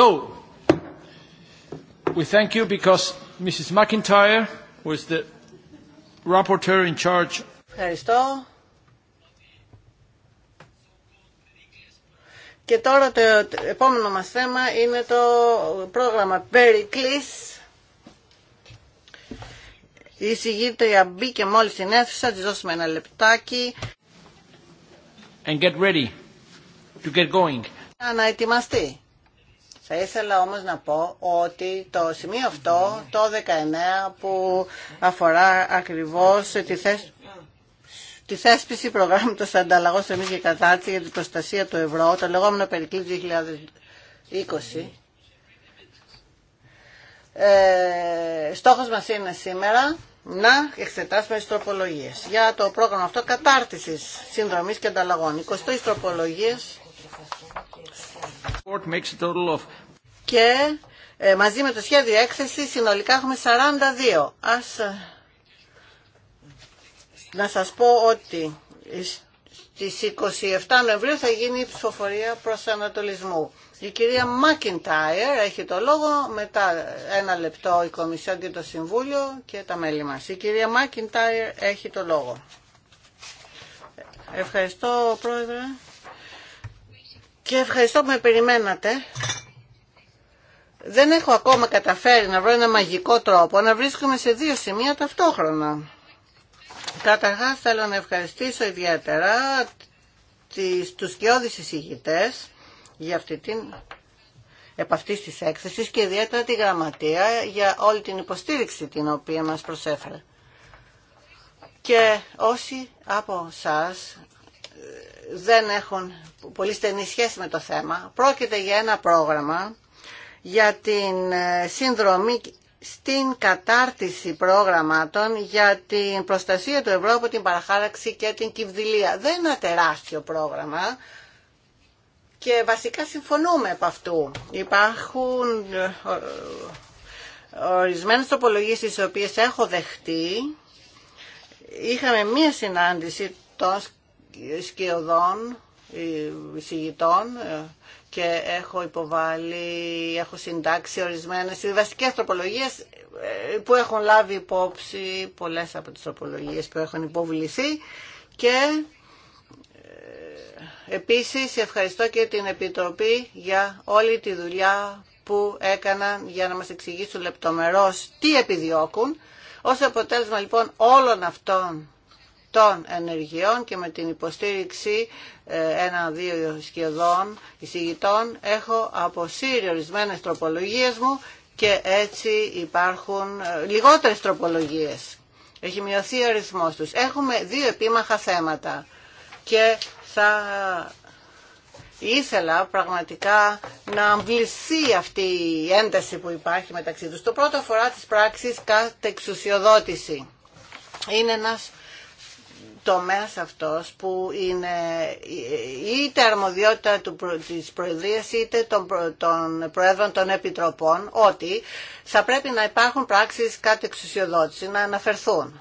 So, we thank you because Mrs. McIntyre was the rapporteur in charge. Ευχαριστώ. Και τώρα το επόμενο μας θέμα είναι το πρόγραμμα Περικλής. Η συγγήτρια μπήκε μόλις στην αίθουσα, της δώσουμε ένα λεπτάκι. And get ready to get going. να ετοιμαστεί. Θα ήθελα όμως να πω ότι το σημείο αυτό, το 19, που αφορά ακριβώς τη τη θέσπιση προγράμματο ανταλλαγό εμεί και κατάρτιση για την προστασία του ευρώ, το λεγόμενο περικλή 2020. Ε, στόχος μας είναι σήμερα να εξετάσουμε τις τροπολογίες για το πρόγραμμα αυτό κατάρτισης συνδρομής και ανταλλαγών. 23 τροπολογίες και ε, μαζί με το σχέδιο έκθεση συνολικά έχουμε 42. Ας ε, να σας πω ότι στις 27 Νοεμβρίου θα γίνει η ψηφοφορία προς ανατολισμού. Η κυρία Μάκιντάιρ έχει το λόγο, μετά ένα λεπτό η Κομισιόν και το Συμβούλιο και τα μέλη μας. Η κυρία Μάκιντάιρ έχει το λόγο. Ευχαριστώ πρόεδρε και ευχαριστώ που με περιμένατε δεν έχω ακόμα καταφέρει να βρω ένα μαγικό τρόπο να βρίσκομαι σε δύο σημεία ταυτόχρονα. Καταρχάς θέλω να ευχαριστήσω ιδιαίτερα τις, τους κοιόδης εισηγητές για αυτή την επ' αυτής της έκθεσης και ιδιαίτερα τη γραμματεία για όλη την υποστήριξη την οποία μας προσέφερε. Και όσοι από σας ε, δεν έχουν πολύ στενή σχέση με το θέμα, πρόκειται για ένα πρόγραμμα για την ε, συνδρομή στην κατάρτιση πρόγραμματων για την προστασία του ευρώ από την παραχάραξη και την κυβδηλία. Δεν είναι ένα τεράστιο πρόγραμμα και βασικά συμφωνούμε από αυτού. Υπάρχουν ε, ορισμένες τοπολογίες τις οποίες έχω δεχτεί. Είχαμε μία συνάντηση των σκιωδών ε, εισηγητών και έχω υποβάλει, έχω συντάξει ορισμένες συμβαστικές τροπολογίες ε, που έχουν λάβει υπόψη πολλές από τις τροπολογίες που έχουν υποβληθεί και ε, επίσης ευχαριστώ και την Επιτροπή για όλη τη δουλειά που έκαναν για να μας εξηγήσουν λεπτομερώς τι επιδιώκουν. Ως αποτέλεσμα λοιπόν όλων αυτών των ενεργειών και με την υποστήριξη ε, ένα-δύο σχεδόν εισηγητών έχω αποσύρει ορισμένε τροπολογίες μου και έτσι υπάρχουν ε, λιγότερες τροπολογίες. Έχει μειωθεί ο τους. Έχουμε δύο επίμαχα θέματα και θα ήθελα πραγματικά να αμβληθεί αυτή η ένταση που υπάρχει μεταξύ τους. Το πρώτο αφορά της πράξεις εξουσιοδότηση Είναι ένας τομέας αυτός που είναι είτε αρμοδιότητα του, της Προεδρίας είτε των, των Προέδρων των Επιτροπών ότι θα πρέπει να υπάρχουν πράξεις κάτω εξουσιοδότηση να αναφερθούν.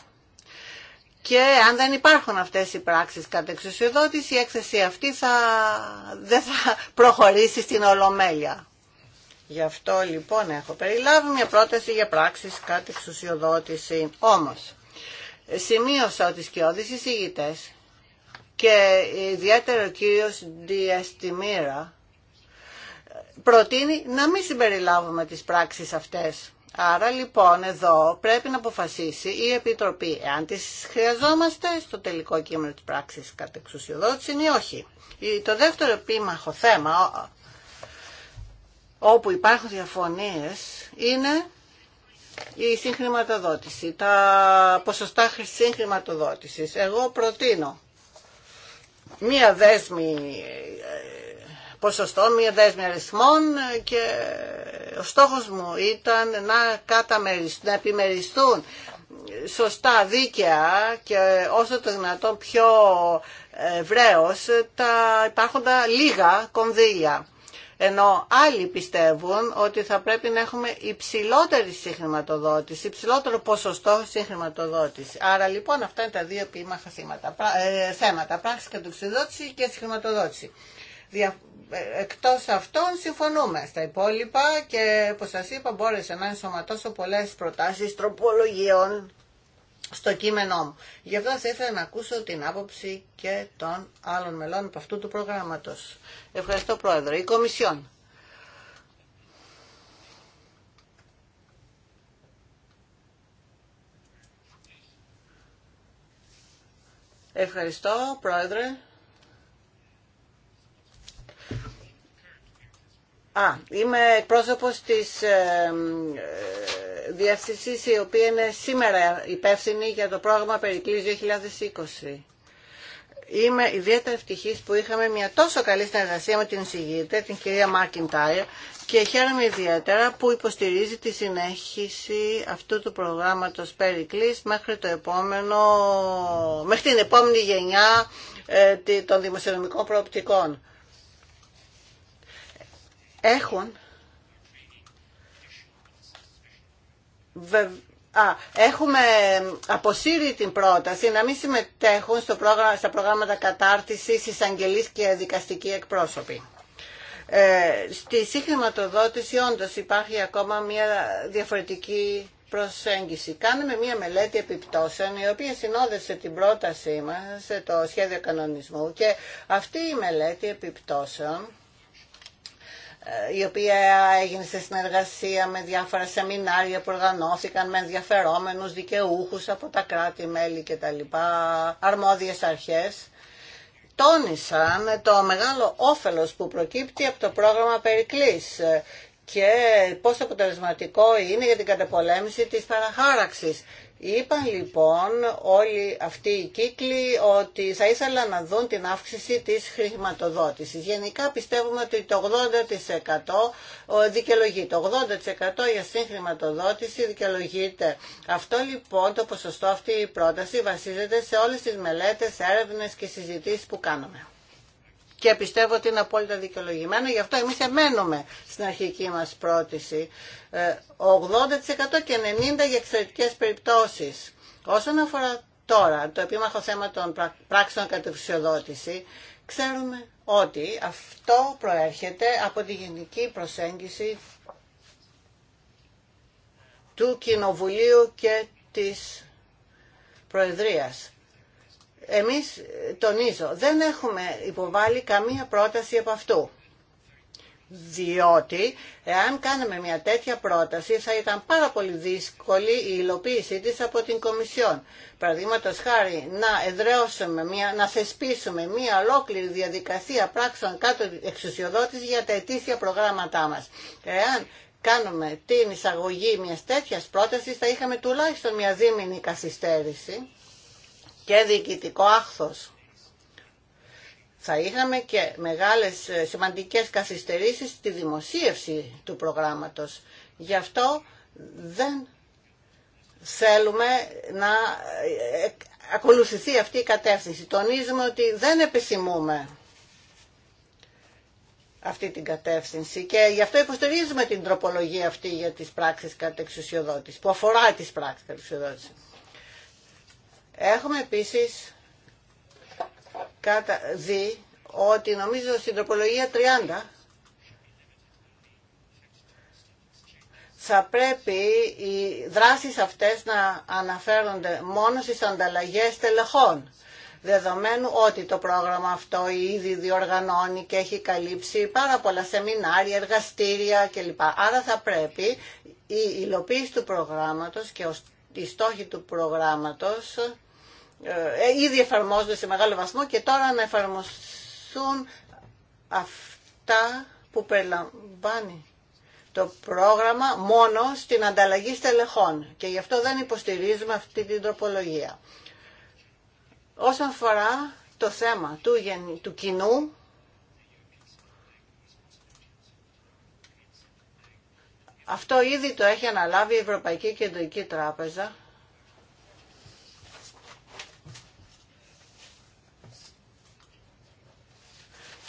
Και αν δεν υπάρχουν αυτές οι πράξεις κατά εξουσιοδότηση, η έκθεση αυτή θα, δεν θα προχωρήσει στην Ολομέλεια. Γι' αυτό λοιπόν έχω περιλάβει μια πρόταση για πράξεις κατά εξουσιοδότηση. Όμως, σημείωσα ότι σκιώδεις εισηγητές και ιδιαίτερα ο κύριος Διαστημίρα προτείνει να μην συμπεριλάβουμε τις πράξεις αυτές. Άρα λοιπόν εδώ πρέπει να αποφασίσει η Επιτροπή αν τις χρειαζόμαστε στο τελικό κείμενο της πράξης κατά εξουσιοδότηση ή όχι. Το δεύτερο επίμαχο θέμα όπου υπάρχουν διαφωνίες είναι η συγχρηματοδότηση, τα ποσοστά συγχρηματοδότησης. Εγώ προτείνω μία δέσμη ε, ποσοστό, μία δέσμη αριθμών και ο στόχος μου ήταν να, καταμεριστούν, να επιμεριστούν σωστά, δίκαια και όσο το δυνατόν πιο ευρέως τα υπάρχοντα λίγα κονδύλια. Ενώ άλλοι πιστεύουν ότι θα πρέπει να έχουμε υψηλότερη συγχρηματοδότηση, υψηλότερο ποσοστό συγχρηματοδότηση. Άρα λοιπόν αυτά είναι τα δύο επίμαχα ε, θέματα, πράξη κατοξιδότηση και συγχρηματοδότηση. Ε, εκτός αυτών συμφωνούμε στα υπόλοιπα και όπως σας είπα μπόρεσε να ενσωματώσω πολλές προτάσεις τροπολογιών στο κείμενό μου. Γι' αυτό θα ήθελα να ακούσω την άποψη και των άλλων μελών από αυτού του προγράμματος. Ευχαριστώ Πρόεδρε. Η Κομισιόν. Ευχαριστώ Πρόεδρε. Α, είμαι πρόσωπος της ε, ε η οποία είναι σήμερα υπεύθυνη για το πρόγραμμα Περικλής 2020. Είμαι ιδιαίτερα ευτυχής που είχαμε μια τόσο καλή συνεργασία με την συγγύητα, την κυρία Μάρκιντάιρ, και χαίρομαι ιδιαίτερα που υποστηρίζει τη συνέχιση αυτού του προγράμματος Περικλής μέχρι, το επόμενο, μέχρι την επόμενη γενιά ε, των δημοσιονομικών προοπτικών έχουν Α, έχουμε αποσύρει την πρόταση να μην συμμετέχουν στο πρόγραμμα, στα προγράμματα κατάρτισης εισαγγελής και δικαστική εκπρόσωποι. Ε, στη συγχρηματοδότηση όντως υπάρχει ακόμα μια διαφορετική προσέγγιση. Κάνουμε μια μελέτη επιπτώσεων η οποία συνόδευσε την πρότασή μας, το σχέδιο κανονισμού και αυτή η μελέτη επιπτώσεων η οποία έγινε σε συνεργασία με διάφορα σεμινάρια που οργανώθηκαν με ενδιαφερόμενους δικαιούχους από τα κράτη-μέλη και τα λοιπά, αρμόδιες αρχές, τόνισαν το μεγάλο όφελος που προκύπτει από το πρόγραμμα Περικλής και πόσο αποτελεσματικό είναι για την καταπολέμηση της παραχάραξης Είπαν λοιπόν όλοι αυτοί οι κύκλοι ότι θα ήθελα να δουν την αύξηση της χρηματοδότησης. Γενικά πιστεύουμε ότι το 80% δικαιολογείται. Το 80% για χρηματοδότηση δικαιολογείται. Αυτό λοιπόν το ποσοστό αυτή η πρόταση βασίζεται σε όλες τις μελέτες, έρευνες και συζητήσεις που κάνουμε και πιστεύω ότι είναι απόλυτα δικαιολογημένο. Γι' αυτό εμείς εμένουμε στην αρχική μας πρόταση. 80% ε, και 90% για εξαιρετικέ περιπτώσεις. Όσον αφορά τώρα το επίμαχο θέμα των πράξεων κατευθυνσιοδότηση, ξέρουμε ότι αυτό προέρχεται από τη γενική προσέγγιση του Κοινοβουλίου και της Προεδρίας. Εμείς, τονίζω, δεν έχουμε υποβάλει καμία πρόταση από αυτού. Διότι, εάν κάναμε μια τέτοια πρόταση, θα ήταν πάρα πολύ δύσκολη η υλοποίησή της από την Κομισιόν. Παραδείγματο χάρη, να εδραιώσουμε, μια, να θεσπίσουμε μια ολόκληρη διαδικασία πράξεων κάτω εξουσιοδότης για τα ετήσια προγράμματά μας. Εάν κάνουμε την εισαγωγή μιας τέτοιας πρότασης, θα είχαμε τουλάχιστον μια δίμηνη καθυστέρηση και διοικητικό άχθος. Θα είχαμε και μεγάλες ε, σημαντικές καθυστερήσεις στη δημοσίευση του προγράμματος. Γι' αυτό δεν θέλουμε να ε, ακολουθηθεί αυτή η κατεύθυνση. Τονίζουμε ότι δεν επισημούμε αυτή την κατεύθυνση και γι' αυτό υποστηρίζουμε την τροπολογία αυτή για τις πράξεις κατεξουσιοδότησης που αφορά τις πράξεις κατεξουσιοδότης. Έχουμε επίσης κατα... δει ότι νομίζω στην τροπολογία 30 θα πρέπει οι δράσεις αυτές να αναφέρονται μόνο στις ανταλλαγές τελεχών δεδομένου ότι το πρόγραμμα αυτό ήδη διοργανώνει και έχει καλύψει πάρα πολλά σεμινάρια, εργαστήρια κλπ. Άρα θα πρέπει η υλοποίηση του προγράμματος και οι στόχοι του προγράμματος ε, ήδη εφαρμόζονται σε μεγάλο βαθμό και τώρα να εφαρμοστούν αυτά που περιλαμβάνει το πρόγραμμα μόνο στην ανταλλαγή στελεχών και γι' αυτό δεν υποστηρίζουμε αυτή την τροπολογία. Όσον αφορά το θέμα του, του κοινού, αυτό ήδη το έχει αναλάβει η Ευρωπαϊκή Κεντρική Τράπεζα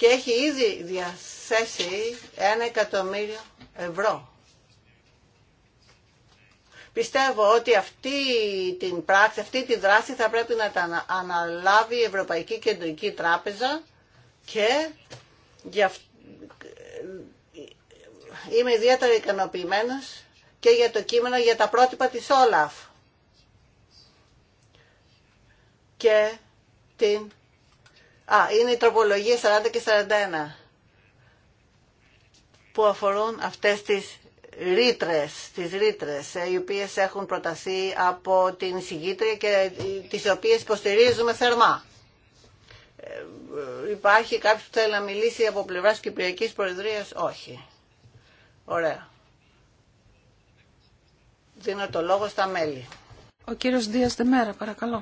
και έχει ήδη διαθέσει ένα εκατομμύριο ευρώ. Πιστεύω ότι αυτή την πράξη, αυτή τη δράση θα πρέπει να τα αναλάβει η Ευρωπαϊκή Κεντρική Τράπεζα και για αυτό είμαι ιδιαίτερα ικανοποιημένο και για το κείμενο για τα πρότυπα της Όλαφ και την Α, είναι οι τροπολογίες 40 και 41 που αφορούν αυτές τις ρήτρες, τις ρήτρες ε, οι οποίες έχουν προταθεί από την συγκήτρια και ε, τις οποίες υποστηρίζουμε θερμά. Ε, υπάρχει κάποιος που θέλει να μιλήσει από πλευράς Κυπριακής Προεδρίας. Όχι. Ωραία. Δίνω το λόγο στα μέλη. Ο κύριος Δίας Δεμέρα, παρακαλώ.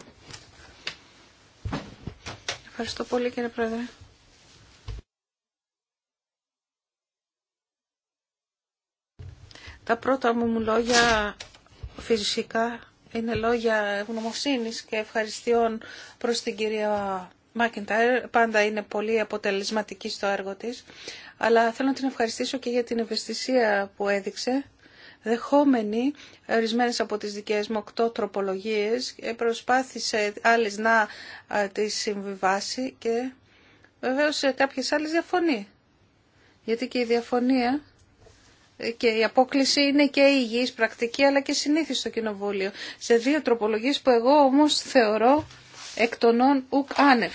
Ευχαριστώ πολύ κύριε Πρόεδρε. Τα πρώτα μου λόγια φυσικά είναι λόγια ευγνωμοσύνης και ευχαριστίων προς την κυρία Μάκενταρ. Πάντα είναι πολύ αποτελεσματική στο έργο της. Αλλά θέλω να την ευχαριστήσω και για την ευαισθησία που έδειξε δεχόμενη ορισμένε από τις δικές μου οκτώ τροπολογίες ε, προσπάθησε άλλες να ε, τις συμβιβάσει και βεβαίως σε κάποιες άλλες διαφωνεί. Γιατί και η διαφωνία ε, και η απόκληση είναι και η υγιής πρακτική αλλά και συνήθι στο κοινοβούλιο. Σε δύο τροπολογίες που εγώ όμως θεωρώ εκ των ουκ άνευ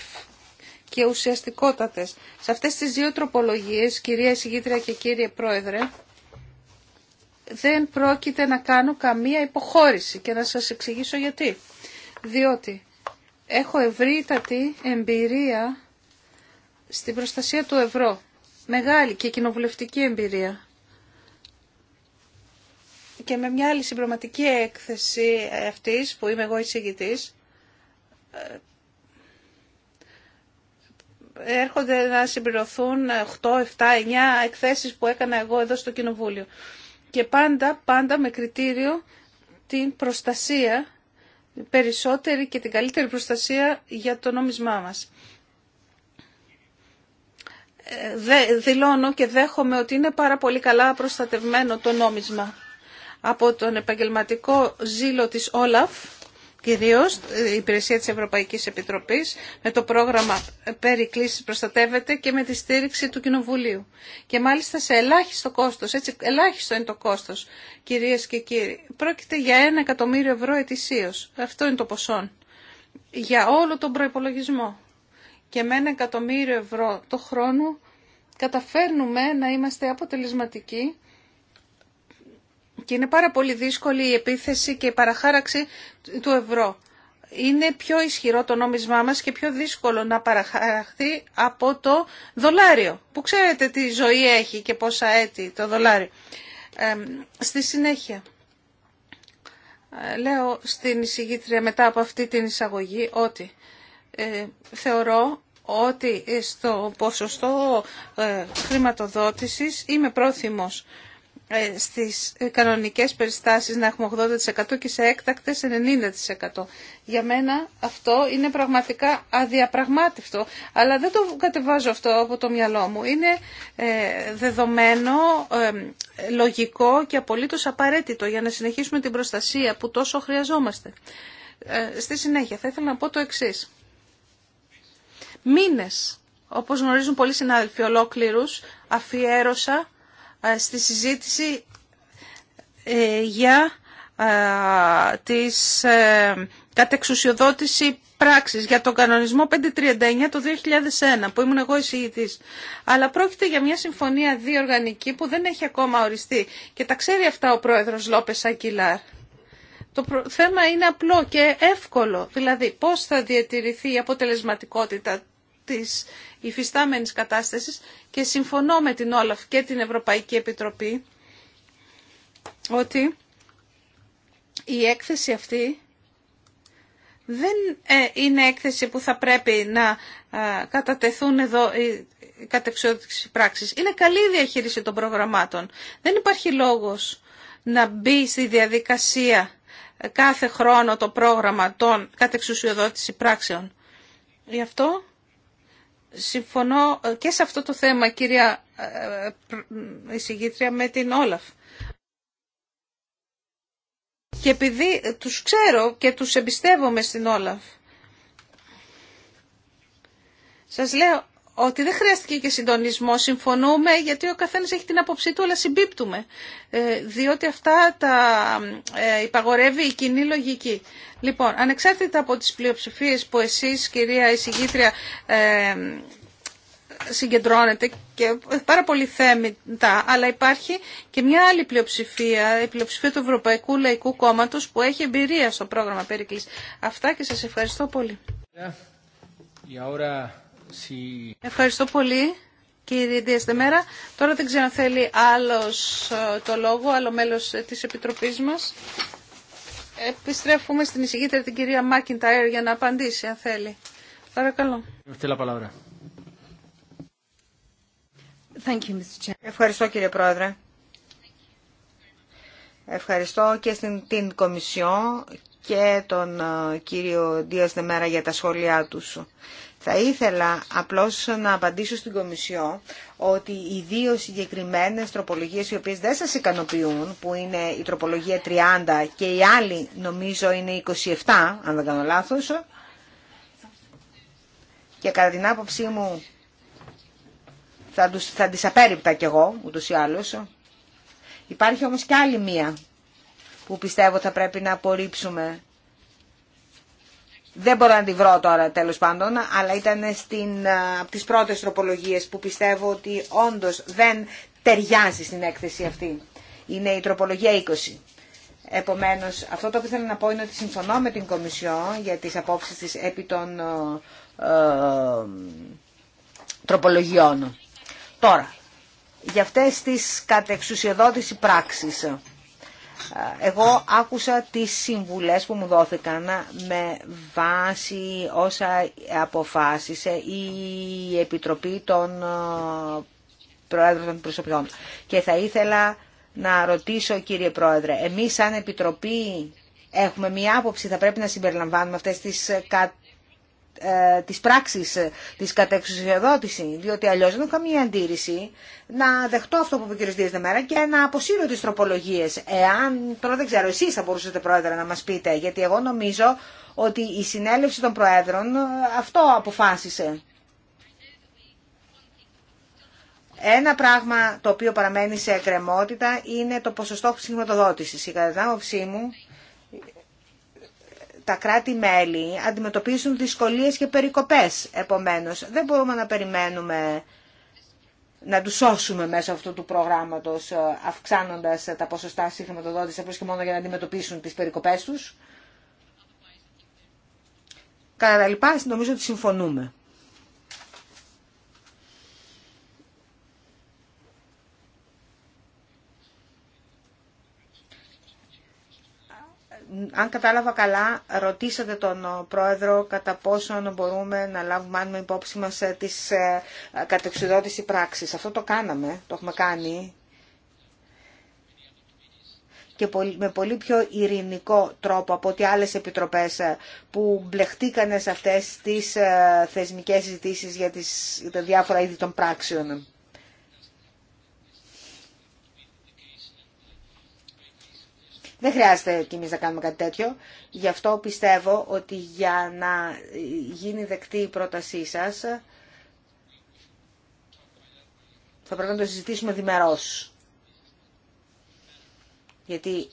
και ουσιαστικότατες. Σε αυτές τις δύο τροπολογίες, κυρία εισηγήτρια και κύριε Πρόεδρε, δεν πρόκειται να κάνω καμία υποχώρηση και να σας εξηγήσω γιατί. Διότι έχω ευρύτατη εμπειρία στην προστασία του ευρώ. Μεγάλη και κοινοβουλευτική εμπειρία. Και με μια άλλη συμπροματική έκθεση αυτής που είμαι εγώ εισηγητής, έρχονται να συμπληρωθούν 8, 7, 9 εκθέσεις που έκανα εγώ εδώ στο Κοινοβούλιο και πάντα, πάντα με κριτήριο την προστασία, περισσότερη και την καλύτερη προστασία για το νόμισμά μας. Ε, δηλώνω και δέχομαι ότι είναι πάρα πολύ καλά προστατευμένο το νόμισμα από τον επαγγελματικό ζήλο της Όλαφ Κυρίως η υπηρεσία της Ευρωπαϊκής Επιτροπής με το πρόγραμμα Περικλήσεις προστατεύεται και με τη στήριξη του Κοινοβουλίου. Και μάλιστα σε ελάχιστο κόστος, έτσι ελάχιστο είναι το κόστος, κυρίες και κύριοι. Πρόκειται για ένα εκατομμύριο ευρώ ετησίως. Αυτό είναι το ποσό. Για όλο τον προϋπολογισμό. Και με ένα εκατομμύριο ευρώ το χρόνο καταφέρνουμε να είμαστε αποτελεσματικοί και είναι πάρα πολύ δύσκολη η επίθεση και η παραχάραξη του ευρώ. Είναι πιο ισχυρό το νόμισμά μας και πιο δύσκολο να παραχαραχθεί από το δολάριο, που ξέρετε τι ζωή έχει και πόσα έτη το δολάριο. στη συνέχεια, ε, λέω στην εισηγήτρια μετά από αυτή την εισαγωγή ότι ε, θεωρώ ότι στο ποσοστό ε, χρηματοδότησης είμαι πρόθυμος ε, στις ε, κανονικές περιστάσεις να έχουμε 80% και σε έκτακτες 90%. Για μένα αυτό είναι πραγματικά αδιαπραγμάτευτο, αλλά δεν το κατεβάζω αυτό από το μυαλό μου. Είναι ε, δεδομένο, λογικό και απολύτως απαραίτητο για να συνεχίσουμε την προστασία που τόσο χρειαζόμαστε. Στη συνέχεια θα ήθελα να πω το εξής. Μήνες, όπως γνωρίζουν πολλοί συνάδελφοι ολόκληρους, αφιέρωσα ε, στη συζήτηση ε, για ε, τις κατεξουσιοδότηση πράξης για τον κανονισμό 539 το 2001 που ήμουν εγώ εισηγητής. Αλλά πρόκειται για μια συμφωνία διοργανική που δεν έχει ακόμα οριστεί και τα ξέρει αυτά ο πρόεδρος Λόπες Ακυλάρ. Το θέμα είναι απλό και εύκολο, δηλαδή πώς θα διατηρηθεί η αποτελεσματικότητα της υφιστάμενης κατάστασης και συμφωνώ με την Όλαφ και την Ευρωπαϊκή Επιτροπή ότι η έκθεση αυτή δεν ε, είναι έκθεση που θα πρέπει να ε, κατατεθούν εδώ οι κατεξιόδηση πράξεις. Είναι καλή η διαχείριση των προγραμμάτων. Δεν υπάρχει λόγος να μπει στη διαδικασία ε, κάθε χρόνο το πρόγραμμα των κατεξουσιοδότηση πράξεων. Γι' αυτό Συμφωνώ ε, και σε αυτό το θέμα, κυρία ε, ε, εισηγήτρια, με την Όλαφ. Και επειδή τους ξέρω και τους εμπιστεύομαι στην Όλαφ, σας λέω ότι δεν χρειάστηκε και συντονισμό. Συμφωνούμε γιατί ο καθένας έχει την άποψή του, αλλά συμπίπτουμε. Ε, διότι αυτά τα ε, υπαγορεύει η κοινή λογική. Λοιπόν, ανεξάρτητα από τις πλειοψηφίες που εσείς, κυρία εισηγήτρια, ε, συγκεντρώνετε, και πάρα πολύ θέμητα, αλλά υπάρχει και μια άλλη πλειοψηφία, η πλειοψηφία του Ευρωπαϊκού Λαϊκού Κόμματος που έχει εμπειρία στο πρόγραμμα Πέρικλης. Αυτά και σας ευχαριστώ πολύ. Ευχαριστώ πολύ κύριε Διαστεμέρα. Τώρα δεν ξέρω αν θέλει άλλος ε, το λόγο, άλλο μέλος ε, της Επιτροπής μας. Επιστρέφουμε στην εισηγήτρια την κυρία Μάκιντάιρ για να απαντήσει αν θέλει. Παρακαλώ. Ευχαριστώ κύριε Πρόεδρε. Ευχαριστώ και στην την Κομισιό και τον ε, κύριο Δίας Δεμέρα για τα σχόλιά τους. Θα ήθελα απλώς να απαντήσω στην Κομισιό ότι οι δύο συγκεκριμένες τροπολογίες οι οποίες δεν σας ικανοποιούν, που είναι η τροπολογία 30 και η άλλη νομίζω είναι 27, αν δεν κάνω λάθος, και κατά την άποψή μου θα, τους, θα τις απέριπτα κι εγώ, ούτως ή άλλως. Υπάρχει όμως κι άλλη μία που πιστεύω θα πρέπει να απορρίψουμε δεν μπορώ να τη βρω τώρα τέλος πάντων, αλλά ήταν στην, ε, από τις πρώτες τροπολογίες που πιστεύω ότι όντως δεν ταιριάζει στην έκθεση αυτή. Είναι η τροπολογία 20. Επομένως, αυτό το που ήθελα να πω είναι ότι συμφωνώ με την Κομισιό για τις απόψεις της επί των ε, ε, τροπολογιών. Τώρα, για αυτές τις κατεξουσιοδότηση πράξεις εγώ άκουσα τις συμβουλές που μου δόθηκαν με βάση όσα αποφάσισε η Επιτροπή των ε, Προέδρων των Προσωπιών. Και θα ήθελα να ρωτήσω κύριε Πρόεδρε, εμείς σαν Επιτροπή έχουμε μία άποψη, θα πρέπει να συμπεριλαμβάνουμε αυτές τις ε, της πράξης ε, της κατεξουσιοδότηση, διότι αλλιώς δεν έχω καμία αντίρρηση να δεχτώ αυτό που είπε ο κ. Δίας και να αποσύρω τις τροπολογίες. Εάν, τώρα δεν ξέρω, εσείς θα μπορούσατε πρόεδρε να μας πείτε, γιατί εγώ νομίζω ότι η συνέλευση των προέδρων ε, αυτό αποφάσισε. Ένα πράγμα το οποίο παραμένει σε εκκρεμότητα είναι το ποσοστό χρηματοδότηση. Η κατά μου, τα κράτη-μέλη αντιμετωπίζουν δυσκολίες και περικοπές. Επομένως, δεν μπορούμε να περιμένουμε να τους σώσουμε μέσω αυτού του προγράμματος, ε, αυξάνοντας τα ποσοστά συγχρηματοδότηση απλώς και μόνο για να αντιμετωπίσουν τις περικοπές τους. Κατά τα λοιπά, νομίζω ότι συμφωνούμε. αν κατάλαβα καλά, ρωτήσατε τον ε, Πρόεδρο κατά πόσο μπορούμε να λάβουμε αν υπόψη μας ε, τις ε, κατεξουδότηση πράξης. Αυτό το κάναμε, το έχουμε κάνει και με πολύ πιο ειρηνικό τρόπο από ό,τι άλλες επιτροπές που μπλεχτήκανε σε αυτές τις θεσμικές συζητήσεις για, τις, για τα διάφορα είδη των πράξεων. Δεν χρειάζεται κι εμείς να κάνουμε κάτι τέτοιο. Γι' αυτό πιστεύω ότι για να γίνει δεκτή η πρότασή σας θα πρέπει να το συζητήσουμε διμερώς. Γιατί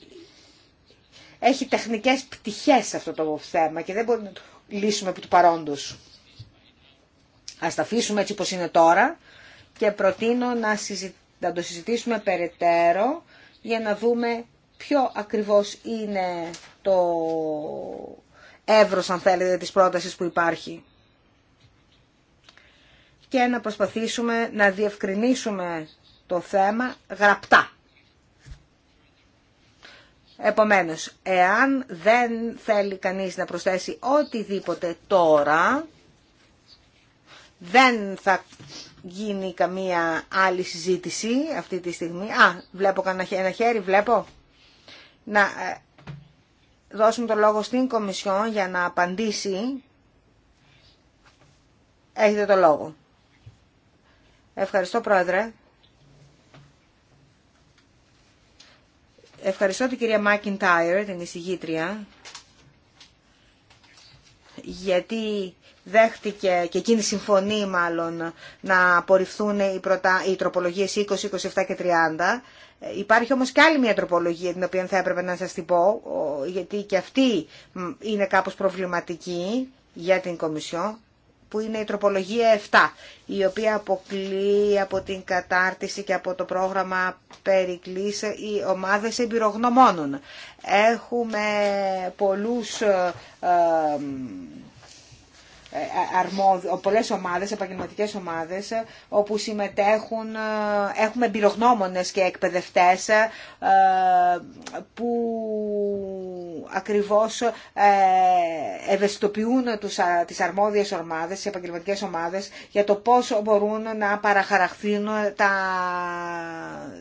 έχει τεχνικές πτυχές αυτό το θέμα και δεν μπορούμε να το λύσουμε επί του παρόντος. Ας τα αφήσουμε έτσι όπως είναι τώρα και προτείνω να, να το συζητήσουμε περαιτέρω για να δούμε ποιο ακριβώς είναι το εύρος, αν θέλετε, της πρότασης που υπάρχει. Και να προσπαθήσουμε να διευκρινίσουμε το θέμα γραπτά. Επομένως, εάν δεν θέλει κανείς να προσθέσει οτιδήποτε τώρα, δεν θα γίνει καμία άλλη συζήτηση αυτή τη στιγμή. Α, βλέπω ένα χέρι, βλέπω να ε, δώσουμε το λόγο στην Κομισιόν για να απαντήσει. Έχετε το λόγο. Ευχαριστώ, Πρόεδρε. Ευχαριστώ την κυρία Μάκιντάιρ, την εισηγήτρια, γιατί δέχτηκε και εκείνη συμφωνεί μάλλον να απορριφθούν οι, προτα... οι τροπολογίες 20, 27 και 30. Υπάρχει όμως και άλλη μια τροπολογία την οποία θα έπρεπε να σας την πω, γιατί και αυτή είναι κάπως προβληματική για την Κομισιό, που είναι η τροπολογία 7, η οποία αποκλεί από την κατάρτιση και από το πρόγραμμα Περικλής οι ομάδες εμπειρογνωμόνων. Έχουμε πολλούς... Ε, ε, Πολλέ πολλές ομάδες, επαγγελματικές ομάδες, όπου συμμετέχουν, ε, έχουμε εμπειρογνώμονες και εκπαιδευτές ε, που ακριβώς ε, ευαισθητοποιούν τους, τις αρμόδιες ομάδες, τις επαγγελματικές ομάδες, για το πώς μπορούν να παραχαραχθούν τα,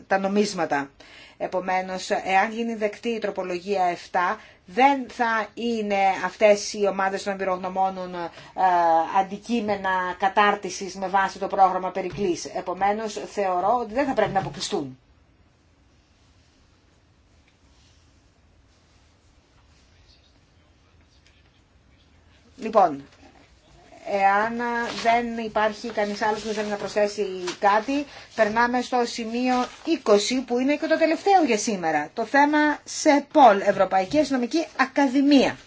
τα νομίσματα. Επομένως, εάν γίνει δεκτή η τροπολογία 7, δεν θα είναι αυτές οι ομάδες των εμπειρογνωμόνων ε, αντικείμενα κατάρτισης με βάση το πρόγραμμα Περικλής. Επομένως θεωρώ ότι δεν θα πρέπει να αποκλειστούν. Λοιπόν, Εάν δεν υπάρχει κανείς άλλος που θέλει να προσθέσει κάτι, περνάμε στο σημείο 20 που είναι και το τελευταίο για σήμερα. Το θέμα σε ΠΟΛ, Ευρωπαϊκή Αστυνομική Ακαδημία.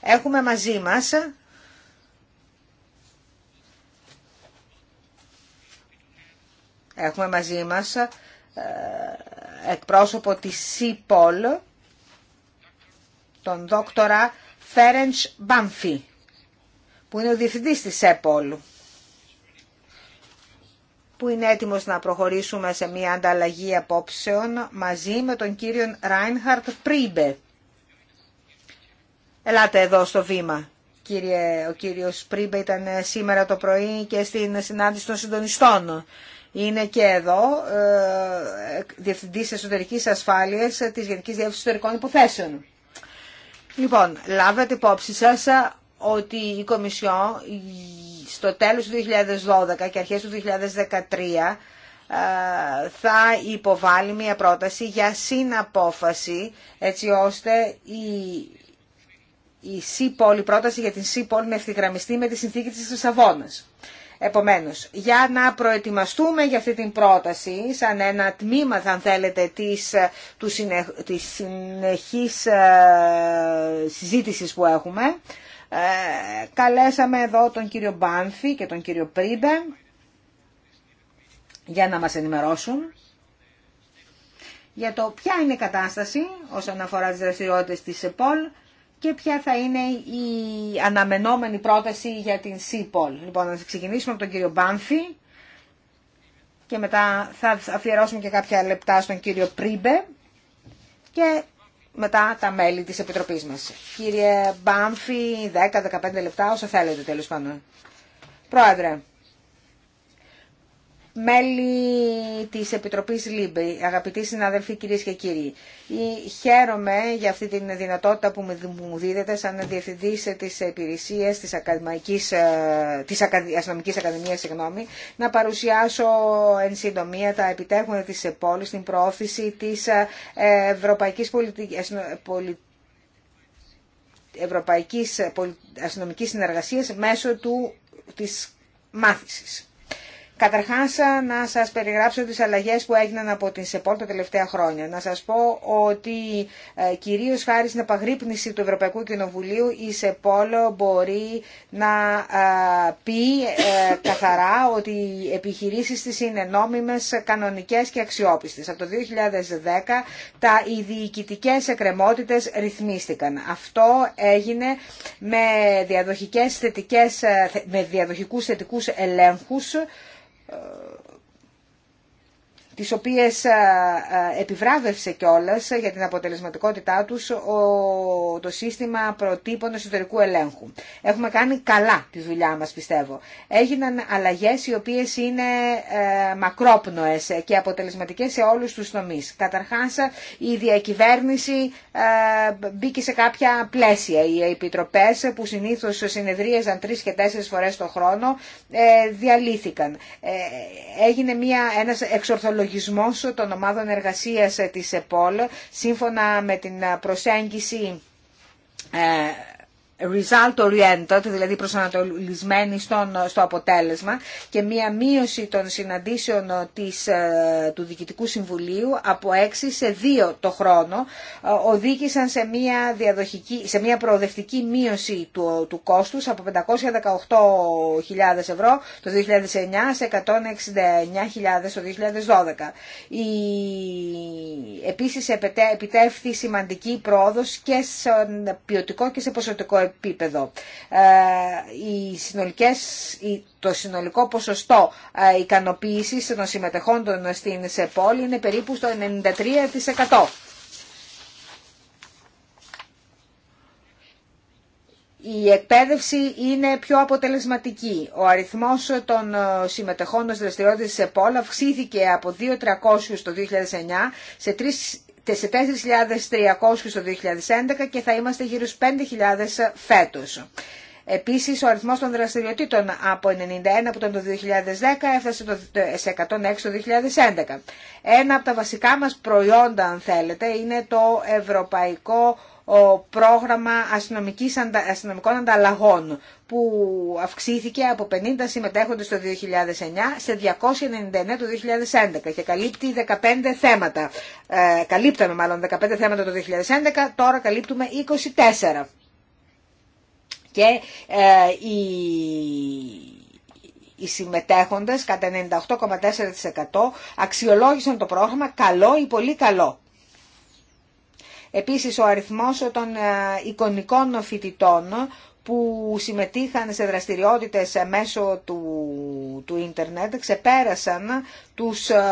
Έχουμε μαζί μας Έχουμε μαζί μας ε, εκπρόσωπο της ΣΥΠΟΛ, τον δόκτορα Φέρεντς Μπάμφι, που είναι ο διευθυντής της έπολου, που είναι έτοιμος να προχωρήσουμε σε μια ανταλλαγή απόψεων μαζί με τον κύριο Ράινχαρτ Πρίμπε. Ελάτε εδώ στο βήμα. Κύριε, ο κύριος Πρίμπε ήταν σήμερα το πρωί και στην συνάντηση των συντονιστών. Είναι και εδώ ε, Διευθυντής Εσωτερικής Ασφάλειας της Γενικής Διεύθυνσης Εσωτερικών Υποθέσεων. Λοιπόν, λάβετε υπόψη σας ε, ότι η Κομισιόν στο τέλος του 2012 και αρχές του 2013 ε, θα υποβάλει μια πρόταση για συναπόφαση έτσι ώστε η, η η πρόταση για την ΣΥΠΟΛ να ευθυγραμμιστεί με τη συνθήκη της Λισαβόνας. Επομένως, για να προετοιμαστούμε για αυτή την πρόταση, σαν ένα τμήμα, αν θέλετε, της, του της συνεχής ε, συζήτησης που έχουμε, ε, καλέσαμε εδώ τον κύριο Μπάνφη και τον κύριο Πρίμπε για να μας ενημερώσουν για το ποια είναι η κατάσταση όσον αφορά τις δραστηριότητες της ΕΠΟΛ και ποια θα είναι η αναμενόμενη πρόταση για την ΣΥΠΟΛ. Λοιπόν, να ξεκινήσουμε από τον κύριο Μπάνφη και μετά θα αφιερώσουμε και κάποια λεπτά στον κύριο Πρίμπε και μετά τα μέλη της Επιτροπής μας. κυριε μπανφη Μπάμφη, 10-15 λεπτά, όσο θέλετε τέλος πάντων. Πρόεδρε, μέλη της Επιτροπής ΛΥΜΠΕΙ, αγαπητοί συναδελφοί κυρίες και κύριοι. Χαίρομαι για αυτή τη δυνατότητα που μου δίδεται σαν διευθυντής της υπηρεσίας της, Ακαδημαϊκής, ε, της Αστυνομικής Ακαδημίας να παρουσιάσω εν συντομία τα επιτέχματα της ΕΠΟΛ στην προώθηση της ε, Ευρωπαϊκής Πολιτικής Ευρωπαϊκής Αστυνομικής Συνεργασίας μέσω του, της μάθησης. Καταρχά να σας περιγράψω τις αλλαγέ που έγιναν από την ΣΕΠΟΛ τα τελευταία χρόνια. Να σας πω ότι ε, κυρίω χάρη στην επαγρύπνηση του Ευρωπαϊκού Κοινοβουλίου η ΣΕΠΟΛ μπορεί να ε, πει ε, καθαρά ότι οι επιχειρήσεις της είναι νόμιμες, κανονικές και αξιόπιστες. Από το 2010 τα οι εκκρεμότητε εκκρεμότητες ρυθμίστηκαν. Αυτό έγινε με, με διαδοχικούς ε, τις οποίες ε, ε, επιβράβευσε κιόλας ε, για την αποτελεσματικότητά τους το σύστημα προτύπων εσωτερικού ελέγχου. Έχουμε κάνει καλά τη δουλειά μας πιστεύω. Έγιναν αλλαγές οι οποίες είναι μακρόπνοες και αποτελεσματικές σε όλους τους τομείς. Καταρχάς η διακυβέρνηση μπήκε σε κάποια πλαίσια. Οι επιτροπές που συνήθως συνεδρίαζαν τρεις και τέσσερις φορές το χρόνο διαλύθηκαν. Έγινε μια, ένας εξορθολογικός των ομάδων εργασίας της ΕΠΟΛ σύμφωνα με την προσέγγιση ε, result oriented, δηλαδή προσανατολισμένη στον, στο αποτέλεσμα και μία μείωση των συναντήσεων της, ε, του Διοικητικού Συμβουλίου από 6 σε 2 το χρόνο ε, οδήγησαν σε μία, διαδοχική, σε μία προοδευτική μείωση του, του κόστους από 518.000 ευρώ το 2009 σε 169.000 το 2012. Η... Επίσης επιτεύχθη σημαντική πρόοδος και σε ποιοτικό και σε ποσοτικό επίπεδο. Ε, οι συνολικές, το συνολικό ποσοστό ε, ικανοποίησης των συμμετεχόντων στην ΣΕΠΟΛ είναι περίπου στο 93%. Η εκπαίδευση είναι πιο αποτελεσματική. Ο αριθμός των ε, συμμετεχόντων στις δραστηριότητες της αυξήθηκε από 2.300 το 2009 σε 3.000 σε 4.300 το 2011 και θα είμαστε γύρω στους 5.000 φέτος. Επίσης, ο αριθμός των δραστηριοτήτων από 91 που ήταν το 2010 έφτασε σε 106 το 2011. Ένα από τα βασικά μας προϊόντα, αν θέλετε, είναι το Ευρωπαϊκό ο πρόγραμμα αστυνομικών ανταλλαγών που αυξήθηκε από 50 συμμετέχοντες το 2009 σε 299 το 2011 και καλύπτει 15 θέματα. Ε, καλύπταμε μάλλον 15 θέματα το 2011, τώρα καλύπτουμε 24. Και ε, οι συμμετέχοντες κατά 98,4% αξιολόγησαν το πρόγραμμα καλό ή πολύ καλό. Επίσης ο αριθμός των ε, εικονικών φοιτητών που συμμετείχαν σε δραστηριότητες μέσω του, του ίντερνετ ξεπέρασαν τους ε,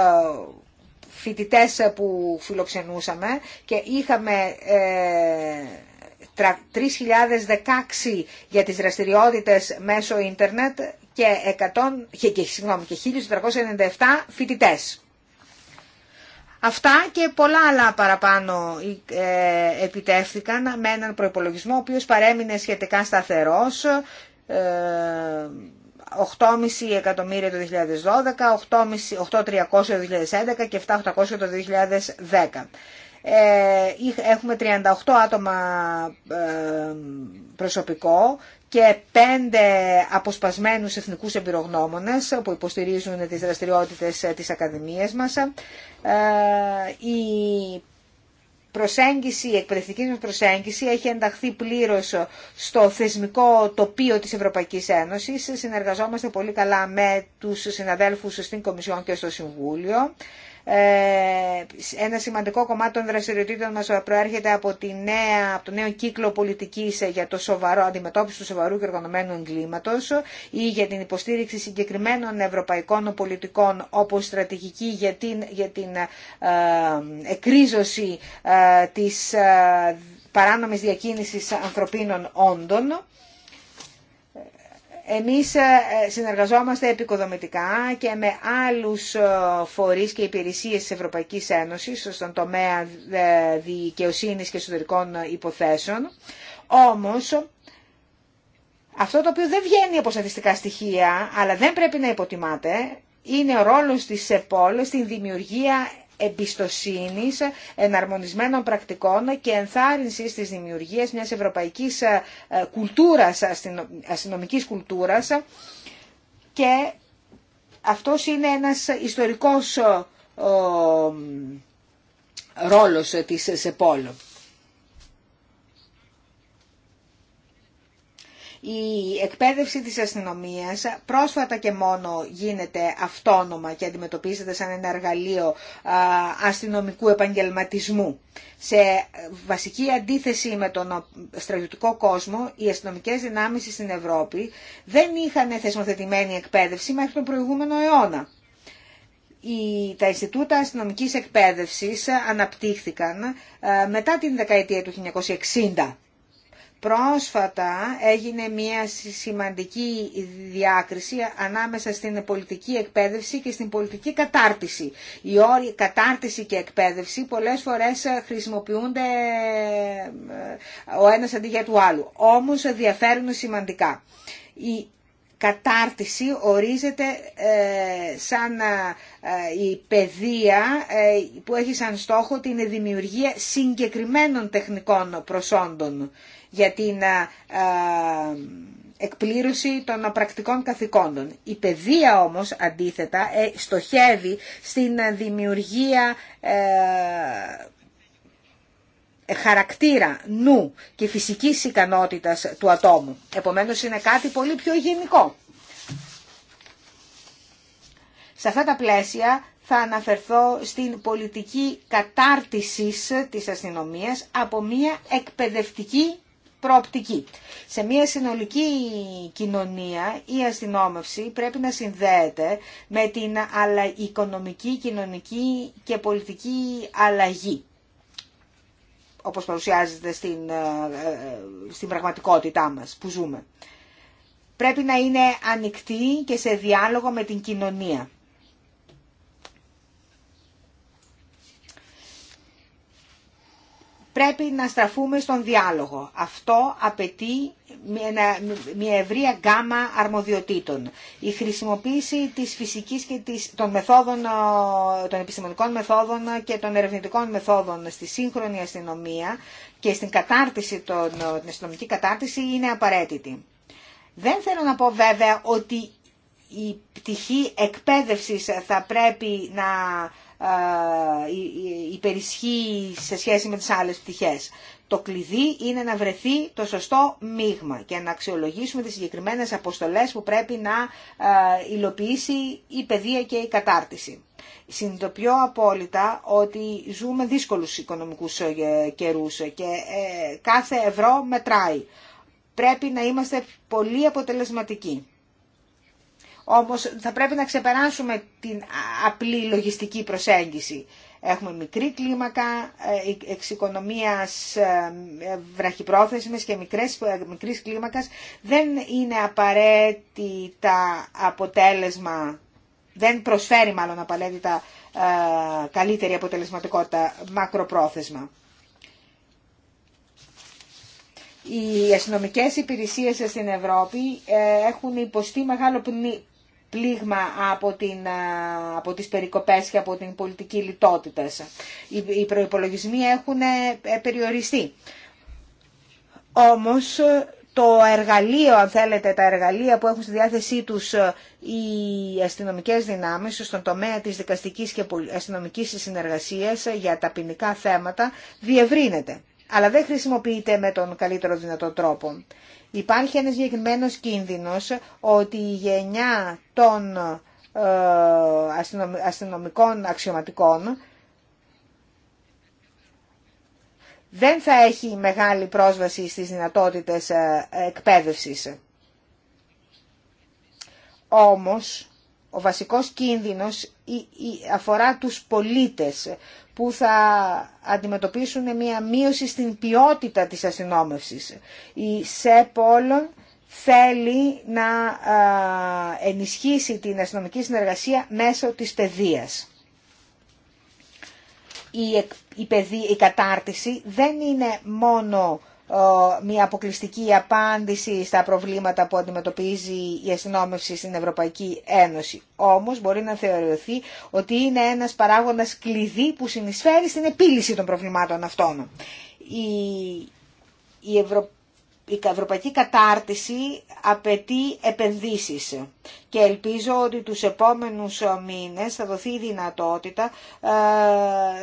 φοιτητές που φιλοξενούσαμε και είχαμε 3.016 ε, για τις δραστηριότητες μέσω ίντερνετ και, 100, και, και, συγγνώμη, και 1.497 φοιτητές. Αυτά και πολλά άλλα παραπάνω ε, επιτεύθηκαν με έναν προϋπολογισμό ο οποίος παρέμεινε σχετικά σταθερός 8,5 ε, εκατομμύρια το 2012, 8,300 το 2011 και 7,800 το 2010. Ε, έχουμε 38 άτομα προσωπικό και πέντε αποσπασμένους εθνικούς εμπειρογνώμονες που υποστηρίζουν τις δραστηριότητες ε, της Ακαδημίας μας. Ε, η προσέγγιση, η εκπαιδευτική μας προσέγγιση έχει ενταχθεί πλήρως στο θεσμικό τοπίο της Ευρωπαϊκής Ένωσης. Συνεργαζόμαστε πολύ καλά με τους συναδέλφους στην Κομισιόν και στο Συμβούλιο. Ε, ένα σημαντικό κομμάτι των δραστηριοτήτων μας προέρχεται από, τη νέα, από το νέο κύκλο πολιτικής για το σοβαρό, αντιμετώπιση του σοβαρού και οργανωμένου εγκλήματος ή για την υποστήριξη συγκεκριμένων ευρωπαϊκών πολιτικών όπως στρατηγική για την, για την ε, εκρίζωση ε, της παράνομης διακίνησης ανθρωπίνων όντων εμείς ε, συνεργαζόμαστε επικοδομητικά και με άλλους ε, φορείς και υπηρεσίες της Ευρωπαϊκής Ένωσης στον τομέα ε, δικαιοσύνης και εσωτερικών υποθέσεων. Όμως, αυτό το οποίο δεν βγαίνει από στατιστικά στοιχεία, αλλά δεν πρέπει να υποτιμάται, είναι ο ρόλος της ΕΠΟΛ στην δημιουργία εμπιστοσύνης, εναρμονισμένων πρακτικών και ενθάρρυνσης της δημιουργίας μιας ευρωπαϊκής ε, ε, κουλτούρας, αστυνομικής κουλτούρας και αυτός είναι ένας ιστορικός ε, ρόλος της ΣΕΠΟΛ. Η εκπαίδευση της αστυνομίας πρόσφατα και μόνο γίνεται αυτόνομα και αντιμετωπίζεται σαν ένα εργαλείο αστυνομικού επαγγελματισμού. Σε βασική αντίθεση με τον στρατιωτικό κόσμο, οι αστυνομικές δυνάμεις στην Ευρώπη δεν είχαν θεσμοθετημένη εκπαίδευση μέχρι τον προηγούμενο αιώνα τα Ινστιτούτα Αστυνομικής Εκπαίδευσης αναπτύχθηκαν μετά την δεκαετία του 1960. Πρόσφατα έγινε μια σημαντική διάκριση ανάμεσα στην πολιτική εκπαίδευση και στην πολιτική κατάρτιση. Η όροι κατάρτιση και εκπαίδευση πολλές φορές χρησιμοποιούνται ε, ο ένας αντί για του άλλου. Όμως διαφέρουν σημαντικά. Η κατάρτιση ορίζεται ε, σαν ε, η παιδεία που έχει σαν στόχο την δημιουργία συγκεκριμένων τεχνικών προσόντων για την ε, ε, εκπλήρωση των πρακτικών καθηκόντων. Η παιδεία όμως αντίθετα ε, στοχεύει στην δημιουργία χαρακτήρα νου και φυσικής ικανότητας του ατόμου. Επομένως είναι κάτι πολύ πιο γενικό. Σε αυτά τα πλαίσια θα αναφερθώ στην πολιτική κατάρτισης της αστυνομίας από μια εκπαιδευτική προοπτική. Σε μια συνολική κοινωνία η αστυνόμευση πρέπει να συνδέεται με την οικονομική, κοινωνική και πολιτική αλλαγή όπως παρουσιάζεται στην, ε, ε, στην πραγματικότητά μας που ζούμε. Πρέπει να είναι ανοιχτή και σε διάλογο με την κοινωνία. πρέπει να στραφούμε στον διάλογο. Αυτό απαιτεί μια ευρεία γκάμα αρμοδιοτήτων. Η χρησιμοποίηση της φυσικής και της, των, μεθόδων, επιστημονικών μεθόδων και των ερευνητικών μεθόδων στη σύγχρονη αστυνομία και στην κατάρτιση των, την αστυνομική κατάρτιση είναι απαραίτητη. Δεν θέλω να πω βέβαια ότι η πτυχή εκπαίδευσης θα πρέπει να υπερισχύει σε σχέση με τις άλλες πτυχές. Το κλειδί είναι να βρεθεί το σωστό μείγμα και να αξιολογήσουμε τις συγκεκριμένες αποστολές που πρέπει να υλοποιήσει η παιδεία και η κατάρτιση. Συνειδητοποιώ απόλυτα ότι ζούμε δύσκολους οικονομικούς ε, καιρούς και ε, κάθε ευρώ μετράει. Πρέπει να είμαστε πολύ αποτελεσματικοί. Όμως θα πρέπει να ξεπεράσουμε την απλή λογιστική προσέγγιση. Έχουμε μικρή κλίμακα ε, εξοικονομίας ε, βραχυπρόθεσμες και μικρές, ε, μικρής κλίμακας. Δεν είναι απαραίτητα αποτέλεσμα, δεν προσφέρει μάλλον απαραίτητα καλύτερη αποτελεσματικότητα μακροπρόθεσμα. Οι αστυνομικέ υπηρεσίες στην Ευρώπη έχουν υποστεί μεγάλο πλήγμα από, την, από τις περικοπές και από την πολιτική λιτότητας. Οι, προϋπολογισμοί έχουν ε, ε, περιοριστεί. Όμως το εργαλείο, αν θέλετε, τα εργαλεία που έχουν στη διάθεσή τους ε, οι αστυνομικές δυνάμεις στον τομέα της δικαστικής και αστυνομικής συνεργασίας για τα ποινικά θέματα διευρύνεται. Αλλά δεν χρησιμοποιείται με τον καλύτερο δυνατό τρόπο. Υπάρχει ένας συγκεκριμένο κίνδυνος ότι η γενιά των ε, αστυνομικών αξιωματικών δεν θα έχει μεγάλη πρόσβαση στις δυνατότητες ε, εκπαίδευσης. Όμως, ο βασικός κίνδυνος αφορά τους πολίτες που θα αντιμετωπίσουν μια μείωση στην ποιότητα της αστυνόμευσης. Η όλων θέλει να ενισχύσει την αστυνομική συνεργασία μέσω της παιδείας. Η, η, η κατάρτιση δεν είναι μόνο ε, μια αποκλειστική απάντηση στα προβλήματα που αντιμετωπίζει η αστυνόμευση στην Ευρωπαϊκή Ένωση. Όμως μπορεί να θεωρηθεί ότι είναι ένας παράγοντας κλειδί που συνεισφέρει στην επίλυση των προβλημάτων αυτών. Η, Ευρωπαϊκή η ευρωπαϊκή κατάρτιση απαιτεί επενδύσεις και ελπίζω ότι τους επόμενους ε, μήνες θα δοθεί η δυνατότητα ε,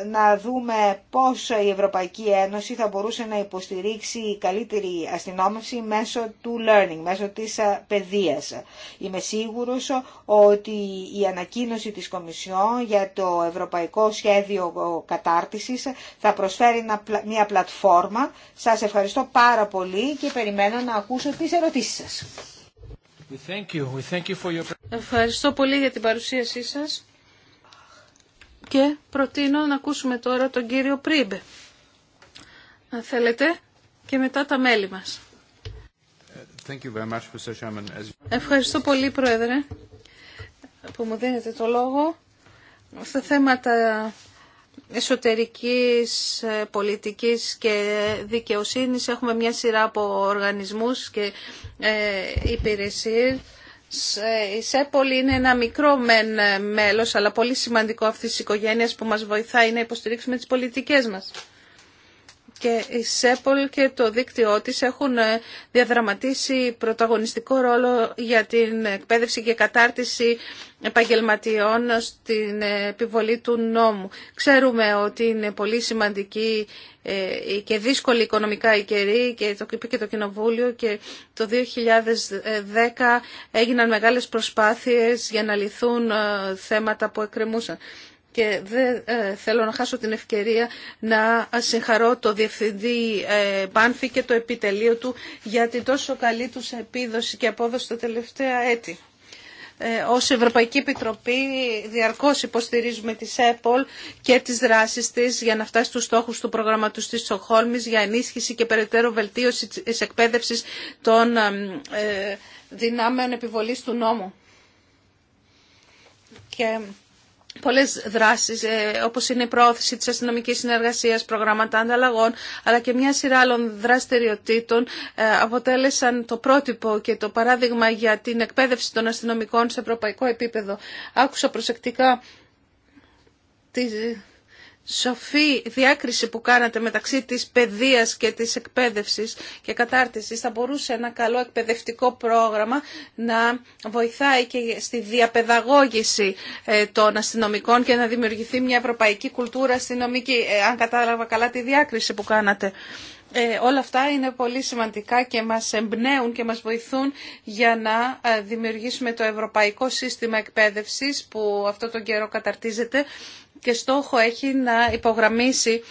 να δούμε πώς η Ευρωπαϊκή Ένωση θα μπορούσε να υποστηρίξει καλύτερη αστυνόμευση μέσω του learning, μέσω της ε, παιδείας. Είμαι σίγουρος ότι η ανακοίνωση της Κομισιόν για το Ευρωπαϊκό Σχέδιο Κατάρτισης θα προσφέρει μια πλατφόρμα. Σας ευχαριστώ πάρα πολύ περιμένω να ακούσω τις ερωτήσεις σας. We thank you. We thank you for your... Ευχαριστώ πολύ για την παρουσίασή σας και προτείνω να ακούσουμε τώρα τον κύριο Πρίμπε. Αν θέλετε και μετά τα μέλη μας. Thank you very much, Mr. Chairman. Ευχαριστώ πολύ, Πρόεδρε, που μου δίνετε το λόγο. Στα θέματα εσωτερικής ε, πολιτικής και δικαιοσύνης έχουμε μια σειρά από οργανισμούς και ε, υπηρεσίες. Ε, η ΣΕΠΟΛΗ είναι ένα μικρό μεν μέλος, αλλά πολύ σημαντικό αυτής της οικογένειας που μας βοηθάει να υποστηρίξουμε τις πολιτικές μας και η ΣΕΠΟΛ και το δίκτυό της έχουν ε, διαδραματίσει πρωταγωνιστικό ρόλο για την εκπαίδευση και κατάρτιση επαγγελματιών στην ε, επιβολή του νόμου. Ξέρουμε ότι είναι πολύ σημαντική ε, και δύσκολη οικονομικά η καιρή και το είπε και το Κοινοβούλιο και το 2010 έγιναν μεγάλες προσπάθειες για να λυθούν θέματα που εκκρεμούσαν και δεν ε, θέλω να χάσω την ευκαιρία να συγχαρώ το Διευθυντή ε, Πάνφη και το επιτελείο του για την τόσο καλή τους επίδοση και απόδοση τα τελευταία έτη. Ε, ως Ευρωπαϊκή Επιτροπή διαρκώς υποστηρίζουμε τις ΕΠΟΛ και τις δράσεις της για να φτάσει στους στόχους του προγράμματος της Σοχόλμης για ενίσχυση και περαιτέρω βελτίωση της εκπαίδευσης των δυνάμεων επιβολής του νόμου. Και πολλές δράσεις ε, όπως είναι η προώθηση της αστυνομικής συνεργασίας, προγράμματα ανταλλαγών αλλά και μια σειρά άλλων δραστηριοτήτων ε, αποτέλεσαν το πρότυπο και το παράδειγμα για την εκπαίδευση των αστυνομικών σε ευρωπαϊκό επίπεδο. Άκουσα προσεκτικά τις σοφή διάκριση που κάνατε μεταξύ της παιδείας και της εκπαίδευσης και κατάρτισης θα μπορούσε ένα καλό εκπαιδευτικό πρόγραμμα να βοηθάει και στη διαπαιδαγώγηση ε, των αστυνομικών και να δημιουργηθεί μια ευρωπαϊκή κουλτούρα αστυνομική, ε, αν κατάλαβα καλά τη διάκριση που κάνατε. Ε, όλα αυτά είναι πολύ σημαντικά και μας εμπνέουν και μας βοηθούν για να ε, δημιουργήσουμε το Ευρωπαϊκό Σύστημα Εκπαίδευσης που αυτό τον καιρό καταρτίζεται και στόχο έχει να υπογραμμίσει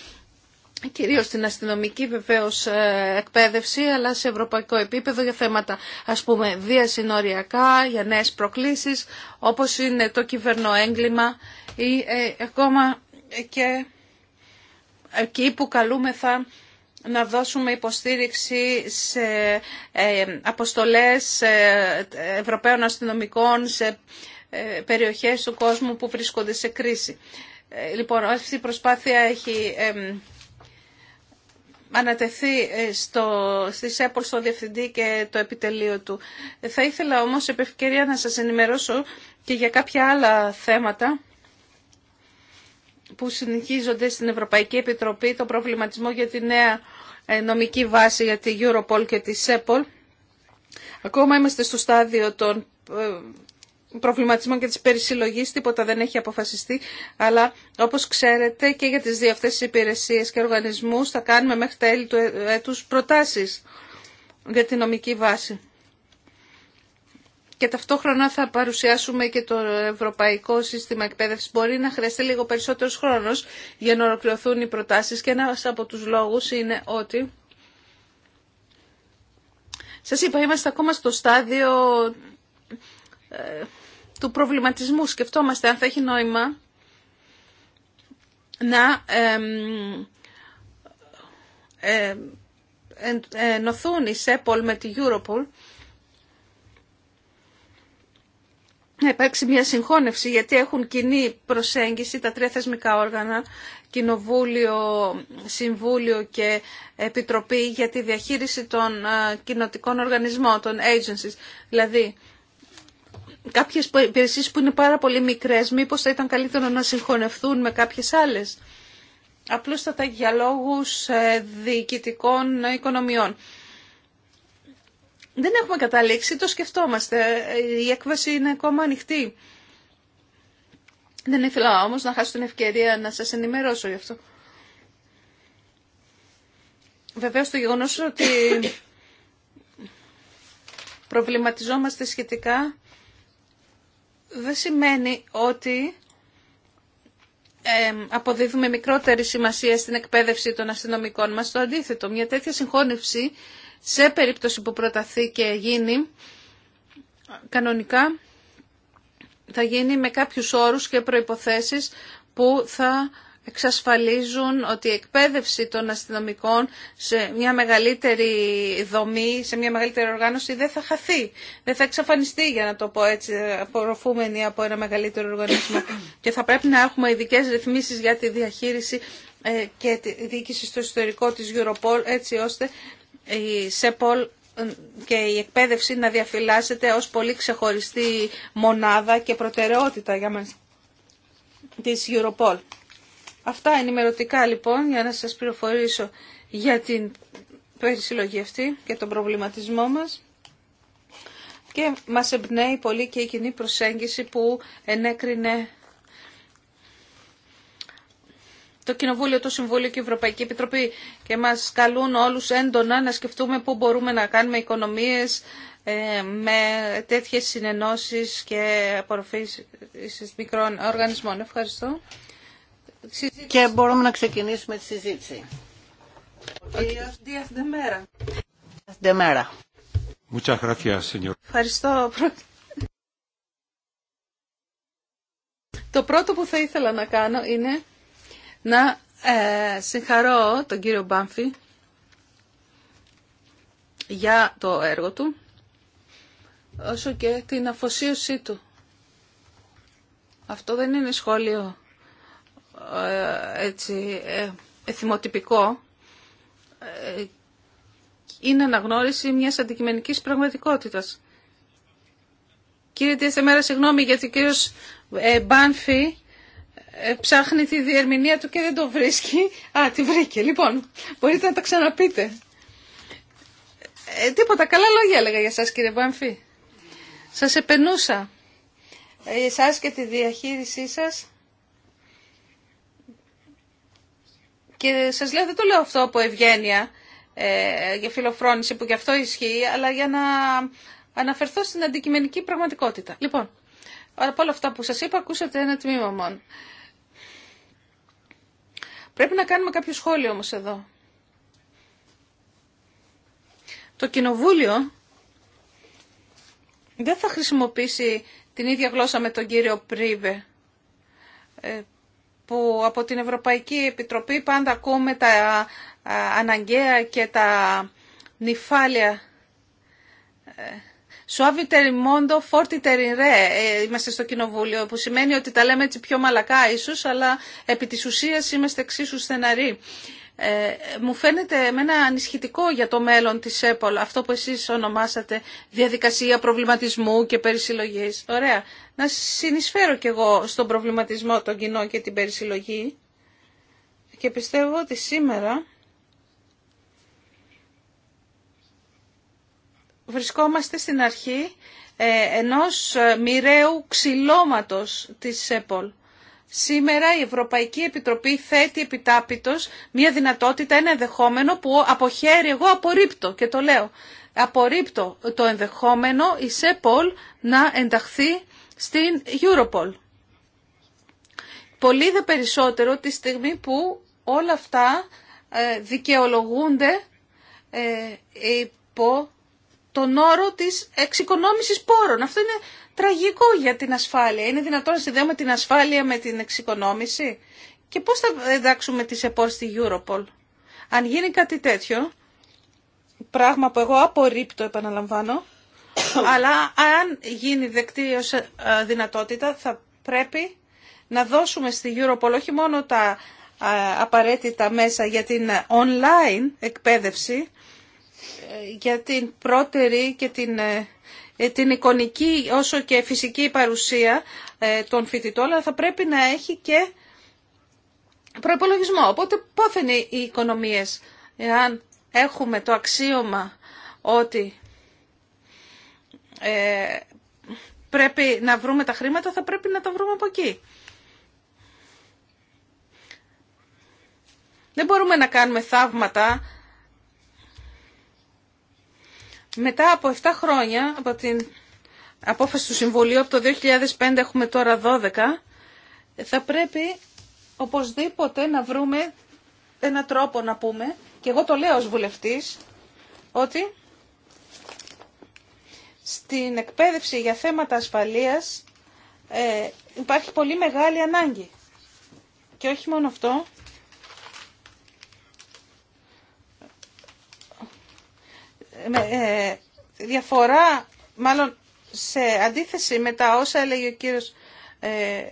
κυρίως την αστυνομική βεβαίως ε, εκπαίδευση, αλλά σε ευρωπαϊκό επίπεδο για θέματα ας πούμε διασυνοριακά, για νέες προκλήσεις, όπως είναι το κυβερνοέγκλημα ή ακόμα και εκεί που καλούμεθα να δώσουμε υποστήριξη σε ε, αποστολές ε, Ευρωπαίων αστυνομικών σε ε, περιοχές του κόσμου που βρίσκονται σε κρίση. Λοιπόν, αυτή η προσπάθεια έχει ανατεθεί στο, στη ΣΕΠΟΛ, στο Διευθυντή και το επιτελείο του. Θα ήθελα όμως επευκαιρία να σας ενημερώσω και για κάποια άλλα θέματα που συνεχίζονται στην Ευρωπαϊκή Επιτροπή το προβληματισμό για τη νέα ε, νομική βάση για τη Europol και τη ΣΕΠΟΛ. Ακόμα είμαστε στο στάδιο των ε, προβληματισμών και της περισυλλογής, τίποτα δεν έχει αποφασιστεί, αλλά όπως ξέρετε και για τις δύο αυτές υπηρεσίες και οργανισμούς θα κάνουμε μέχρι τέλη του έτους προτάσεις για τη νομική βάση και ταυτόχρονα θα παρουσιάσουμε και το Ευρωπαϊκό Σύστημα Εκπαίδευση. Μπορεί να χρειαστεί λίγο περισσότερο χρόνο για να ολοκληρωθούν οι προτάσει και ένα από του λόγου είναι ότι. Σα είπα, είμαστε ακόμα στο στάδιο ε, του προβληματισμού. Σκεφτόμαστε αν θα έχει νόημα να ε, ε, ενωθούν η ΣΕΠΟΛ με τη Europol να υπάρξει μια συγχώνευση γιατί έχουν κοινή προσέγγιση τα τρία θεσμικά όργανα, Κοινοβούλιο, Συμβούλιο και Επιτροπή για τη διαχείριση των κοινοτικών οργανισμών, των agencies. Δηλαδή, κάποιες υπηρεσίε που είναι πάρα πολύ μικρές, μήπως θα ήταν καλύτερο να συγχωνευτούν με κάποιες άλλες. Απλούστατα για λόγους ε, διοικητικών ε, οικονομιών. Δεν έχουμε καταλήξει, το σκεφτόμαστε. Η έκβαση είναι ακόμα ανοιχτή. Δεν ήθελα όμως να χάσω την ευκαιρία να σας ενημερώσω γι' αυτό. Βεβαίως το γεγονός ότι προβληματιζόμαστε σχετικά δεν σημαίνει ότι αποδίδουμε μικρότερη σημασία στην εκπαίδευση των αστυνομικών μας. Το αντίθετο, μια τέτοια συγχώνευση σε περίπτωση που προταθεί και γίνει κανονικά θα γίνει με κάποιους όρους και προϋποθέσεις που θα εξασφαλίζουν ότι η εκπαίδευση των αστυνομικών σε μια μεγαλύτερη δομή, σε μια μεγαλύτερη οργάνωση δεν θα χαθεί, δεν θα εξαφανιστεί για να το πω έτσι, απορροφούμενη από ένα μεγαλύτερο οργανισμό και θα πρέπει να έχουμε ειδικέ ρυθμίσεις για τη διαχείριση ε, και τη διοίκηση στο ιστορικό της Europol έτσι ώστε η ΣΕΠΟΛ και η εκπαίδευση να διαφυλάσσεται ως πολύ ξεχωριστή μονάδα και προτεραιότητα για μας της Europol. Αυτά ενημερωτικά λοιπόν για να σας πληροφορήσω για την περισυλλογή αυτή και τον προβληματισμό μας και μας εμπνέει πολύ και η κοινή προσέγγιση που ενέκρινε το Κοινοβούλιο, το Συμβούλιο και η Ευρωπαϊκή Επιτροπή και μας καλούν όλους έντονα να σκεφτούμε πού μπορούμε να κάνουμε οικονομίες ε, με τέτοιες συνενώσεις και απορροφήσεις μικρών οργανισμών. Ευχαριστώ. Και μπορούμε να ξεκινήσουμε τη συζήτηση. Ευχαριστώ. Το πρώτο που θα ήθελα να κάνω είναι να ε, συγχαρώ τον κύριο Μπάμφη για το έργο του, όσο και την αφοσίωσή του. Αυτό δεν είναι σχόλιο ε, έτσι, ε, εθιμοτυπικό. Ε, είναι αναγνώριση μιας αντικειμενικής πραγματικότητας. Κύριε μέρα συγγνώμη γιατί ο κύριος Μπάνφη ε, ψάχνει τη διερμηνία του και δεν το βρίσκει. Α, τη βρήκε. Λοιπόν, μπορείτε να τα ξαναπείτε. Ε, τίποτα, καλά λόγια έλεγα για σας κύριε Μπαμφή. Σας επενούσα. Ε, εσάς και τη διαχείρισή σας. Και σας λέω, δεν το λέω αυτό από ευγένεια, ε, για φιλοφρόνηση που γι' αυτό ισχύει, αλλά για να αναφερθώ στην αντικειμενική πραγματικότητα. Λοιπόν, από όλα αυτά που σας είπα, ακούσατε ένα τμήμα μόνο. Πρέπει να κάνουμε κάποιο σχόλιο όμως εδώ. Το Κοινοβούλιο δεν θα χρησιμοποιήσει την ίδια γλώσσα με τον κύριο Πρίβε ε, που από την Ευρωπαϊκή Επιτροπή πάντα ακούμε τα ε, αναγκαία και τα νυφάλια ε, Σουάβιτερ μόντο, φόρτιτερ ρε. είμαστε στο κοινοβούλιο, που σημαίνει ότι τα λέμε έτσι πιο μαλακά ίσως, αλλά επί τη ουσία είμαστε εξίσου στεναροί. Ε, μου φαίνεται εμένα ανισχυτικό για το μέλλον της ΕΠΟΛ, αυτό που εσείς ονομάσατε διαδικασία προβληματισμού και περισυλλογής. Ωραία. Να συνεισφέρω κι εγώ στον προβληματισμό των κοινών και την περισυλλογή και πιστεύω ότι σήμερα βρισκόμαστε στην αρχή ε, ενός ε, μοιραίου ξυλώματος της ΣΕΠΟΛ. Σήμερα η Ευρωπαϊκή Επιτροπή θέτει επιτάπητος μια δυνατότητα, ένα ενδεχόμενο που από χέρι εγώ απορρίπτω και το λέω. Απορρίπτω το ενδεχόμενο η ΣΕΠΟΛ να ενταχθεί στην Europol. Πολύ δε περισσότερο τη στιγμή που όλα αυτά ε, δικαιολογούνται υπό τον όρο της εξοικονόμησης πόρων. Αυτό είναι τραγικό για την ασφάλεια. Είναι δυνατόν να συνδέουμε την ασφάλεια με την εξοικονόμηση. Και πώς θα εντάξουμε τις ΕΠΟΡ στη Europol. Αν γίνει κάτι τέτοιο, πράγμα που εγώ απορρίπτω επαναλαμβάνω, αλλά αν γίνει δεκτή ως ε, δυνατότητα θα πρέπει να δώσουμε στη Europol όχι μόνο τα ε, απαραίτητα μέσα για την online εκπαίδευση, για την πρώτερη και την, ε, ε, την εικονική όσο και φυσική παρουσία ε, των φοιτητών, αλλά θα πρέπει να έχει και προϋπολογισμό. Οπότε πόθεν οι οικονομίες, εάν έχουμε το αξίωμα ότι πρέπει να βρούμε τα χρήματα, θα πρέπει να τα βρούμε από εκεί. Δεν μπορούμε να κάνουμε θαύματα μετά από 7 χρόνια από την απόφαση του Συμβουλίου, από το 2005 έχουμε τώρα 12, θα πρέπει οπωσδήποτε να βρούμε ένα τρόπο να πούμε, και εγώ το λέω ως βουλευτής, ότι στην εκπαίδευση για θέματα ασφαλείας ε, υπάρχει πολύ μεγάλη ανάγκη. Και όχι μόνο αυτό, με ναι, διαφορά, μάλλον σε αντίθεση με τα όσα έλεγε ο κύριος ε,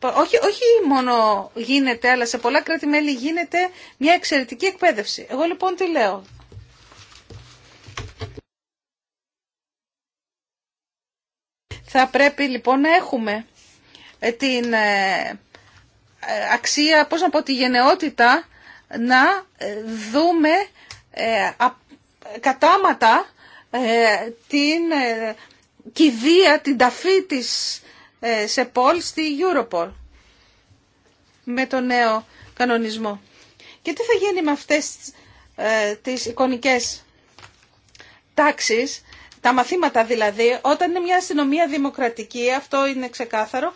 όχι, όχι μόνο γίνεται, αλλά σε πολλά κράτη-μέλη γίνεται μια εξαιρετική εκπαίδευση. Εγώ λοιπόν τι λέω. Θα πρέπει λοιπόν να έχουμε ε, την ε, αξία, πώς να πω, τη γενναιότητα να ε, δούμε κατάματα ε, την ε, κηδεία, την ταφή της ε, σε πόλ στη Europol με το νέο κανονισμό. Και τι θα γίνει με αυτές τις εικονικές τάξεις, τα μαθήματα δηλαδή, όταν είναι μια αστυνομία δημοκρατική, αυτό είναι ξεκάθαρο,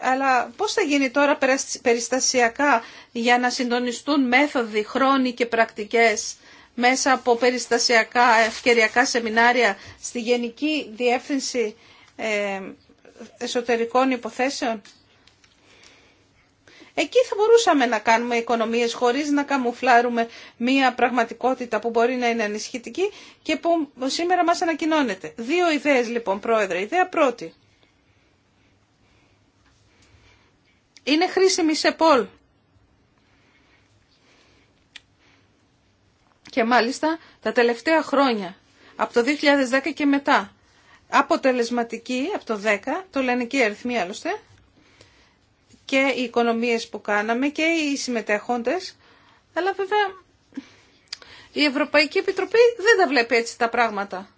αλλά πώς θα γίνει τώρα περιστασιακά για να συντονιστούν μέθοδοι, χρόνοι και πρακτικές μέσα από περιστασιακά ευκαιριακά σεμινάρια στη Γενική Διεύθυνση ε, Εσωτερικών Υποθέσεων. Εκεί θα μπορούσαμε να κάνουμε οικονομίες χωρίς να καμουφλάρουμε μία πραγματικότητα που μπορεί να είναι ανισχυτική και που σήμερα μας ανακοινώνεται. Δύο ιδέες λοιπόν πρόεδρε. Ιδέα πρώτη. Είναι χρήσιμη σε πόλ και μάλιστα τα τελευταία χρόνια, από το 2010 και μετά. Αποτελεσματική, από το 10, το λένε και οι αριθμοί άλλωστε, και οι οικονομίες που κάναμε και οι συμμετέχοντες, αλλά βέβαια η Ευρωπαϊκή Επιτροπή δεν τα βλέπει έτσι τα πράγματα.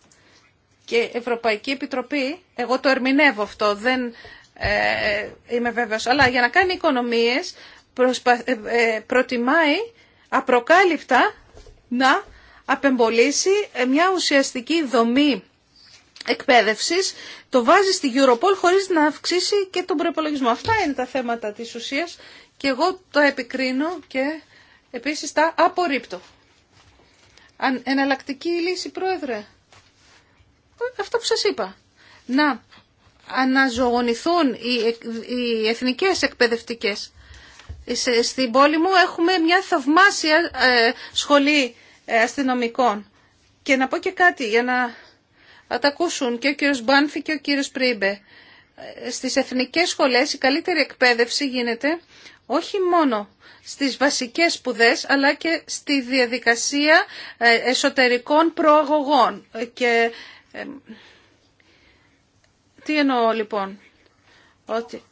Και η Ευρωπαϊκή Επιτροπή, εγώ το ερμηνεύω αυτό, δεν ε, είμαι βέβαιος, αλλά για να κάνει οικονομίες ε, ε, προτιμάει απροκάλυπτα να απεμπολίσει ε, μια ουσιαστική δομή εκπαίδευση. το βάζει στη Europol χωρίς να αυξήσει και τον προπολογισμό. Αυτά είναι τα θέματα της ουσία και εγώ το επικρίνω και επίση τα απορρίπτω. Αν, εναλλακτική λύση, Πρόεδρε. Ε, αυτό που σα είπα. Να αναζωογονηθούν οι, οι εθνικές εκπαιδευτικές. Ε, στην πόλη μου έχουμε μια θαυμάσια σχολή ε, αστυνομικών. Και να πω και κάτι για να τα ακούσουν και ο κύριος Μπάνφη και ο κύριος Πρίμπε. Ε, στις εθνικές σχολές η καλύτερη εκπαίδευση γίνεται όχι μόνο στις βασικές σπουδέ, αλλά και στη διαδικασία ε, εσωτερικών προαγωγών. Και, τι εννοώ λοιπόν, ότι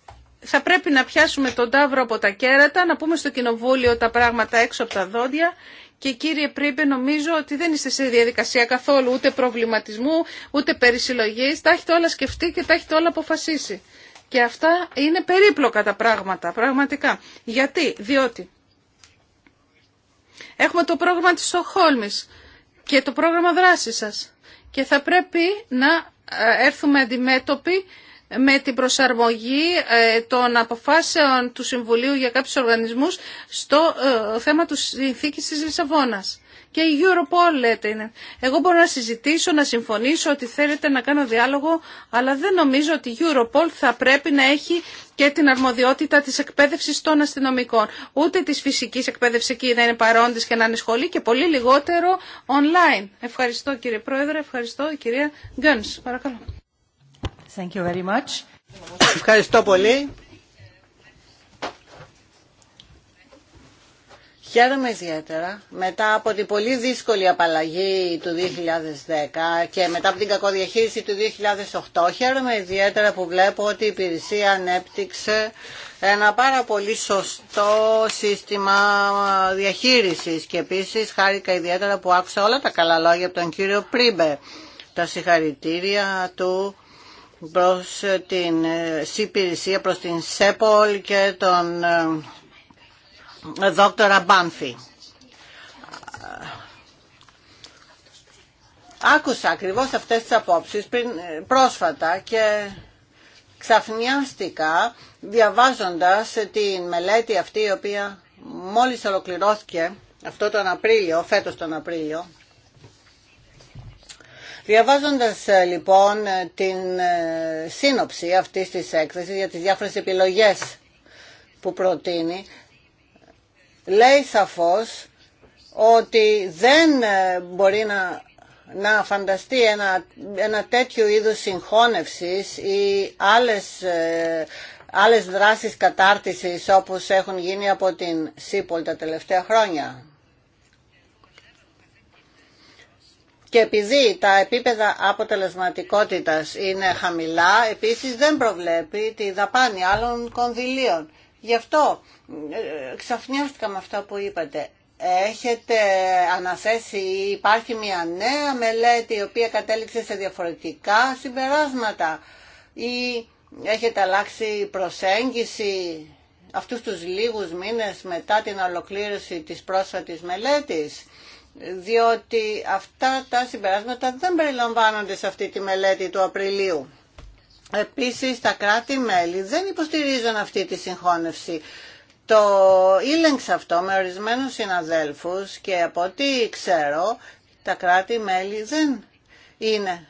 θα πρέπει να πιάσουμε τον τάβρο από τα κέρατα, να πούμε στο κοινοβούλιο τα πράγματα έξω από τα δόντια και κύριε Πρίμπε, νομίζω ότι δεν είστε σε διαδικασία καθόλου ούτε προβληματισμού, ούτε περισυλλογής. Τα έχετε όλα σκεφτεί και τα έχετε όλα αποφασίσει. Και αυτά είναι περίπλοκα τα πράγματα, πραγματικά. Γιατί, διότι έχουμε το πρόγραμμα της Σοχόλμης και το πρόγραμμα δράσης σας. Και θα πρέπει να ε, έρθουμε αντιμέτωποι με την προσαρμογή ε, των αποφάσεων του Συμβουλίου για κάποιους οργανισμούς στο ε, θέμα του συνθήκης της Λισαβόνας. Και η Europol λέτε είναι. Εγώ μπορώ να συζητήσω, να συμφωνήσω ότι θέλετε να κάνω διάλογο, αλλά δεν νομίζω ότι η Europol θα πρέπει να έχει και την αρμοδιότητα της εκπαίδευσης των αστυνομικών. Ούτε της φυσικής εκπαίδευσης εκεί να είναι παρόντες και να είναι σχολή και πολύ λιγότερο online. Ευχαριστώ κύριε Πρόεδρε, ευχαριστώ κυρία Γκένς. Παρακαλώ. Ευχαριστώ πολύ. Χαίρομαι ιδιαίτερα μετά από την πολύ δύσκολη απαλλαγή του 2010 και μετά από την κακοδιαχείριση του 2008. Χαίρομαι ιδιαίτερα που βλέπω ότι η υπηρεσία ανέπτυξε ένα πάρα πολύ σωστό σύστημα διαχείρισης και επίσης χάρηκα ιδιαίτερα που άκουσα όλα τα καλά λόγια από τον κύριο Πρίμπε τα συγχαρητήρια του προς την ε, υπηρεσία, προς την ΣΕΠΟΛ και τον ε, Δόκτωρα Μπάνφη. Άκουσα ακριβώς αυτές τις απόψεις πριν, ε, πρόσφατα και ξαφνιάστηκα διαβάζοντας την μελέτη αυτή η οποία μόλις ολοκληρώθηκε αυτό τον Απρίλιο, φέτος τον Απρίλιο Διαβάζοντας ε, λοιπόν ε, την ε, σύνοψη αυτής της έκθεσης για τις διάφορες επιλογές που προτείνει, λέει σαφώς ότι δεν μπορεί να, να φανταστεί ένα, τέτοιο είδου συγχώνευσης ή άλλες, άλλες δράσεις κατάρτισης όπως έχουν γίνει από την ΣΥΠΟΛ τα τελευταία χρόνια. Και επειδή τα επίπεδα αποτελεσματικότητας είναι χαμηλά, επίσης δεν προβλέπει τη δαπάνη άλλων κονδυλίων. Γι' αυτό ε, ξαφνιάστηκα με αυτά που είπατε. Έχετε αναθέσει, υπάρχει μια νέα μελέτη η οποία κατέληξε σε διαφορετικά συμπεράσματα ή έχετε αλλάξει προσέγγιση αυτούς τους λίγους μήνες μετά την ολοκλήρωση της πρόσφατης μελέτης διότι αυτά τα συμπεράσματα δεν περιλαμβάνονται σε αυτή τη μελέτη του Απριλίου. Επίσης, τα κράτη-μέλη δεν υποστηρίζουν αυτή τη συγχώνευση. Το ήλεγξα αυτό με ορισμένους συναδέλφους και από ό,τι ξέρω, τα κράτη-μέλη δεν είναι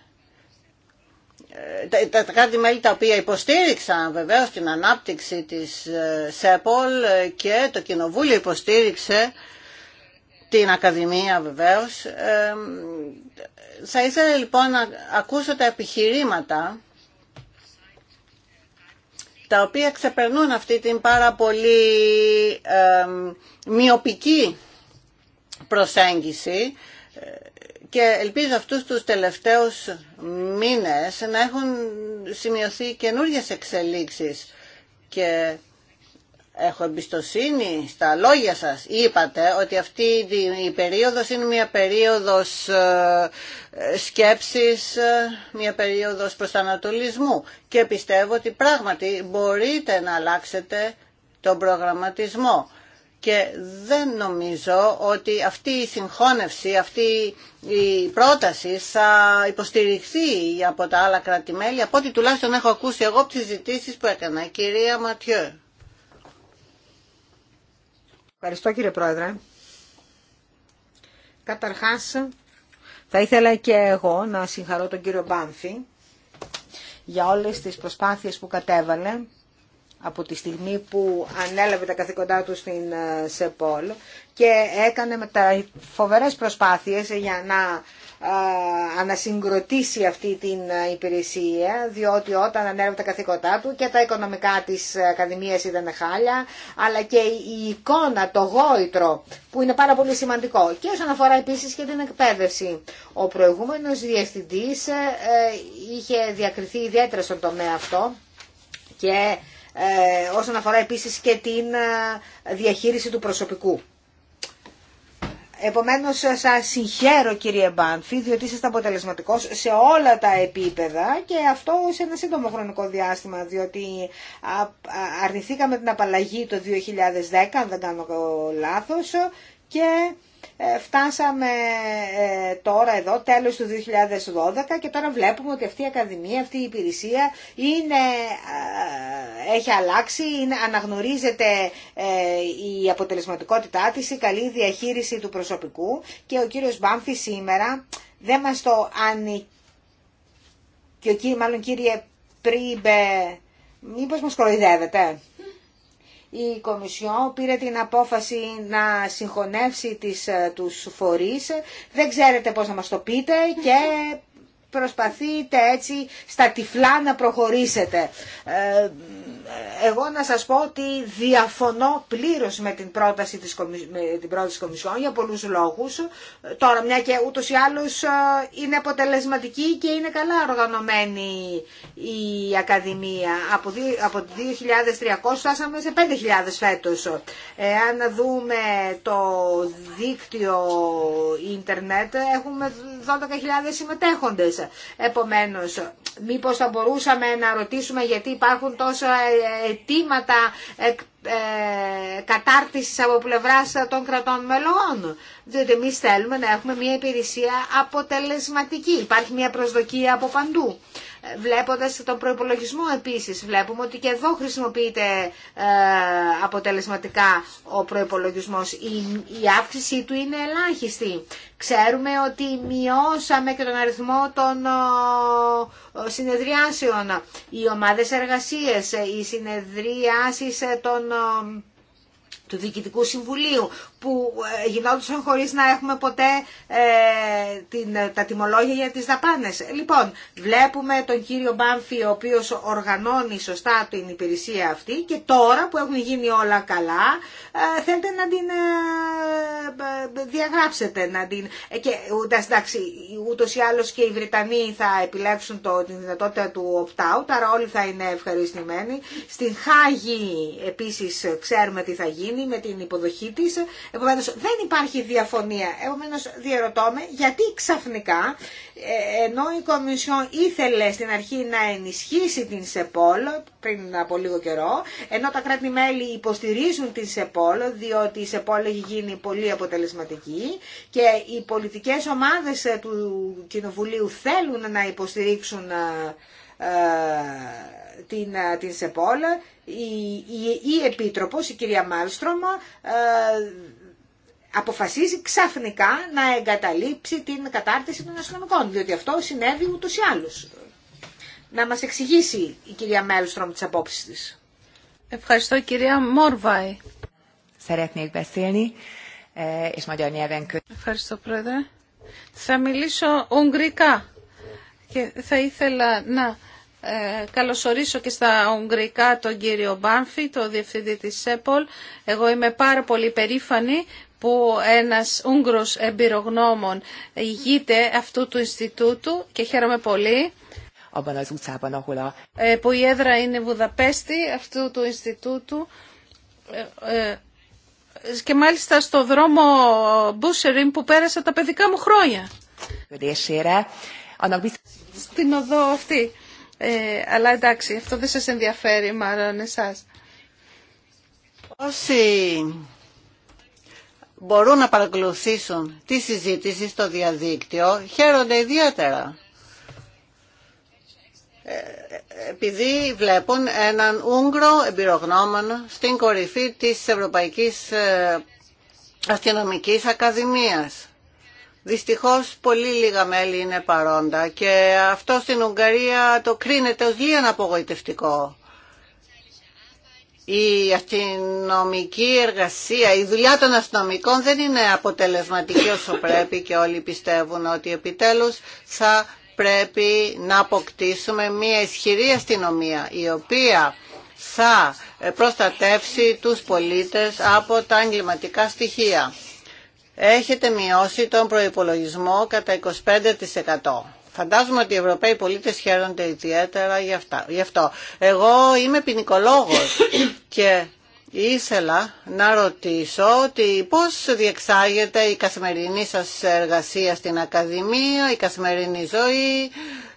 ε, τα, τα κράτη-μέλη τα οποία υποστήριξαν βεβαίως την ανάπτυξη της ε, ΣΕΠΟΛ ε, και το Κοινοβούλιο υποστήριξε την Ακαδημία βεβαίως. θα ήθελα λοιπόν να ακούσω τα επιχειρήματα τα οποία ξεπερνούν αυτή την πάρα πολύ ε, μειοπική προσέγγιση και ελπίζω αυτούς τους τελευταίους μήνες να έχουν σημειωθεί καινούργιες εξελίξεις και έχω εμπιστοσύνη στα λόγια σας. Είπατε ότι αυτή η περίοδος είναι μια περίοδος ε, ε, σκέψης, ε, μια περίοδος προσανατολισμού και πιστεύω ότι πράγματι μπορείτε να αλλάξετε τον προγραμματισμό. Και δεν νομίζω ότι αυτή η συγχώνευση, αυτή η πρόταση θα υποστηριχθεί από τα άλλα κράτη-μέλη, από ό,τι τουλάχιστον έχω ακούσει εγώ από τις που έκανα. Κυρία Ματιέ. Ευχαριστώ κύριε Πρόεδρε. Καταρχάς, θα ήθελα και εγώ να συγχαρώ τον κύριο Μπάνφη για όλες τις προσπάθειες που κατέβαλε από τη στιγμή που ανέλαβε τα καθήκοντά του στην ε, ΣΕΠΟΛ και έκανε με τα φοβερές προσπάθειες για να ανασυγκροτήσει αυτή την υπηρεσία, διότι όταν ανέλαβε τα καθήκοντά του και τα οικονομικά της Ακαδημίας ήταν χάλια, αλλά και η εικόνα, το γόητρο, που είναι πάρα πολύ σημαντικό. Και όσον αφορά επίσης και την εκπαίδευση. Ο προηγούμενος διευθυντής ε, είχε διακριθεί ιδιαίτερα στον τομέα αυτό και ε, όσον αφορά επίσης και την διαχείριση του προσωπικού. Επομένως σας συγχαίρω κύριε Μπάνφη διότι είστε αποτελεσματικός σε όλα τα επίπεδα και αυτό σε ένα σύντομο χρονικό διάστημα διότι αρνηθήκαμε την απαλλαγή το 2010 αν δεν κάνω λάθος και ε, φτάσαμε ε, τώρα εδώ, τέλος του 2012 και τώρα βλέπουμε ότι αυτή η Ακαδημία, αυτή η υπηρεσία ε, έχει αλλάξει, είναι, αναγνωρίζεται η αποτελεσματικότητά της, η καλή διαχείριση του προσωπικού και ο κύριος Μπάμφη σήμερα δεν μας το ανήκει, και ο, μάλλον κύριε Πρίμπε, μήπως μας κοροϊδεύετε η Κομισιόν πήρε την απόφαση να συγχωνεύσει τις, ε, τους φορείς. Δεν ξέρετε πώς να μας το πείτε και προσπαθείτε έτσι στα τυφλά να προχωρήσετε. Ε, εγώ να σας πω ότι διαφωνώ πλήρως με την πρόταση της, με την πρόταση της Κομισιόν για πολλούς λόγους. Τώρα μια και ούτως ή άλλως ε, είναι αποτελεσματική και είναι καλά οργανωμένη η Ακαδημία. Από, από 2.300 φτάσαμε σε 5.000 φέτος. Εάν δούμε το δίκτυο ίντερνετ έχουμε 12.000 συμμετέχοντες. Επομένως, μήπως θα μπορούσαμε να ρωτήσουμε γιατί υπάρχουν τόσα αιτήματα ε, κατάρτισης από πλευράς των κρατών μελών. Διότι εμεί θέλουμε να έχουμε μια υπηρεσία αποτελεσματική. Υπάρχει μια προσδοκία από παντού. Βλέποντας τον προϋπολογισμό επίσης βλέπουμε ότι και εδώ χρησιμοποιείται ε, αποτελεσματικά ο προϋπολογισμός. Η αύξησή του είναι ελάχιστη. Ξέρουμε ότι μειώσαμε και τον αριθμό των συνεδριάσεων. Οι ομάδες εργασίες, οι συνεδριάσεις των του Διοικητικού Συμβουλίου που ε, γινόντουσαν χωρίς να έχουμε ποτέ ε, την, τα τιμολόγια για τις δαπάνες. Λοιπόν, βλέπουμε τον κύριο Μπάμφη ο οποίος οργανώνει σωστά την υπηρεσία αυτή και τώρα που έχουν γίνει όλα καλά ε, θέλετε να την διαγράψετε. Να την... Και, εντάξει, ούτως ή άλλως και οι Βρετανοί θα επιλέξουν το, την δυνατότητα του opt-out, άρα όλοι θα είναι ευχαριστημένοι. Στην Χάγη επίσης ξέρουμε τι θα γίνει με την υποδοχή τη. Επομένω, δεν υπάρχει διαφωνία. Επομένω, διαρωτώ με γιατί ξαφνικά, ε, ενώ η Κομισιόν ήθελε στην αρχή να ενισχύσει την ΣΕΠΟΛ πριν από λίγο καιρό, ενώ τα κράτη-μέλη υποστηρίζουν την ΣΕΠΟΛ, διότι η ΣΕΠΟΛ έχει γίνει πολύ αποτελεσματική και οι πολιτικές ομάδες του Κοινοβουλίου θέλουν να υποστηρίξουν ε, ε, την, ε, την ΣΕΠΟΛ, η, η, η Επίτροπος, η κυρία Μάλστρομ, ε, αποφασίζει ξαφνικά να εγκαταλείψει την κατάρτιση των αστυνομικών, διότι αυτό συνέβη ούτως ή άλλως. Να μας εξηγήσει η κυρία Μάλστρομ τις απόψεις της. Ευχαριστώ κυρία Μόρβαϊ. Ευχαριστώ πρόεδρε. Θα μιλήσω ουγγρικά και θα ήθελα να ε, καλωσορίσω και στα Ουγγρικά τον κύριο Μπάνφη, το διευθυντή της ΣΕΠΟΛ. Εγώ είμαι πάρα πολύ περήφανη που ένας Ούγγρος εμπειρογνώμων ηγείται αυτού του Ινστιτούτου και χαίρομαι πολύ ε, που η έδρα είναι Βουδαπέστη αυτού του Ινστιτούτου ε, ε, και μάλιστα στο δρόμο Μπούσεριν που πέρασα τα παιδικά μου χρόνια. Στην οδό αυτή. Ε, αλλά εντάξει, αυτό δεν σας ενδιαφέρει μάλλον εσάς. Όσοι μπορούν να παρακολουθήσουν τη συζήτηση στο διαδίκτυο, χαίρονται ιδιαίτερα. Ε, επειδή βλέπουν έναν Ούγγρο εμπειρογνώμονα στην κορυφή της Ευρωπαϊκής ε, Αστυνομικής Ακαδημίας. Δυστυχώς πολύ λίγα μέλη είναι παρόντα και αυτό στην Ουγγαρία το κρίνεται ως λίγαν απογοητευτικό. Η αστυνομική εργασία, η δουλειά των αστυνομικών δεν είναι αποτελεσματική όσο πρέπει και όλοι πιστεύουν ότι επιτέλους θα πρέπει να αποκτήσουμε μια ισχυρή αστυνομία η οποία θα προστατεύσει τους πολίτες από τα εγκληματικά στοιχεία έχετε μειώσει τον προϋπολογισμό κατά 25%. Φαντάζομαι ότι οι Ευρωπαίοι πολίτες χαίρονται ιδιαίτερα γι' αυτό. Εγώ είμαι ποινικολόγος και ήθελα να ρωτήσω ότι πώς διεξάγεται η καθημερινή σας εργασία στην Ακαδημία, η καθημερινή ζωή,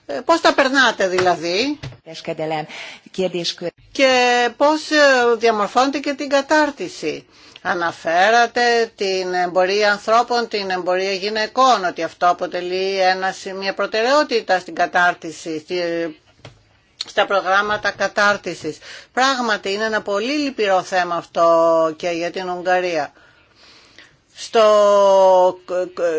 ε, πώς τα περνάτε δηλαδή και πώς ε, διαμορφώνεται και την κατάρτιση. Αναφέρατε την εμπορία ανθρώπων, την εμπορία γυναικών, ότι αυτό αποτελεί ένα, μια προτεραιότητα στην κατάρτιση, στα προγράμματα κατάρτισης. Πράγματι είναι ένα πολύ λυπηρό θέμα αυτό και για την Ουγγαρία στο,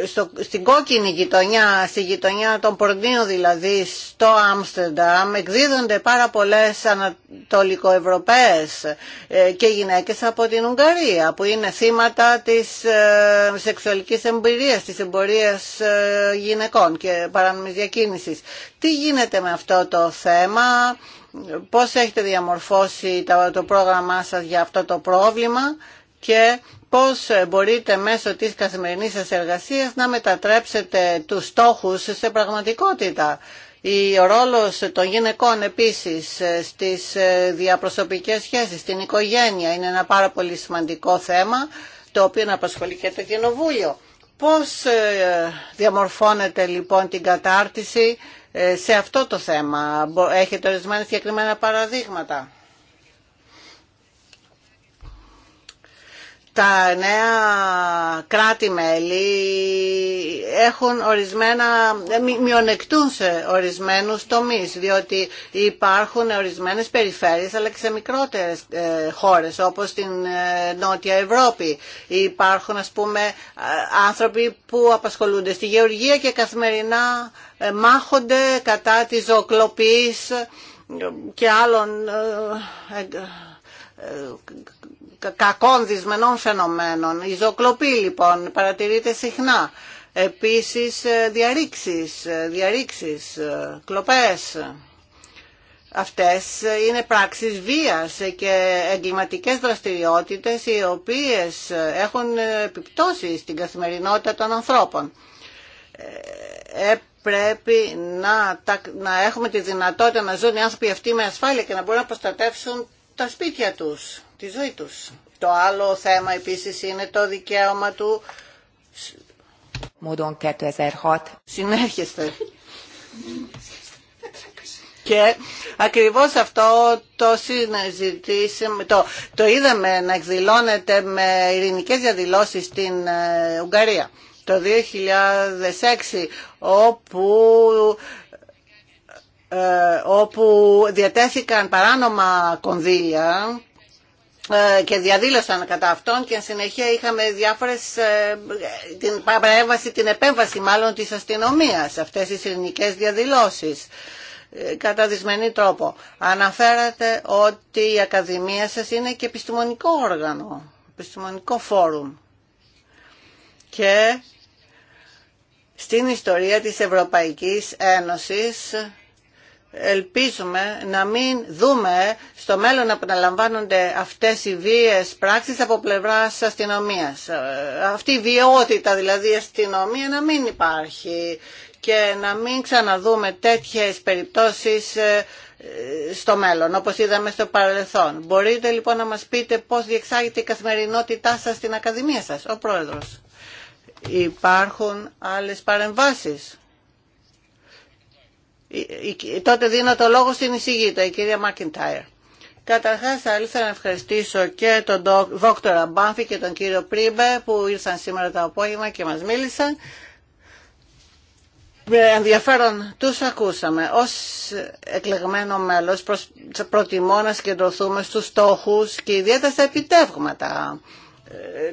στο, στην κόκκινη γειτονιά, στη γειτονιά των Πορνίων δηλαδή, στο Άμστερνταμ, εκδίδονται πάρα πολλές ανατολικοευρωπαίες ε, και γυναίκες από την Ουγγαρία, που είναι θύματα της ε, σεξουαλικής εμπειρίας, της εμπορίας ε, γυναικών και παράνομης διακίνησης. Τι γίνεται με αυτό το θέμα, πώς έχετε διαμορφώσει το πρόγραμμά σας για αυτό το πρόβλημα και πώς μπορείτε μέσω της καθημερινής σας εργασίας να μετατρέψετε τους στόχους σε πραγματικότητα. Ο ρόλος των γυναικών επίσης ε, στις ε, διαπροσωπικές σχέσεις, στην οικογένεια είναι ένα πάρα πολύ σημαντικό θέμα το οποίο να απασχολεί και το Κοινοβούλιο. Πώς ε, διαμορφώνεται λοιπόν την κατάρτιση σε αυτό το θέμα. Έχετε ορισμένα συγκεκριμένα παραδείγματα. Τα νέα κράτη-μέλη έχουν ορισμένα, μειονεκτούν σε ορισμένους τομείς, διότι υπάρχουν ορισμένες περιφέρειες, αλλά και σε μικρότερες ε, χώρες, όπως στην ε, Νότια Ευρώπη. Υπάρχουν, ας πούμε, ε, άνθρωποι που απασχολούνται στη γεωργία και καθημερινά μάχονται κατά της ζωοκλοπής και άλλων κακών δυσμενών φαινομένων. Η ζωοκλοπή λοιπόν παρατηρείται συχνά. Επίσης ε, διαρρήξεις, ε, διαρρήξεις, ε, κλοπές. Αυτές είναι πράξεις βίας και εγκληματικές δραστηριότητες οι οποίες έχουν επιπτώσει στην καθημερινότητα των ανθρώπων. Ε, πρέπει να, να έχουμε τη δυνατότητα να ζουν οι άνθρωποι αυτοί με ασφάλεια και να μπορούν να προστατεύσουν τα σπίτια τους. Το άλλο θέμα επίσης είναι το δικαίωμα του... το 2006. Συνέρχεστε. Και ακριβώς αυτό το συζητήσαμε, το, το είδαμε να εκδηλώνεται με ειρηνικές διαδηλώσει στην ε, Ουγγαρία το 2006 όπου ε, όπου διατέθηκαν παράνομα κονδύλια ε, και διαδήλωσαν κατά αυτόν και συνεχεία είχαμε διάφορες, ε, την παρέμβαση, την επέμβαση μάλλον της αστυνομίας αυτές τις ελληνικές διαδηλώσεις ε, κατά δυσμενή τρόπο. Αναφέρατε ότι η Ακαδημία σας είναι και επιστημονικό όργανο, επιστημονικό φόρουμ. Και στην ιστορία της Ευρωπαϊκής Ένωσης ελπίζουμε να μην δούμε στο μέλλον να επαναλαμβάνονται αυτές οι βίες πράξεις από πλευράς αστυνομία. Ε, αυτή η βιαιότητα δηλαδή η αστυνομία να μην υπάρχει και να μην ξαναδούμε τέτοιες περιπτώσεις ε, στο μέλλον, όπως είδαμε στο παρελθόν. Μπορείτε λοιπόν να μας πείτε πώς διεξάγεται η καθημερινότητά σας στην Ακαδημία σας, ο Πρόεδρος. Υπάρχουν άλλες παρεμβάσεις. Ε, ε, ε, τότε δίνω το λόγο στην εισηγήτα, η κυρία Μάκιντάιρ. Καταρχάς θα ήθελα να ευχαριστήσω και τον δόκτωρα Μπάμφη και τον κύριο Πρίμπε που ήρθαν σήμερα το απόγευμα και μας μίλησαν. Με ενδιαφέρον τους ακούσαμε. Ως εκλεγμένο μέλος προτιμώ να συγκεντρωθούμε στους στόχους και ιδιαίτερα στα επιτεύγματα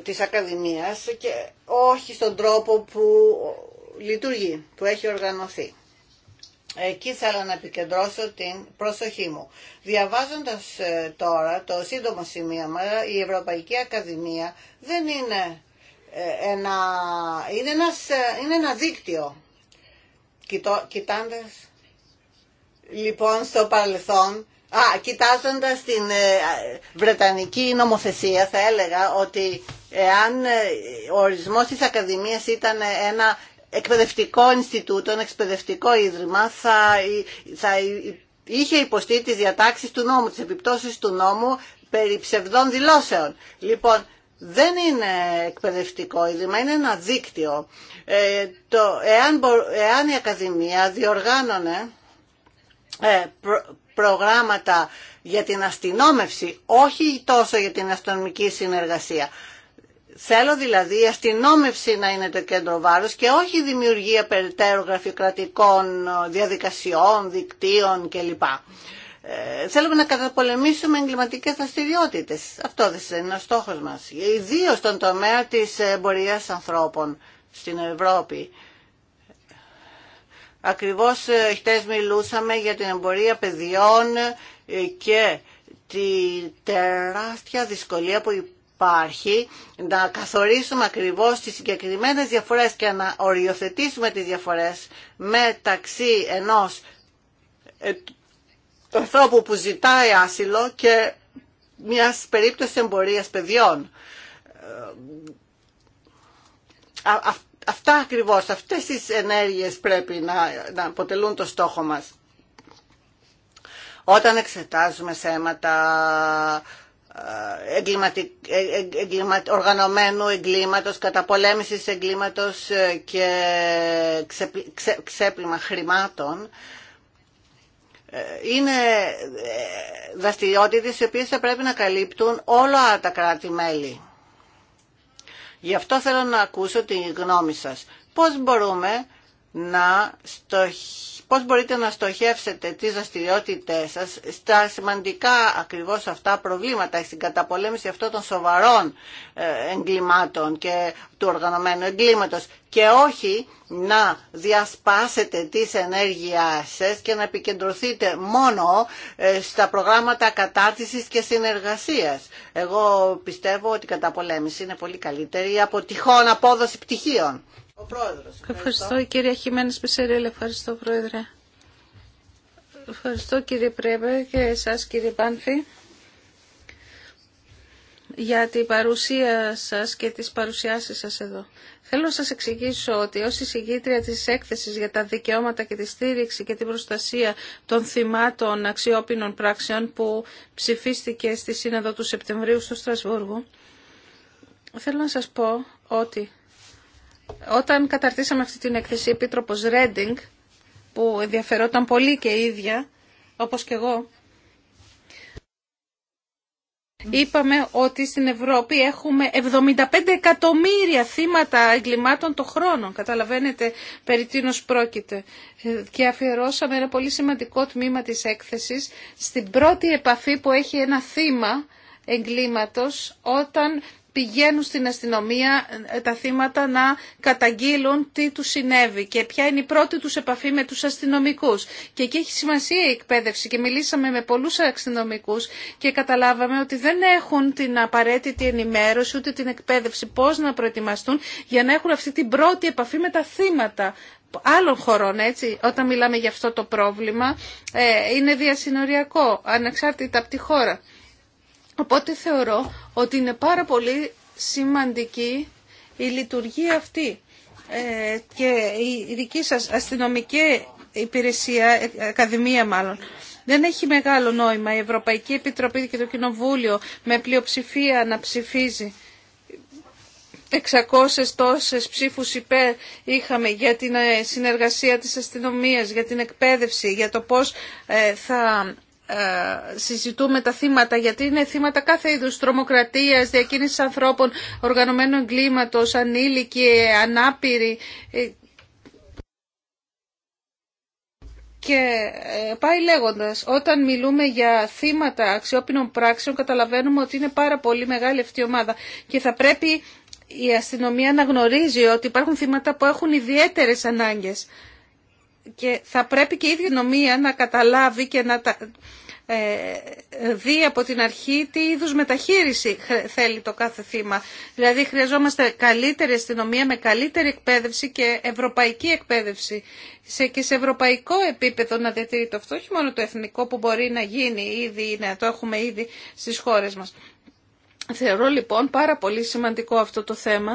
της Ακαδημίας και όχι στον τρόπο που λειτουργεί, που έχει οργανωθεί. Εκεί θέλω να επικεντρώσω την προσοχή μου. Διαβάζοντας ε, τώρα το σύντομο σημείο, η Ευρωπαϊκή Ακαδημία δεν είναι ε, ένα, είναι ένας, ε, είναι ένα δίκτυο. Κοιτώ, λοιπόν, στο παρελθόν, α, κοιτάζοντας την Βρετανική νομοθεσία, θα έλεγα ότι εάν ο ορισμός της Ακαδημίας ήταν ένα εκπαιδευτικό Ινστιτούτο, ένα εκπαιδευτικό ίδρυμα θα, είχε υποστεί τις διατάξεις του νόμου, τις επιπτώσεις του νόμου περί ψευδών δηλώσεων. Λοιπόν, δεν είναι εκπαιδευτικό ίδρυμα, είναι ένα δίκτυο. Ε, το, εάν, εάν η Ακαδημία διοργάνωνε ε, προγράμματα για την αστυνόμευση, όχι τόσο για την αστυνομική συνεργασία, Θέλω δηλαδή η αστυνόμευση να είναι το κέντρο βάρους και όχι η δημιουργία περαιτέρω γραφειοκρατικών ε, διαδικασιών, δικτύων κλπ. Ε, θέλουμε να καταπολεμήσουμε εγκληματικές δραστηριότητε. Αυτό δεν είναι ο στόχος μας. Ιδίως στον τομέα της εμπορίας ανθρώπων στην Ευρώπη. Ακριβώς ε, χτες μιλούσαμε για την εμπορία παιδιών ε, και τη τεράστια δυσκολία που υπάρχει υπάρχει, να καθορίσουμε ακριβώς τις συγκεκριμένες διαφορές και να οριοθετήσουμε τις διαφορές μεταξύ ενός ε, ανθρώπου που ζητάει άσυλο και μιας περίπτωσης εμπορίας παιδιών. Ε, αυτά ακριβώς, αυτές τις ενέργειες πρέπει να, να αποτελούν το στόχο μας. Όταν εξετάζουμε θέματα ε, ε, οργανωμένου εγκλήματος, καταπολέμησης εγκλήματος ε, και ξέπλυμα χρημάτων είναι δραστηριότητες οι οποίες θα πρέπει να καλύπτουν όλα τα κράτη-μέλη. Γι' αυτό θέλω να ακούσω τη γνώμη σας. Πώς μπορούμε να πώς μπορείτε να στοχεύσετε τις δραστηριότητε σας στα σημαντικά ακριβώς αυτά προβλήματα, στην καταπολέμηση αυτών των σοβαρών ε, εγκλημάτων και του οργανωμένου εγκλήματος και όχι να διασπάσετε τις ενέργειες σας και να επικεντρωθείτε μόνο ε, στα προγράμματα κατάρτισης και συνεργασίας. Εγώ πιστεύω ότι η καταπολέμηση είναι πολύ καλύτερη από τυχόν απόδοση πτυχίων. Ο πρόεδρος. Ευχαριστώ, κύριε κυρία Χιμένης ευχαριστώ πρόεδρε. Ευχαριστώ κύριε Πρέμπερ και εσάς κύριε Πάνφη για την παρουσία σας και τις παρουσιάσεις σας εδώ. Θέλω να σας εξηγήσω ότι ως εισηγήτρια της έκθεσης για τα δικαιώματα και τη στήριξη και την προστασία των θυμάτων αξιόπινων πράξεων που ψηφίστηκε στη Σύνοδο του Σεπτεμβρίου στο Στρασβούργο, θέλω να σας πω ότι όταν καταρτήσαμε αυτή την έκθεση, η Επίτροπος Ρέντινγκ, που ενδιαφερόταν πολύ και η ίδια, όπως και εγώ, είπαμε ότι στην Ευρώπη έχουμε 75 εκατομμύρια θύματα εγκλημάτων το χρόνο. Καταλαβαίνετε περί τίνος πρόκειται. Και αφιερώσαμε ένα πολύ σημαντικό τμήμα της έκθεσης στην πρώτη επαφή που έχει ένα θύμα εγκλήματος όταν πηγαίνουν στην αστυνομία ε, τα θύματα να καταγγείλουν τι τους συνέβη και ποια είναι η πρώτη τους επαφή με τους αστυνομικούς. Και εκεί έχει σημασία η εκπαίδευση και μιλήσαμε με πολλούς αστυνομικούς και καταλάβαμε ότι δεν έχουν την απαραίτητη ενημέρωση ούτε την εκπαίδευση πώς να προετοιμαστούν για να έχουν αυτή την πρώτη επαφή με τα θύματα άλλων χωρών, έτσι, όταν μιλάμε για αυτό το πρόβλημα, ε, είναι διασυνοριακό, ανεξάρτητα από τη χώρα. Οπότε θεωρώ ότι είναι πάρα πολύ σημαντική η λειτουργία αυτή ε, και η δική σας αστυνομική υπηρεσία, ε, ακαδημία μάλλον, δεν έχει μεγάλο νόημα η Ευρωπαϊκή Επιτροπή και το Κοινοβούλιο με πλειοψηφία να ψηφίζει. 600 τόσες ψήφους υπέρ είχαμε για την ε, συνεργασία της αστυνομίας, για την εκπαίδευση, για το πώς θα ε, συζητούμε τα θύματα, γιατί είναι θύματα κάθε είδους τρομοκρατίας, διακίνηση ανθρώπων, οργανωμένου εγκλήματος, ανήλικοι, ανάπηροι. Ε, και ε, πάει λέγοντας, όταν μιλούμε για θύματα αξιόπινων πράξεων, καταλαβαίνουμε ότι είναι πάρα πολύ μεγάλη αυτή η ομάδα και θα πρέπει η αστυνομία να γνωρίζει ότι υπάρχουν θύματα που έχουν ιδιαίτερες ανάγκες και θα πρέπει και η ίδια νομία να καταλάβει και να ε, δει από την αρχή τι είδους μεταχείριση θέλει το κάθε θύμα. Δηλαδή χρειαζόμαστε καλύτερη αστυνομία με καλύτερη εκπαίδευση και ευρωπαϊκή εκπαίδευση σε, και σε ευρωπαϊκό επίπεδο να διατηρείται αυτό, όχι μόνο το εθνικό που μπορεί να γίνει ήδη, να το έχουμε ήδη στις χώρες μας. Θεωρώ λοιπόν πάρα πολύ σημαντικό αυτό το θέμα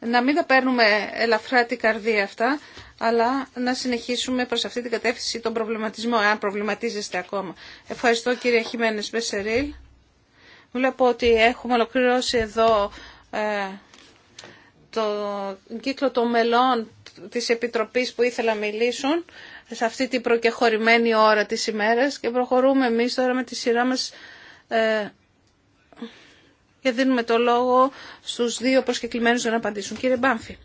να μην τα παίρνουμε ελαφρά την καρδία αυτά, αλλά να συνεχίσουμε προς αυτή την κατεύθυνση τον προβληματισμό, αν προβληματίζεστε ακόμα. Ευχαριστώ κύριε Χιμένες Μπεσερίλ. Βλέπω ότι έχουμε ολοκληρώσει εδώ ε, το κύκλο των μελών της Επιτροπής που ήθελα να μιλήσουν σε αυτή την προκεχωρημένη ώρα της ημέρας και προχωρούμε εμείς τώρα με τη σειρά μας ε, και δίνουμε το λόγο στους δύο προσκεκλημένους για να απαντήσουν. Κύριε Μπάμφη.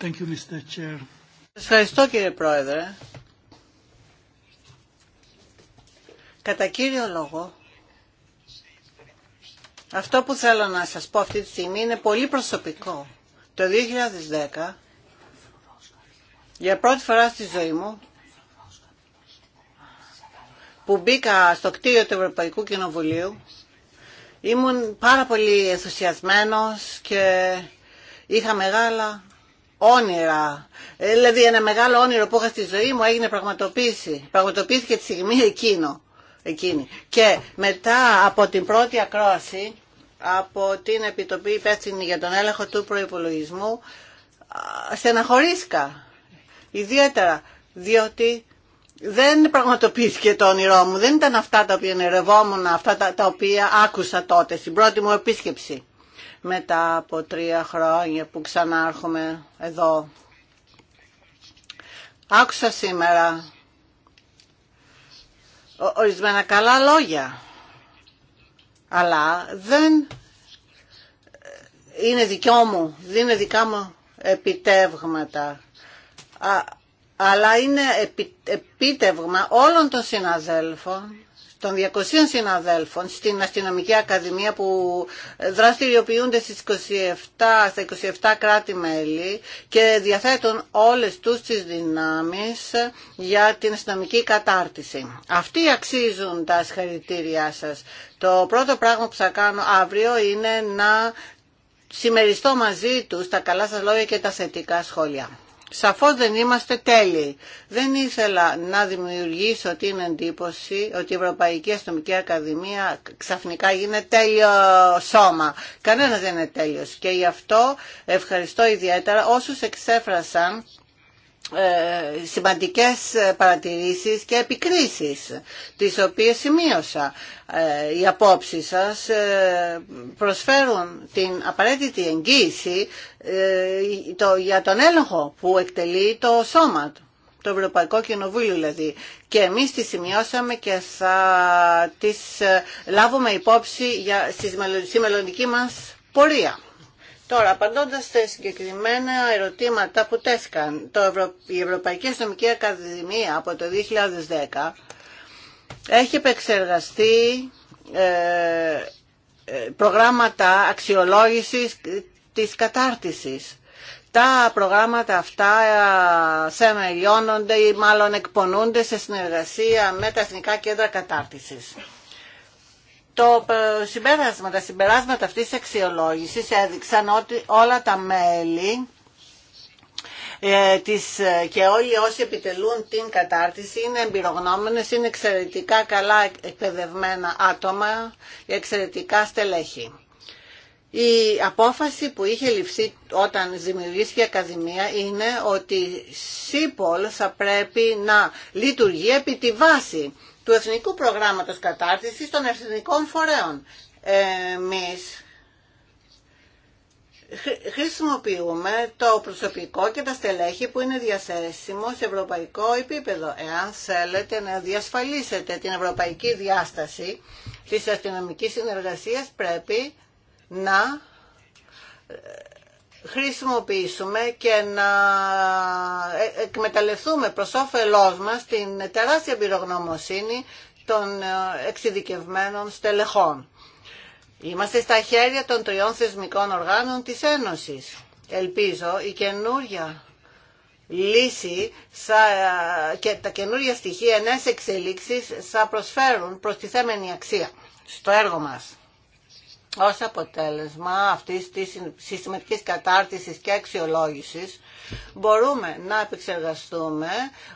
Thank you, Mr. Chair. Ευχαριστώ κύριε Πρόεδρε. Κατά κύριο λόγο, αυτό που θέλω να σας πω αυτή τη στιγμή είναι πολύ προσωπικό. Το 2010, για πρώτη φορά στη ζωή μου, που μπήκα στο κτίριο του Ευρωπαϊκού Κοινοβουλίου ήμουν πάρα πολύ ενθουσιασμένος και είχα μεγάλα όνειρα. Ε, δηλαδή ένα μεγάλο όνειρο που είχα στη ζωή μου έγινε πραγματοποίηση. Πραγματοποιήθηκε τη στιγμή εκείνο. Εκείνη. Και μετά από την πρώτη ακρόαση από την επιτοπή Υπεύθυνη για τον Έλεγχο του Προϋπολογισμού στεναχωρίσκα. ιδιαίτερα διότι δεν πραγματοποιήθηκε το όνειρό μου. Δεν ήταν αυτά τα οποία ενερευόμουν, αυτά τα, οποία άκουσα τότε στην πρώτη μου επίσκεψη. Μετά από τρία χρόνια που ξανάρχομαι εδώ. Άκουσα σήμερα ορισμένα καλά λόγια. Αλλά δεν ε, είναι δικιό μου, δεν είναι δικά μου επιτεύγματα αλλά είναι επίτευγμα όλων των συναδέλφων, των 200 συναδέλφων στην Αστυνομική Ακαδημία που δραστηριοποιούνται στις 27, στα 27 κράτη-μέλη και διαθέτουν όλες τους τις δυνάμεις για την αστυνομική κατάρτιση. Αυτοί αξίζουν τα συγχαρητήριά σας. Το πρώτο πράγμα που θα κάνω αύριο είναι να συμμεριστώ μαζί τους τα καλά σας λόγια και τα θετικά σχόλια. Σαφώς δεν είμαστε τέλειοι. Δεν ήθελα να δημιουργήσω την εντύπωση ότι η Ευρωπαϊκή Αστυνομική Ακαδημία ξαφνικά γίνεται τέλειο σώμα. Κανένας δεν είναι τέλειος. Και γι' αυτό ευχαριστώ ιδιαίτερα όσους εξέφρασαν ε, σημαντικές παρατηρήσεις και επικρίσεις τις οποίες σημείωσα. Ε, οι απόψεις σας ε, προσφέρουν την απαραίτητη εγγύηση για τον έλεγχο που εκτελεί το σώμα Το Ευρωπαϊκό Κοινοβούλιο δηλαδή. Και εμείς τις σημειώσαμε και θα τις λάβουμε υπόψη για, στη μελλοντική μας πορεία. Τώρα, απαντώντας σε συγκεκριμένα ερωτήματα που τέθηκαν, το Ευρω... η Ευρωπαϊκή Αστυνομική Ακαδημία από το 2010 έχει επεξεργαστεί ε, ε, προγράμματα αξιολόγησης της κατάρτισης. Τα προγράμματα αυτά σεμελιώνονται ε, ή μάλλον εκπονούνται σε συνεργασία με τα Εθνικά Κέντρα Κατάρτισης το ε, συμπέρασμα, τα συμπεράσματα αυτής της αξιολόγησης έδειξαν ότι όλα τα μέλη ε, της, ε, και όλοι όσοι επιτελούν την κατάρτιση είναι εμπειρογνώμενες, είναι εξαιρετικά καλά εκπαιδευμένα άτομα, εξαιρετικά στελέχη. Η απόφαση που είχε ληφθεί όταν δημιουργήθηκε η Ακαδημία είναι ότι ΣΥΠΟΛ θα πρέπει να λειτουργεί επί τη βάση του Εθνικού Προγράμματος Κατάρτισης των Εθνικών Φορέων. Εμείς χρησιμοποιούμε το προσωπικό και τα στελέχη που είναι διαθέσιμο σε ευρωπαϊκό επίπεδο. Εάν θέλετε να διασφαλίσετε την ευρωπαϊκή διάσταση της αστυνομικής συνεργασίας πρέπει να ε, χρησιμοποιήσουμε και να ε, εκμεταλλευτούμε προς όφελός μας την τεράστια πυρογνωμοσύνη των ε, εξειδικευμένων στελεχών. Είμαστε στα χέρια των τριών θεσμικών οργάνων της Ένωσης. Ελπίζω η καινούρια λύση και τα καινούρια στοιχεία νέες εξελίξεις θα προσφέρουν προστιθέμενη αξία στο έργο μας ως αποτέλεσμα αυτής της συστηματικής κατάρτισης και αξιολόγησης μπορούμε να επεξεργαστούμε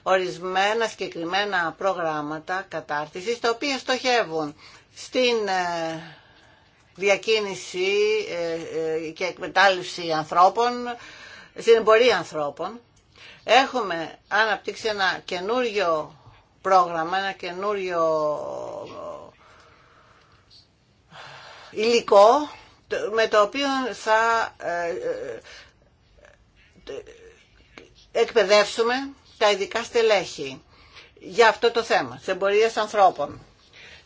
ορισμένα συγκεκριμένα προγράμματα κατάρτισης τα οποία στοχεύουν στην ε, διακίνηση ε, ε, και εκμετάλλευση ανθρώπων, στην εμπορία ανθρώπων. Έχουμε αναπτύξει ένα καινούριο πρόγραμμα, ένα καινούριο υλικό με το οποίο θα ε, ε, εκπαιδεύσουμε τα ειδικά στελέχη για αυτό το θέμα, σε εμπορίε ανθρώπων.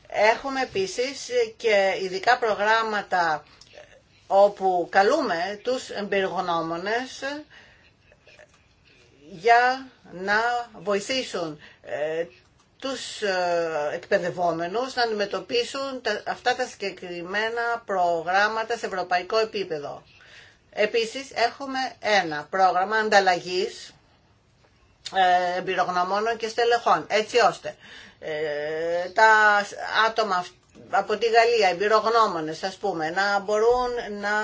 Έχουμε επίσης και ειδικά προγράμματα όπου καλούμε τους εμπειρογνώμονες για να βοηθήσουν ε, τους ε, εκπαιδευόμενους να αντιμετωπίσουν αυτά τα συγκεκριμένα προγράμματα σε ευρωπαϊκό επίπεδο. Επίσης έχουμε ένα πρόγραμμα ανταλλαγής ε, εμπειρογνωμόνων και στελεχών, έτσι ώστε ε, τα άτομα από τη Γαλλία, εμπειρογνώμονες ας πούμε, να μπορούν να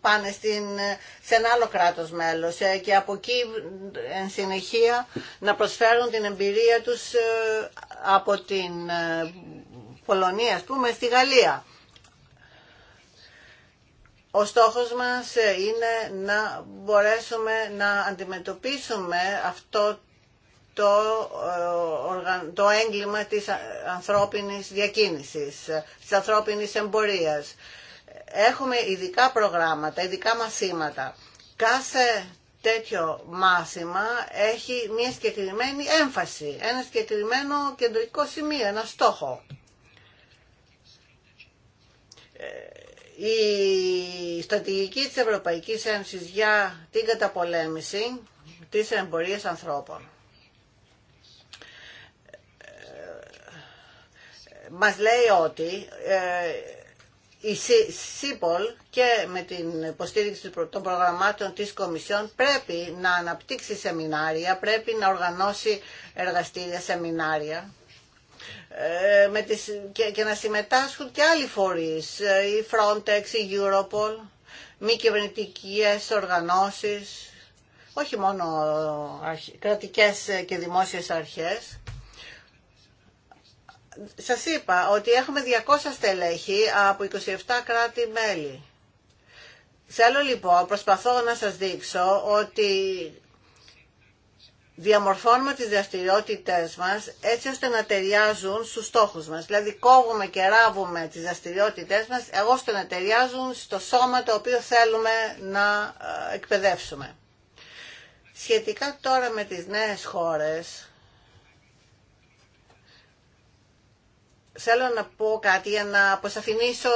πάνε στην, σε ένα άλλο κράτος μέλος ε, και από εκεί εν συνεχεία να προσφέρουν την εμπειρία τους ε, από την ε, Πολωνία, ας πούμε, στη Γαλλία. Ο στόχος μας είναι να μπορέσουμε να αντιμετωπίσουμε αυτό το, το έγκλημα της ανθρώπινης διακίνησης, της ανθρώπινης εμπορίας έχουμε ειδικά προγράμματα, ειδικά μαθήματα. Κάθε τέτοιο μάθημα έχει μια συγκεκριμένη έμφαση, ένα συγκεκριμένο κεντρικό σημείο, ένα στόχο. Ε, η στρατηγική της Ευρωπαϊκής Ένωσης για την καταπολέμηση της εμπορίας ανθρώπων. Ε, μας λέει ότι ε, η ΣΥΠΟΛ και με την υποστήριξη των προγραμμάτων της Κομισιόν πρέπει να αναπτύξει σεμινάρια, πρέπει να οργανώσει εργαστήρια, σεμινάρια ε, με και, να συμμετάσχουν και άλλοι φορείς, ε, η Frontex, η Europol, μη κυβερνητικέ οργανώσεις, όχι μόνο κρατικές και δημόσιες αρχές σας είπα ότι έχουμε 200 στελέχη από 27 κράτη-μέλη. Θέλω λοιπόν, προσπαθώ να σας δείξω ότι διαμορφώνουμε τις δραστηριότητες μας έτσι ώστε να ταιριάζουν στους στόχους μας. Δηλαδή κόβουμε και ράβουμε τις δραστηριότητες μας ώστε να ταιριάζουν στο σώμα το οποίο θέλουμε να ε, εκπαιδεύσουμε. Σχετικά τώρα με τις νέες χώρες, Θέλω να πω κάτι για να αποσαφηνίσω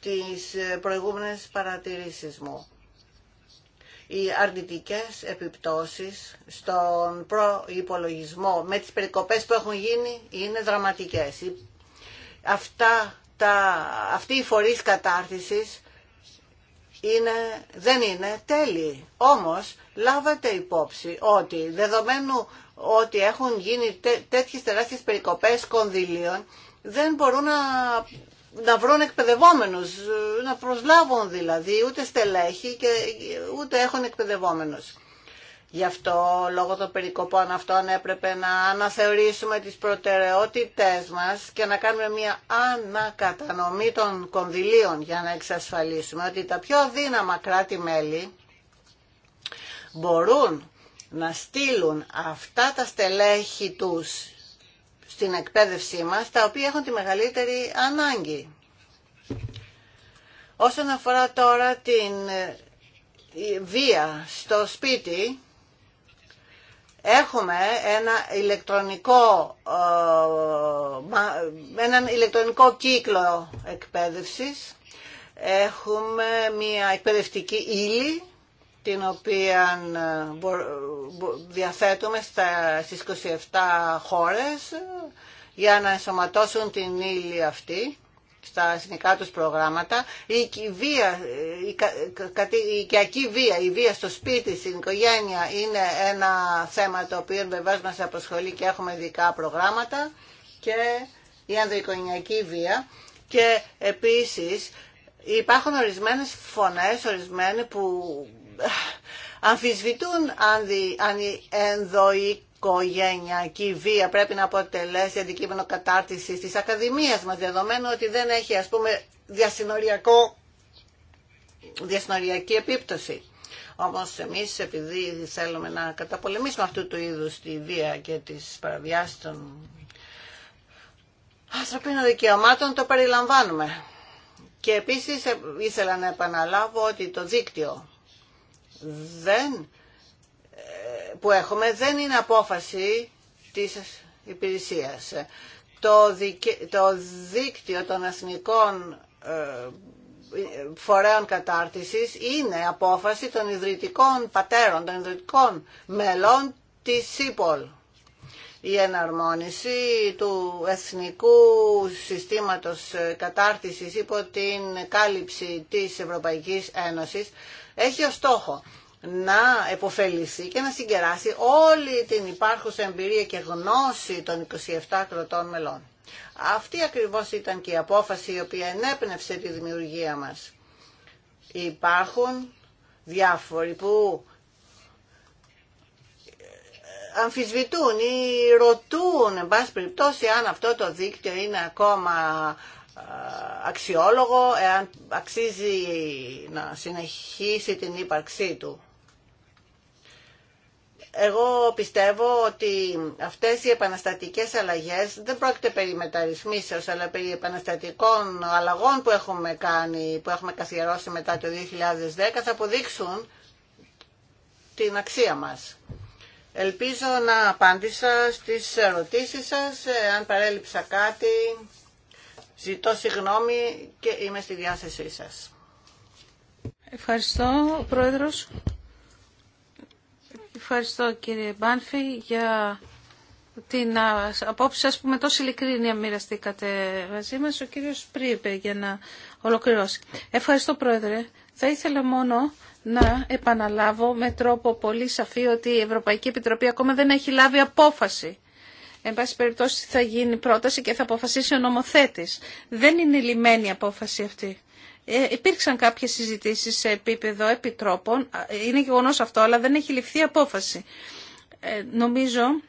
τις προηγούμενες παρατηρήσεις μου. Οι αρνητικές επιπτώσεις στον προϋπολογισμό με τις περικοπές που έχουν γίνει είναι δραματικές. Αυτά τα, αυτοί οι κατάρτισης είναι, δεν είναι τέλειοι. Όμως λάβατε υπόψη ότι δεδομένου ότι έχουν γίνει τέτοιες τεράστιες περικοπές κονδυλίων δεν μπορούν να, να βρουν εκπαιδευόμενους, να προσλάβουν δηλαδή ούτε στελέχη και ούτε έχουν εκπαιδευόμενους. Γι' αυτό λόγω των περικοπών αυτών έπρεπε να αναθεωρήσουμε τις προτεραιότητές μας και να κάνουμε μια ανακατανομή των κονδυλίων για να εξασφαλίσουμε ότι τα πιο δύναμα κράτη-μέλη μπορούν να στείλουν αυτά τα στελέχη τους στην εκπαίδευσή μας, τα οποία έχουν τη μεγαλύτερη ανάγκη. Όσον αφορά τώρα την ε, βία στο σπίτι, έχουμε ένα ηλεκτρονικό, ε, έναν ηλεκτρονικό κύκλο εκπαίδευσης, έχουμε μια εκπαιδευτική ύλη την οποία ε, διαθέτουμε στα, στις 27 χώρες ε, για να ενσωματώσουν την ύλη αυτή στα εθνικά τους προγράμματα. Η, βία, η, η οικιακή βία, η βία στο σπίτι, στην οικογένεια είναι ένα θέμα το οποίο βεβαίως μας απασχολεί και έχουμε ειδικά προγράμματα και η ανδροικογενειακή βία και επίσης υπάρχουν ορισμένες φωνές, ορισμένοι που αμφισβητούν αν η ενδοοικογένειακή βία πρέπει να αποτελέσει αντικείμενο κατάρτιση της Ακαδημίας μας, δεδομένου ότι δεν έχει ας πούμε διασυνοριακό, διασυνοριακή επίπτωση. Όμως εμείς επειδή θέλουμε να καταπολεμήσουμε αυτού του είδους τη βία και τις παραβιάσεις των ανθρωπίνων δικαιωμάτων το περιλαμβάνουμε. Και επίσης ε, ήθελα να επαναλάβω ότι το δίκτυο δεν, ε, που έχουμε δεν είναι απόφαση της υπηρεσίας. Το, το δίκτυο των εθνικών ε, φορέων κατάρτισης είναι απόφαση των ιδρυτικών πατέρων, των ιδρυτικών μελών της ΣΥΠΟΛ. Η εναρμόνιση του εθνικού συστήματος κατάρτισης υπό την κάλυψη της Ευρωπαϊκής Ένωσης έχει ως στόχο να επωφεληθεί και να συγκεράσει όλη την υπάρχουσα εμπειρία και γνώση των 27 κρατών μελών. Αυτή ακριβώς ήταν και η απόφαση η οποία ενέπνευσε τη δημιουργία μας. Υπάρχουν διάφοροι που ε, αμφισβητούν ή ρωτούν, εν πάση περιπτώσει, αν αυτό το δίκτυο είναι ακόμα αξιόλογο, εάν αξίζει να συνεχίσει την ύπαρξή του. Εγώ πιστεύω ότι αυτές οι επαναστατικές αλλαγές δεν πρόκειται περί μεταρρυθμίσεως, αλλά περί επαναστατικών αλλαγών που έχουμε κάνει, που έχουμε καθιερώσει μετά το 2010, θα αποδείξουν την αξία μας. Ελπίζω να απάντησα στις ερωτήσεις σας, αν παρέλειψα κάτι Ζητώ συγγνώμη και είμαι στη διάθεσή σας. Ευχαριστώ, Πρόεδρος. Ευχαριστώ, κύριε Μπάνφη, για την απόψη σας που με τόση ειλικρίνεια μοιραστήκατε μαζί μας. Ο κύριος Πρίπε για να ολοκληρώσει. Ευχαριστώ, Πρόεδρε. Θα ήθελα μόνο να επαναλάβω με τρόπο πολύ σαφή ότι η Ευρωπαϊκή Επιτροπή ακόμα δεν έχει λάβει απόφαση Εν πάση περιπτώσει θα γίνει πρόταση και θα αποφασίσει ο νομοθέτης. Δεν είναι λυμένη η απόφαση αυτή. Ε, υπήρξαν κάποιες συζητήσεις σε επίπεδο επιτρόπων. Είναι γεγονό αυτό, αλλά δεν έχει ληφθεί απόφαση. Ε, νομίζω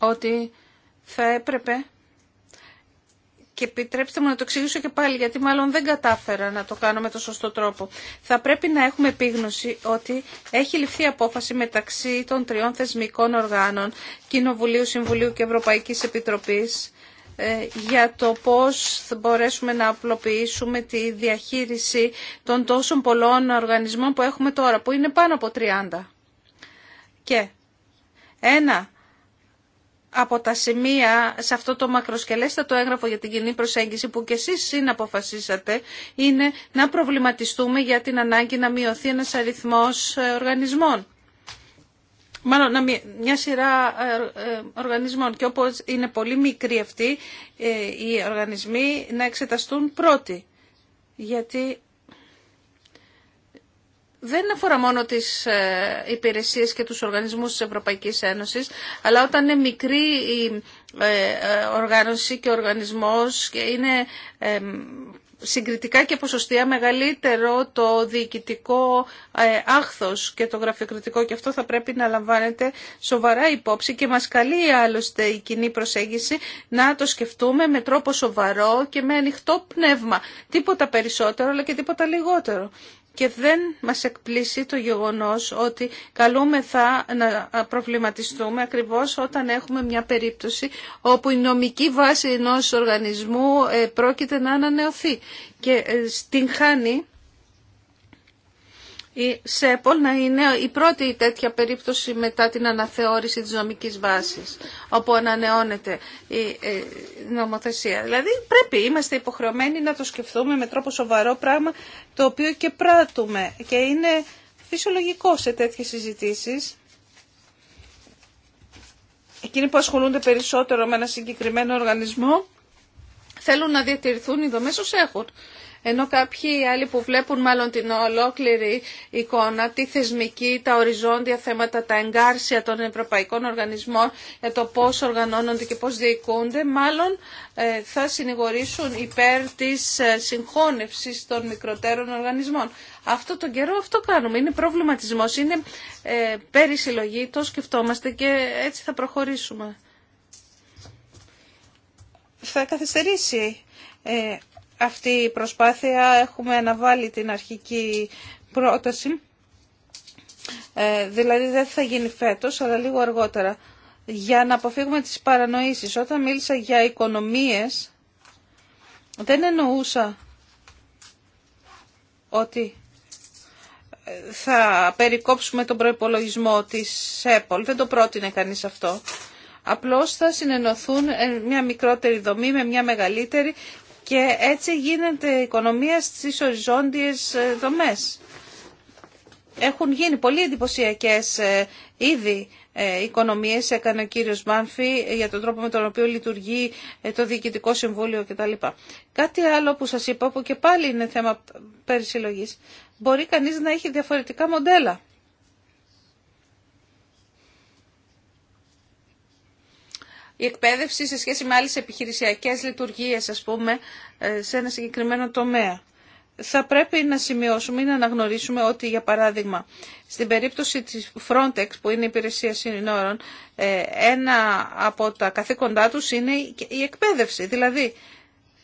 ότι θα έπρεπε και επιτρέψτε μου να το εξηγήσω και πάλι γιατί μάλλον δεν κατάφερα να το κάνω με το σωστό τρόπο. Θα πρέπει να έχουμε επίγνωση ότι έχει ληφθεί απόφαση μεταξύ των τριών θεσμικών οργάνων Κοινοβουλίου, Συμβουλίου και Ευρωπαϊκής Επιτροπής ε, για το πώς θα μπορέσουμε να απλοποιήσουμε τη διαχείριση των τόσων πολλών οργανισμών που έχουμε τώρα, που είναι πάνω από 30. Και ένα από τα σημεία σε αυτό το μακροσκελέστατο έγγραφο για την κοινή προσέγγιση που και εσείς συναποφασίσατε είναι να προβληματιστούμε για την ανάγκη να μειωθεί ένας αριθμός ε, οργανισμών. Μάλλον μια σειρά ε, ε, οργανισμών και όπως είναι πολύ μικροί αυτοί οι οργανισμοί να εξεταστούν πρώτοι. Γιατί δεν αφορά μόνο τις ε, υπηρεσίες και τους οργανισμούς της Ευρωπαϊκής Ένωσης, αλλά όταν είναι μικρή η ε, ε, οργάνωση και ο οργανισμός και είναι συγκριτικά και ποσοστία μεγαλύτερο το διοικητικό άχθος και το γραφειοκριτικό. και αυτό θα πρέπει να λαμβάνεται σοβαρά υπόψη και μας καλεί άλλωστε η κοινή προσέγγιση να το σκεφτούμε με τρόπο σοβαρό και με ανοιχτό πνεύμα. Τίποτα περισσότερο αλλά και τίποτα λιγότερο και δεν μας εκπλήσει το γεγονός ότι καλούμεθα να προβληματιστούμε ακριβώς όταν έχουμε μια περίπτωση όπου η νομική βάση ενός οργανισμού ε, πρόκειται να ανανεωθεί και ε, στην χάνει η ΣΕΠΟΛ να είναι η πρώτη τέτοια περίπτωση μετά την αναθεώρηση της νομικής βάσης, όπου ανανεώνεται η ε, νομοθεσία. Δηλαδή πρέπει, είμαστε υποχρεωμένοι να το σκεφτούμε με τρόπο σοβαρό πράγμα, το οποίο και πράττουμε και είναι φυσιολογικό σε τέτοιες συζητήσεις. Εκείνοι που ασχολούνται περισσότερο με ένα συγκεκριμένο οργανισμό θέλουν να διατηρηθούν οι δομές έχουν. Ενώ κάποιοι άλλοι που βλέπουν μάλλον την ολόκληρη εικόνα, τη θεσμική, τα οριζόντια θέματα, τα εγκάρσια των ευρωπαϊκών οργανισμών για το πώς οργανώνονται και πώς διοικούνται, μάλλον ε, θα συνηγορήσουν υπέρ της ε, συγχώνευσης των μικροτέρων οργανισμών. Αυτό τον καιρό αυτό κάνουμε. Είναι προβληματισμός, είναι ε, περισυλλογή, το σκεφτόμαστε και έτσι θα προχωρήσουμε. Θα καθυστερήσει ε, αυτή η προσπάθεια. Έχουμε αναβάλει την αρχική πρόταση. Ε, δηλαδή δεν θα γίνει φέτος, αλλά λίγο αργότερα. Για να αποφύγουμε τις παρανοήσεις. Όταν μίλησα για οικονομίες, δεν εννοούσα ότι ε, θα περικόψουμε τον προϋπολογισμό της ΕΠΟΛ. Δεν το πρότεινε κανείς αυτό. Απλώς θα συνενωθούν ε, μια μικρότερη δομή με μια μεγαλύτερη και έτσι γίνεται οικονομία στις οριζόντιες ε, δομές. Έχουν γίνει πολύ εντυπωσιακέ ε, ήδη ε, οικονομίες, έκανε ο κύριος Μάνφη για τον τρόπο με τον οποίο λειτουργεί το Διοικητικό Συμβούλιο κτλ. Κάτι άλλο που σας είπα που και πάλι είναι θέμα περισυλλογής. Μπορεί κανείς να έχει διαφορετικά μοντέλα. η εκπαίδευση σε σχέση με άλλες επιχειρησιακές λειτουργίες, ας πούμε, ε, σε ένα συγκεκριμένο τομέα. Θα πρέπει να σημειώσουμε ή να αναγνωρίσουμε ότι, για παράδειγμα, στην περίπτωση της Frontex, που είναι η υπηρεσία συνόρων, ε, ένα από τα καθήκοντά τους είναι η εκπαίδευση. Δηλαδή,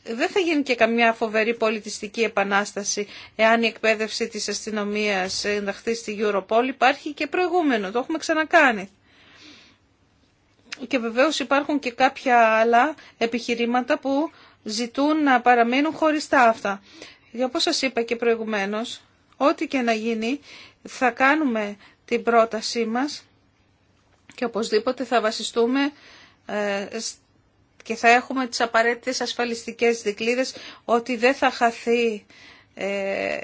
δεν θα γίνει και καμιά φοβερή πολιτιστική επανάσταση εάν η εκπαίδευση της αστυνομίας ενταχθεί στη Europol. Υπάρχει και προηγούμενο, το έχουμε ξανακάνει. Και βεβαίως υπάρχουν και κάποια άλλα επιχειρήματα που ζητούν να παραμείνουν χωριστά αυτά. Για όπως σας είπα και προηγουμένως, ό,τι και να γίνει θα κάνουμε την πρότασή μας και οπωσδήποτε θα βασιστούμε ε, και θα έχουμε τις απαραίτητες ασφαλιστικές δικλίδες ότι δεν θα χαθεί ε,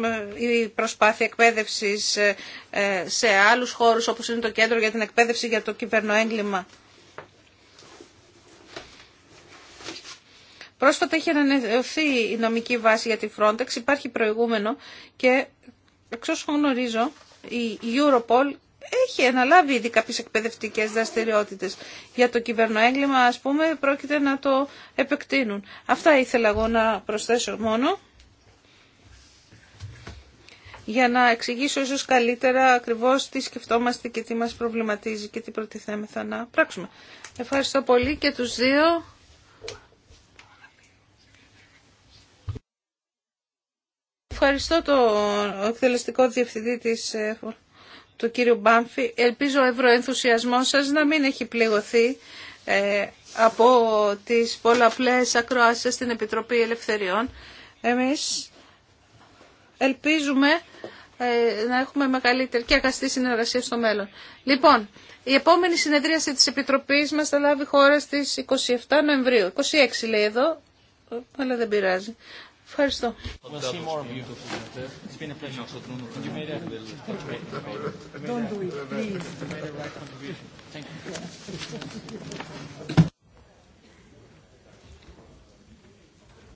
ε, η προσπάθεια εκπαίδευσης ε, ε, σε άλλους χώρους όπως είναι το Κέντρο για την Εκπαίδευση για το Κυβερνοέγκλημα. Πρόσφατα έχει ανανεωθεί η νομική βάση για τη Frontex, υπάρχει προηγούμενο και εξ όσων γνωρίζω η Europol έχει αναλάβει ήδη κάποιες εκπαιδευτικές δραστηριότητες για το κυβερνοέγκλημα, ας πούμε, πρόκειται να το επεκτείνουν. Αυτά ήθελα εγώ να προσθέσω μόνο για να εξηγήσω ίσω καλύτερα ακριβώς τι σκεφτόμαστε και τι μας προβληματίζει και τι προτιθέμεθα να πράξουμε. Ευχαριστώ πολύ και τους δύο. Ευχαριστώ τον εκτελεστικό διευθυντή της ε, του κύριου Μπάμφη. Ελπίζω ο ευρωενθουσιασμός σας να μην έχει πληγωθεί ε, από τις πολλαπλές ακροάσεις στην Επιτροπή Ελευθεριών. Εμείς ελπίζουμε ε, να έχουμε μεγαλύτερη και αγαστή συνεργασία στο μέλλον. Λοιπόν, η επόμενη συνεδρίαση της Επιτροπής μας θα λάβει χώρα στις 27 Νοεμβρίου. 26 λέει εδώ, αλλά δεν πειράζει. Ευχαριστώ.